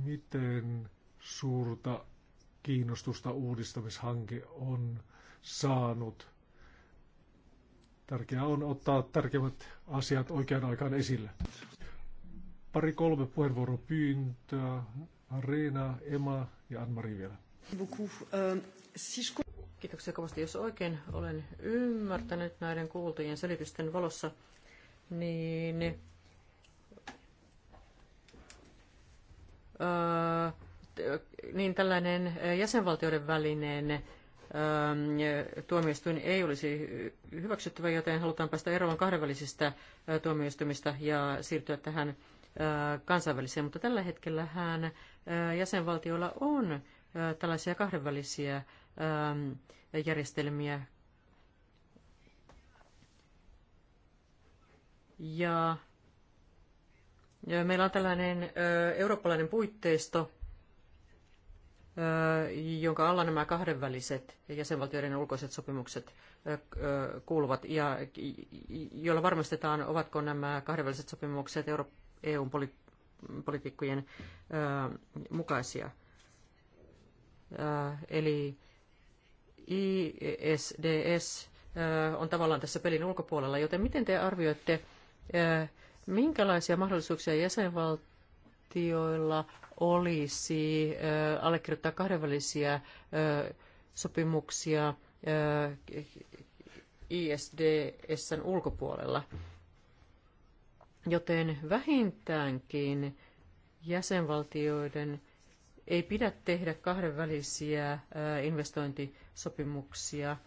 miten suurta kiinnostusta uudistamishanke on saanut. Tärkeää on ottaa tärkeimmät asiat oikean aikaan esille. Pari-kolme puheenvuoropyyntöä. Reena, Emma ja Anmari vielä. Kiitoksia kovasti. Jos oikein olen ymmärtänyt näiden kuultujen selitysten valossa, niin niin tällainen jäsenvaltioiden välinen tuomioistuin ei olisi hyväksyttävä, joten halutaan päästä eroon kahdenvälisistä tuomioistuimista ja siirtyä tähän kansainväliseen. Mutta tällä hetkellähän jäsenvaltioilla on tällaisia kahdenvälisiä järjestelmiä. Ja Meillä on tällainen eurooppalainen puitteisto, jonka alla nämä kahdenväliset jäsenvaltioiden ulkoiset sopimukset kuuluvat, ja joilla varmistetaan, ovatko nämä kahdenväliset sopimukset EUn politiikkojen mukaisia. Eli ISDS on tavallaan tässä pelin ulkopuolella, joten miten te arvioitte Minkälaisia mahdollisuuksia jäsenvaltioilla olisi allekirjoittaa kahdenvälisiä sopimuksia ISDSn ulkopuolella? Joten vähintäänkin jäsenvaltioiden ei pidä tehdä kahdenvälisiä investointisopimuksia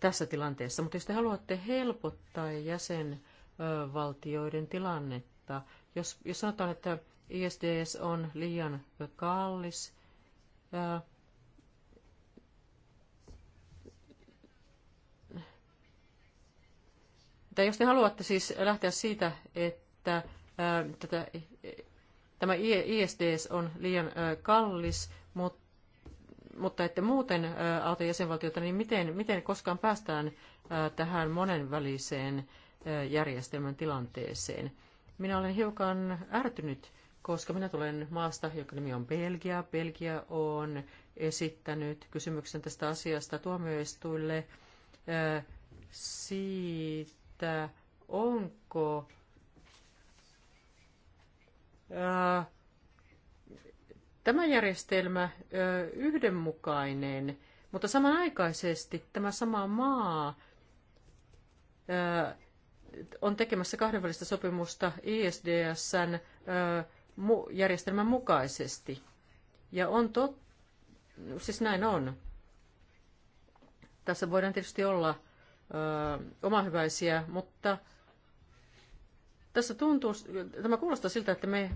tässä tilanteessa. Mutta jos te haluatte helpottaa jäsenvaltioiden tilannetta, jos, jos sanotaan, että ISDS on liian kallis, ää, tai jos te haluatte siis lähteä siitä, että ää, tätä, tämä ISDS on liian ää, kallis, mutta mutta että muuten auta jäsenvaltiota, niin miten, miten koskaan päästään tähän monenväliseen järjestelmän tilanteeseen? Minä olen hiukan ärtynyt, koska minä tulen maasta, joka nimi on Belgia. Belgia on esittänyt kysymyksen tästä asiasta tuomioistuille siitä, onko tämä järjestelmä yhdenmukainen, mutta samanaikaisesti tämä sama maa on tekemässä kahdenvälistä sopimusta ISDSn järjestelmän mukaisesti. Ja on tot... siis näin on. Tässä voidaan tietysti olla omahyväisiä, mutta tässä tuntuu, tämä kuulostaa siltä, että me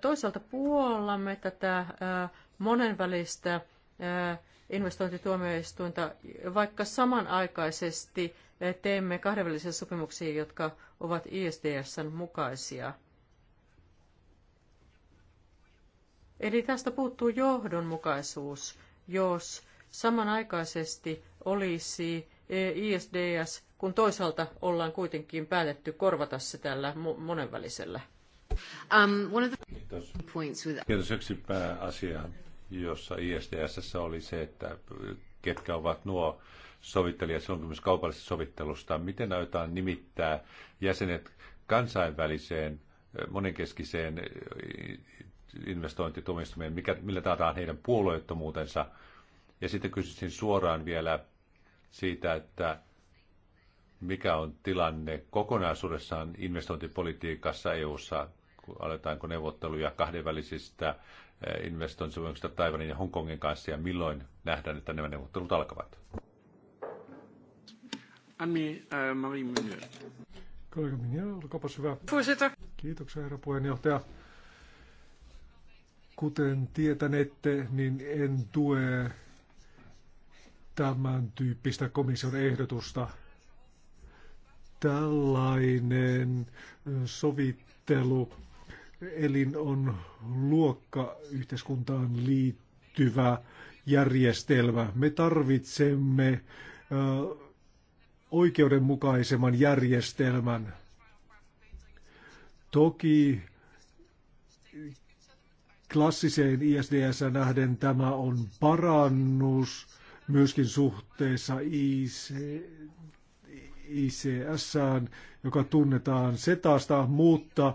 Toisaalta puollamme tätä monenvälistä investointituomioistuinta, vaikka samanaikaisesti teemme kahdenvälisiä sopimuksia, jotka ovat ISDSn mukaisia. Eli tästä puuttuu johdonmukaisuus, jos samanaikaisesti olisi ISDS, kun toisaalta ollaan kuitenkin päätetty korvata se tällä monenvälisellä Um, Kiitos. Points with... Kiitos. Yksi pääasia, jossa ISDSS oli se, että ketkä ovat nuo sovittelijat, se on myös kaupallisesta sovittelusta. Miten aiotaan nimittää jäsenet kansainväliseen eh, monenkeskiseen eh, investointituomioistuimeen, mikä, millä taataan heidän puolueettomuutensa. Ja sitten kysyisin suoraan vielä siitä, että mikä on tilanne kokonaisuudessaan investointipolitiikassa EU:ssa aletaanko neuvotteluja kahdenvälisistä eh, investointisopimuksista Taiwanin ja Hongkongin kanssa ja milloin nähdään, että nämä neuvottelut alkavat? Eh, Marie Kollega Mynnier, olkaapas hyvä. Voisita. Kiitoksia herra puheenjohtaja. Kuten tietänette, niin en tue tämän tyyppistä komission ehdotusta. Tällainen sovittelu elin on luokka yhteiskuntaan liittyvä järjestelmä. Me tarvitsemme oikeudenmukaisemman järjestelmän. Toki klassiseen ISDS nähden tämä on parannus myöskin suhteessa IC, ICS, joka tunnetaan setasta, mutta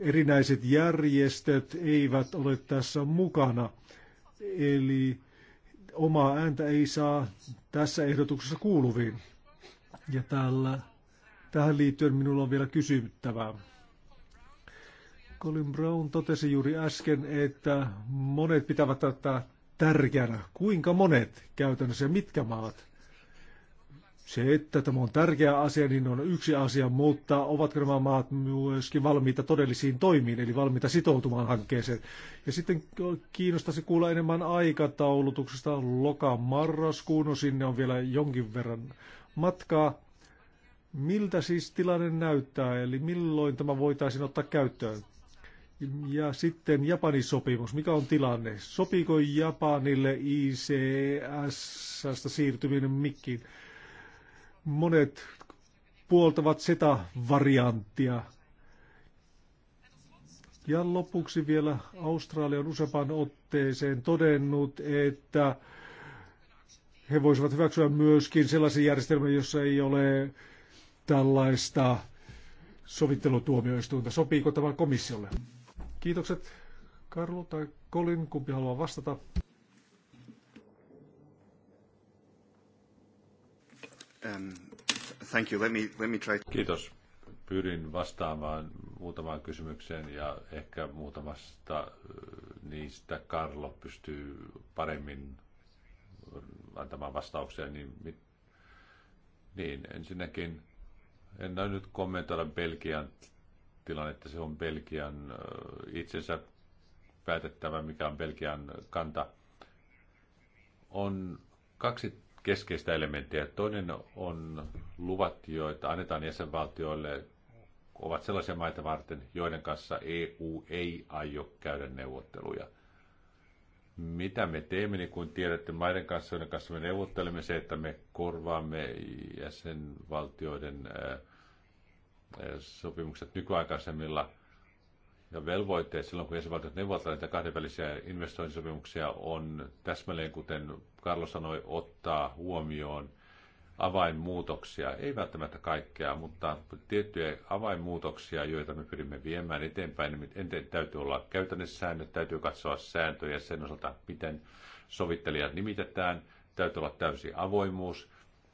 erinäiset järjestöt eivät ole tässä mukana. Eli omaa ääntä ei saa tässä ehdotuksessa kuuluviin. Ja tällä tähän liittyen minulla on vielä kysyttävää. Colin Brown totesi juuri äsken, että monet pitävät tätä tärkeänä. Kuinka monet käytännössä ja mitkä maat? Se, että tämä on tärkeä asia, niin on yksi asia, mutta ovatko nämä maat myöskin valmiita todellisiin toimiin, eli valmiita sitoutumaan hankkeeseen. Ja sitten kiinnostaisi kuulla enemmän aikataulutuksesta loka marraskuun, no sinne on vielä jonkin verran matkaa. Miltä siis tilanne näyttää, eli milloin tämä voitaisiin ottaa käyttöön? Ja sitten Japanin sopimus. Mikä on tilanne? Sopiiko Japanille ICS-siirtyminen mikkiin? monet puoltavat sitä varianttia. Ja lopuksi vielä Australian useampaan otteeseen todennut, että he voisivat hyväksyä myöskin sellaisen järjestelmän, jossa ei ole tällaista sovittelutuomioistuinta. Sopiiko tämä komissiolle? Kiitokset Karlo tai Colin, kumpi haluaa vastata? Um, thank you. Let me, let me try... Kiitos. Pyrin vastaamaan muutamaan kysymykseen ja ehkä muutamasta niistä Karlo pystyy paremmin antamaan vastauksia. Niin, niin ensinnäkin en näy nyt kommentoida Belgian tilannetta. Se on Belgian itsensä päätettävä, mikä on Belgian kanta. On kaksi keskeistä elementtiä. Toinen on luvat, joita annetaan jäsenvaltioille, ovat sellaisia maita varten, joiden kanssa EU ei aio käydä neuvotteluja. Mitä me teemme, niin kuin tiedätte, maiden kanssa, joiden kanssa me neuvottelemme, se, että me korvaamme jäsenvaltioiden sopimukset nykyaikaisemmilla ja velvoitteet silloin, kun jäsenvaltiot neuvottelevat niitä kahdenvälisiä investointisopimuksia, on täsmälleen, kuten Karlo sanoi, ottaa huomioon avainmuutoksia, ei välttämättä kaikkea, mutta tiettyjä avainmuutoksia, joita me pyrimme viemään eteenpäin, niin täytyy olla käytännössä säännöt, täytyy katsoa sääntöjä sen osalta, miten sovittelijat nimitetään, täytyy olla täysi avoimuus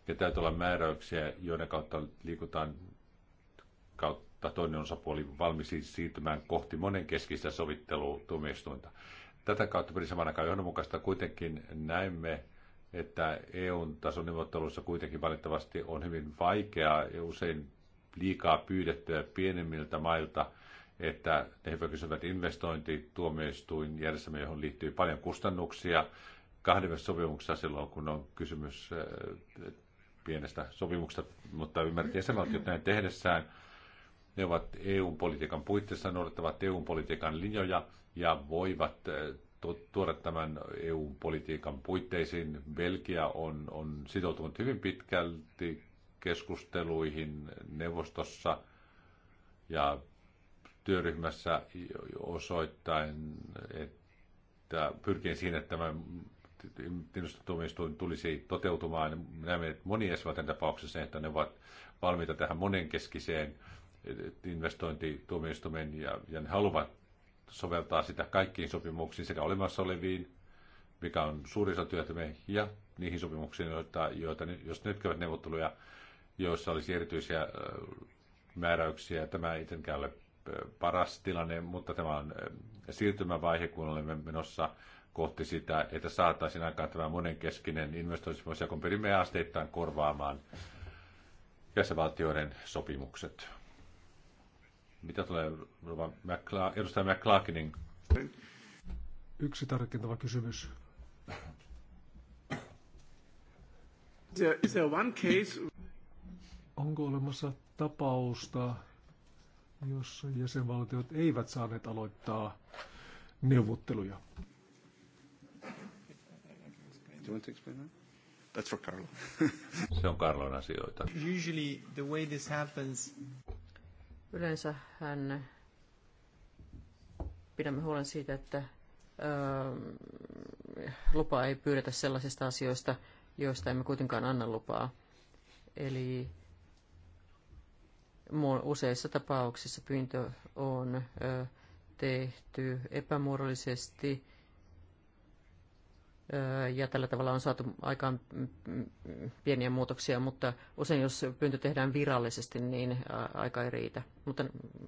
ja täytyy olla määräyksiä, joiden kautta liikutaan kautta jotta toinen osapuoli valmis siirtymään kohti monenkeskistä sovittelutuomioistuinta. Tätä kautta pidin saman aikaan johdonmukaista kuitenkin näemme, että EU-tason neuvotteluissa kuitenkin valitettavasti on hyvin vaikeaa ja usein liikaa pyydettyä pienemmiltä mailta, että ne hyväksyvät investointituomioistuin järjestelmä, johon liittyy paljon kustannuksia kahdessa sopimuksessa silloin, kun on kysymys äh, pienestä sopimuksesta, mutta ymmärrettiin jäsenvaltiot näin tehdessään ne ovat EU-politiikan puitteissa, noudattavat EU-politiikan linjoja ja voivat eh, tuoda tämän EU-politiikan puitteisiin. Belgia on, on sitoutunut hyvin pitkälti keskusteluihin neuvostossa ja työryhmässä osoittain, että pyrkien siinä, että tämä tuomioistuin tulisi toteutumaan. Näemme, että moni tapauksessa, että ne ovat valmiita tähän monenkeskiseen investointituomioistuimen ja, ja ne haluavat soveltaa sitä kaikkiin sopimuksiin sekä olemassa oleviin, mikä on suurin osa ja niihin sopimuksiin, joita, joita jos nyt käyvät neuvotteluja, joissa olisi erityisiä määräyksiä. Tämä ei tietenkään ole paras tilanne, mutta tämä on siirtymävaihe, kun olemme menossa kohti sitä, että saataisiin aikaan tämä monenkeskinen investointisopimus, kun pyrimme asteittain korvaamaan jäsenvaltioiden sopimukset. Mitä tulee edustaja McClarkinin? Yksi tarkentava kysymys. Is there one case? Onko olemassa tapausta, jossa jäsenvaltiot eivät saaneet aloittaa neuvotteluja? Do you want to explain that? That's for Carlo. Se on Carlon asioita. Usually the way this happens... Yleensä hän pidämme huolen siitä, että ähm, lupaa ei pyydetä sellaisista asioista, joista emme kuitenkaan anna lupaa. Eli useissa tapauksissa pyyntö on äh, tehty epämuodollisesti ja tällä tavalla on saatu aikaan pieniä muutoksia, mutta usein jos pyyntö tehdään virallisesti, niin aika ei riitä. Mutta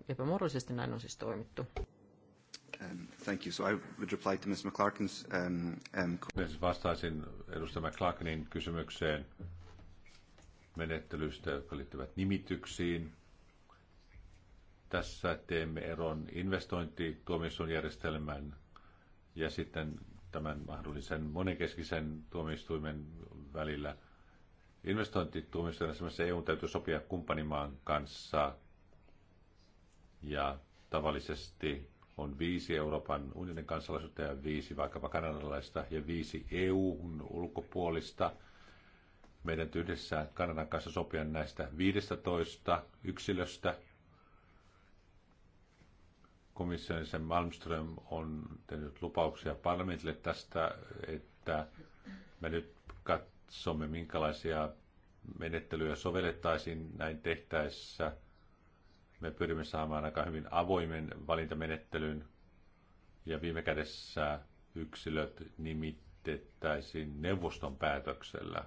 epämuodollisesti näin on siis toimittu. Um, thank you. So I would reply to Ms. McClarkin's... Um, um... Vastaisin edustaja McClarkinin kysymykseen menettelystä, jotka liittyvät nimityksiin. Tässä teemme eron investointituomioistuinjärjestelmän ja sitten tämän mahdollisen monenkeskisen tuomioistuimen välillä. Investointituomioistuimen asemassa EU täytyy sopia kumppanimaan kanssa ja tavallisesti on viisi Euroopan unionin kansalaisuutta ja viisi vaikkapa kanadalaista ja viisi EUn ulkopuolista. Meidän yhdessä Kanadan kanssa sopia näistä 15 yksilöstä, komission sen Malmström on tehnyt lupauksia parlamentille tästä, että me nyt katsomme, minkälaisia menettelyjä sovellettaisiin näin tehtäessä. Me pyrimme saamaan aika hyvin avoimen valintamenettelyn ja viime kädessä yksilöt nimitettäisiin neuvoston päätöksellä,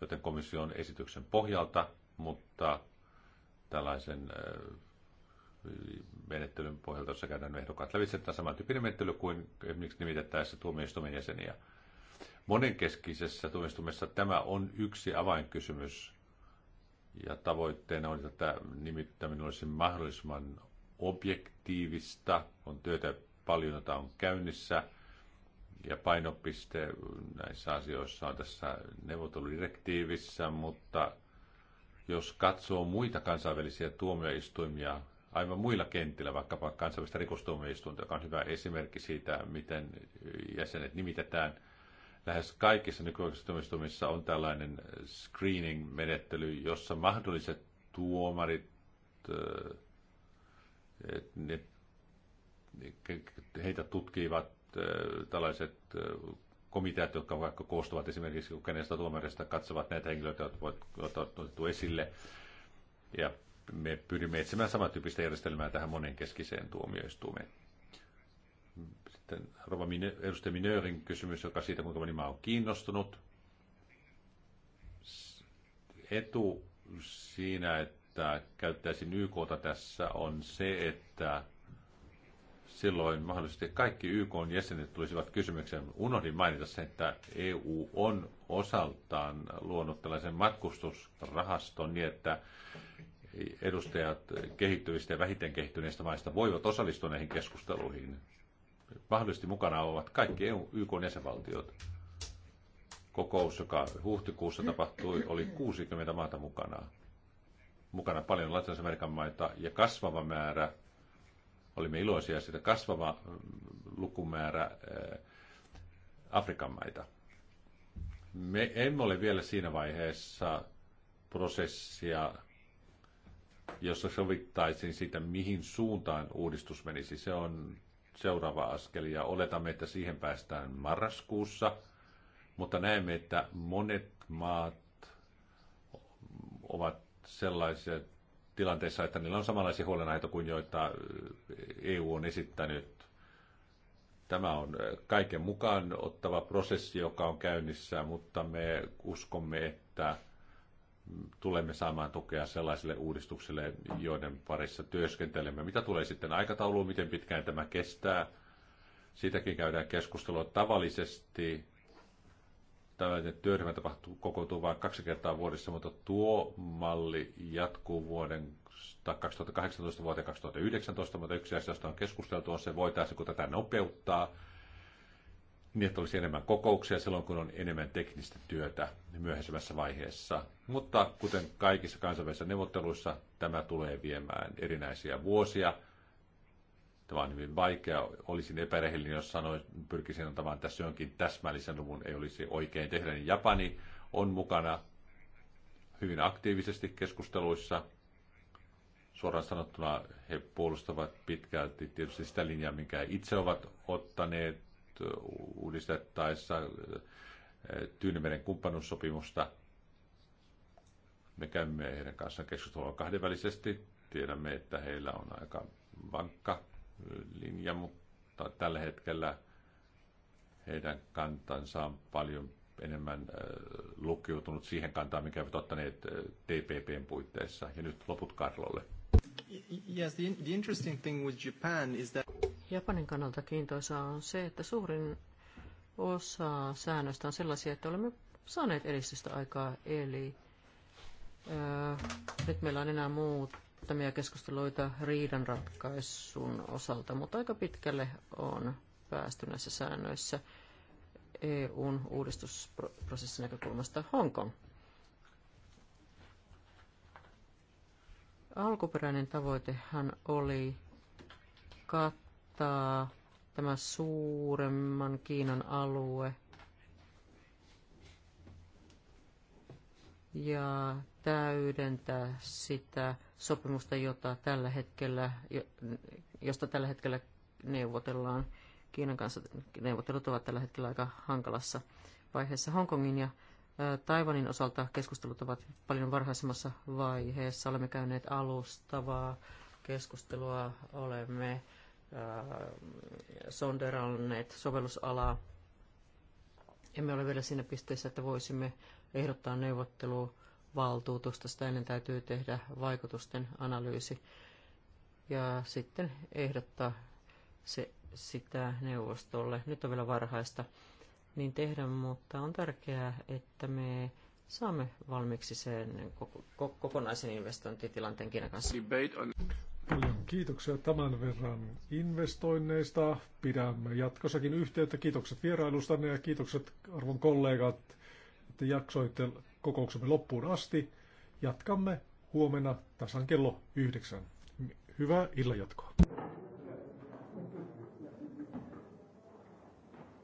joten komission esityksen pohjalta, mutta tällaisen menettelyn pohjalta, jossa käydään ehdokkaat lävitse. Tämä samantyyppinen menettely kuin esimerkiksi nimitettäessä tuomioistuimen jäseniä. Monenkeskisessä tuomioistuimessa tämä on yksi avainkysymys, ja tavoitteena on, että nimittäminen olisi mahdollisimman objektiivista. On työtä paljon, jota on käynnissä. Ja painopiste näissä asioissa on tässä neuvotteludirektiivissä, mutta jos katsoo muita kansainvälisiä tuomioistuimia, aivan muilla kentillä, vaikkapa kansainvälistä rikostuomioistuinta, joka on hyvä esimerkki siitä, miten jäsenet nimitetään. Lähes kaikissa nykyoikeustuomioistuimissa on tällainen screening-menettely, jossa mahdolliset tuomarit, äh, ne, heitä tutkivat äh, tällaiset äh, komiteat, jotka vaikka koostuvat esimerkiksi kenestä tuomarista, katsovat näitä henkilöitä, jotka on otettu esille. Ja me pyrimme etsimään samantyyppistä järjestelmää tähän monenkeskiseen tuomioistuimeen. Sitten Rova edustaja Minöörin kysymys, joka siitä, kuinka moni maa on kiinnostunut. Etu siinä, että käyttäisin YK tässä, on se, että silloin mahdollisesti kaikki YK jäsenet tulisivat kysymykseen. Unohdin mainita sen, että EU on osaltaan luonut tällaisen matkustusrahaston niin, että edustajat kehittyvistä ja vähiten kehittyneistä maista voivat osallistua näihin keskusteluihin. Mahdollisesti mukana ovat kaikki EU, YK jäsenvaltiot. Kokous, joka huhtikuussa tapahtui, oli 60 maata mukana. Mukana paljon Latinalaisen maita ja kasvava määrä, olimme iloisia siitä, kasvava mm, lukumäärä äh, Afrikan maita. Me emme ole vielä siinä vaiheessa prosessia, jossa sovittaisiin siitä, mihin suuntaan uudistus menisi. Se on seuraava askel ja oletamme, että siihen päästään marraskuussa, mutta näemme, että monet maat ovat sellaisia tilanteissa, että niillä on samanlaisia huolenaiheita kuin joita EU on esittänyt. Tämä on kaiken mukaan ottava prosessi, joka on käynnissä, mutta me uskomme, että tulemme saamaan tukea sellaisille uudistuksille, joiden parissa työskentelemme. Mitä tulee sitten aikatauluun, miten pitkään tämä kestää? Siitäkin käydään keskustelua tavallisesti. Tällainen työryhmä tapahtuu, kokoontuu vain kaksi kertaa vuodessa, mutta tuo malli jatkuu vuoden 2018 vuoteen 2019, mutta yksi asia, josta on keskusteltu, on se, voitaisiinko tätä nopeuttaa – Niitä olisi enemmän kokouksia silloin, kun on enemmän teknistä työtä myöhäisemmässä vaiheessa. Mutta kuten kaikissa kansainvälisissä neuvotteluissa, tämä tulee viemään erinäisiä vuosia. Tämä on hyvin vaikea. Olisin epärehellinen, jos sanoin, pyrkisin antamaan tässä jonkin täsmällisen luvun, ei olisi oikein tehdä. Niin Japani on mukana hyvin aktiivisesti keskusteluissa. Suoraan sanottuna he puolustavat pitkälti tietysti sitä linjaa, minkä itse ovat ottaneet uudistettaessa eh, Tyynemeren kumppanuussopimusta. Me käymme heidän kanssaan keskustelua kahdenvälisesti. Tiedämme, että heillä on aika vankka eh, linja, mutta tällä hetkellä heidän kantansa on paljon enemmän eh, lukiutunut siihen kantaan, mikä ovat ottaneet TPPn puitteissa. Ja nyt loput Karlolle. Yes, the, the interesting thing with Japan is that... Japanin kannalta kiintoisaa on se, että suurin osa säännöistä on sellaisia, että olemme saaneet edistystä aikaa, eli äh, nyt meillä on enää muutamia keskusteluita riidanratkaisun osalta, mutta aika pitkälle on päästy näissä säännöissä EUn uudistusprosessin näkökulmasta Hongkong. Alkuperäinen tavoitehan oli kattaa tämä suuremman Kiinan alue. Ja täydentää sitä sopimusta, jota tällä hetkellä, josta tällä hetkellä neuvotellaan. Kiinan kanssa neuvottelut ovat tällä hetkellä aika hankalassa vaiheessa Hongkongin ja Taivanin osalta keskustelut ovat paljon varhaisemmassa vaiheessa. Olemme käyneet alustavaa keskustelua, olemme sonderanneet sovellusalaa. Emme ole vielä siinä pisteessä, että voisimme ehdottaa neuvotteluvaltuutusta. Sitä ennen täytyy tehdä vaikutusten analyysi ja sitten ehdottaa se, sitä neuvostolle. Nyt on vielä varhaista niin tehdä, mutta on tärkeää, että me saamme valmiiksi sen kokonaisen investointitilanteen Kiinan kanssa. Paljon kiitoksia tämän verran investoinneista. Pidämme jatkossakin yhteyttä. Kiitokset vierailustanne ja kiitokset arvon kollegat, että jaksoitte kokouksemme loppuun asti. Jatkamme huomenna tasan kello yhdeksän. Hyvää illanjatkoa.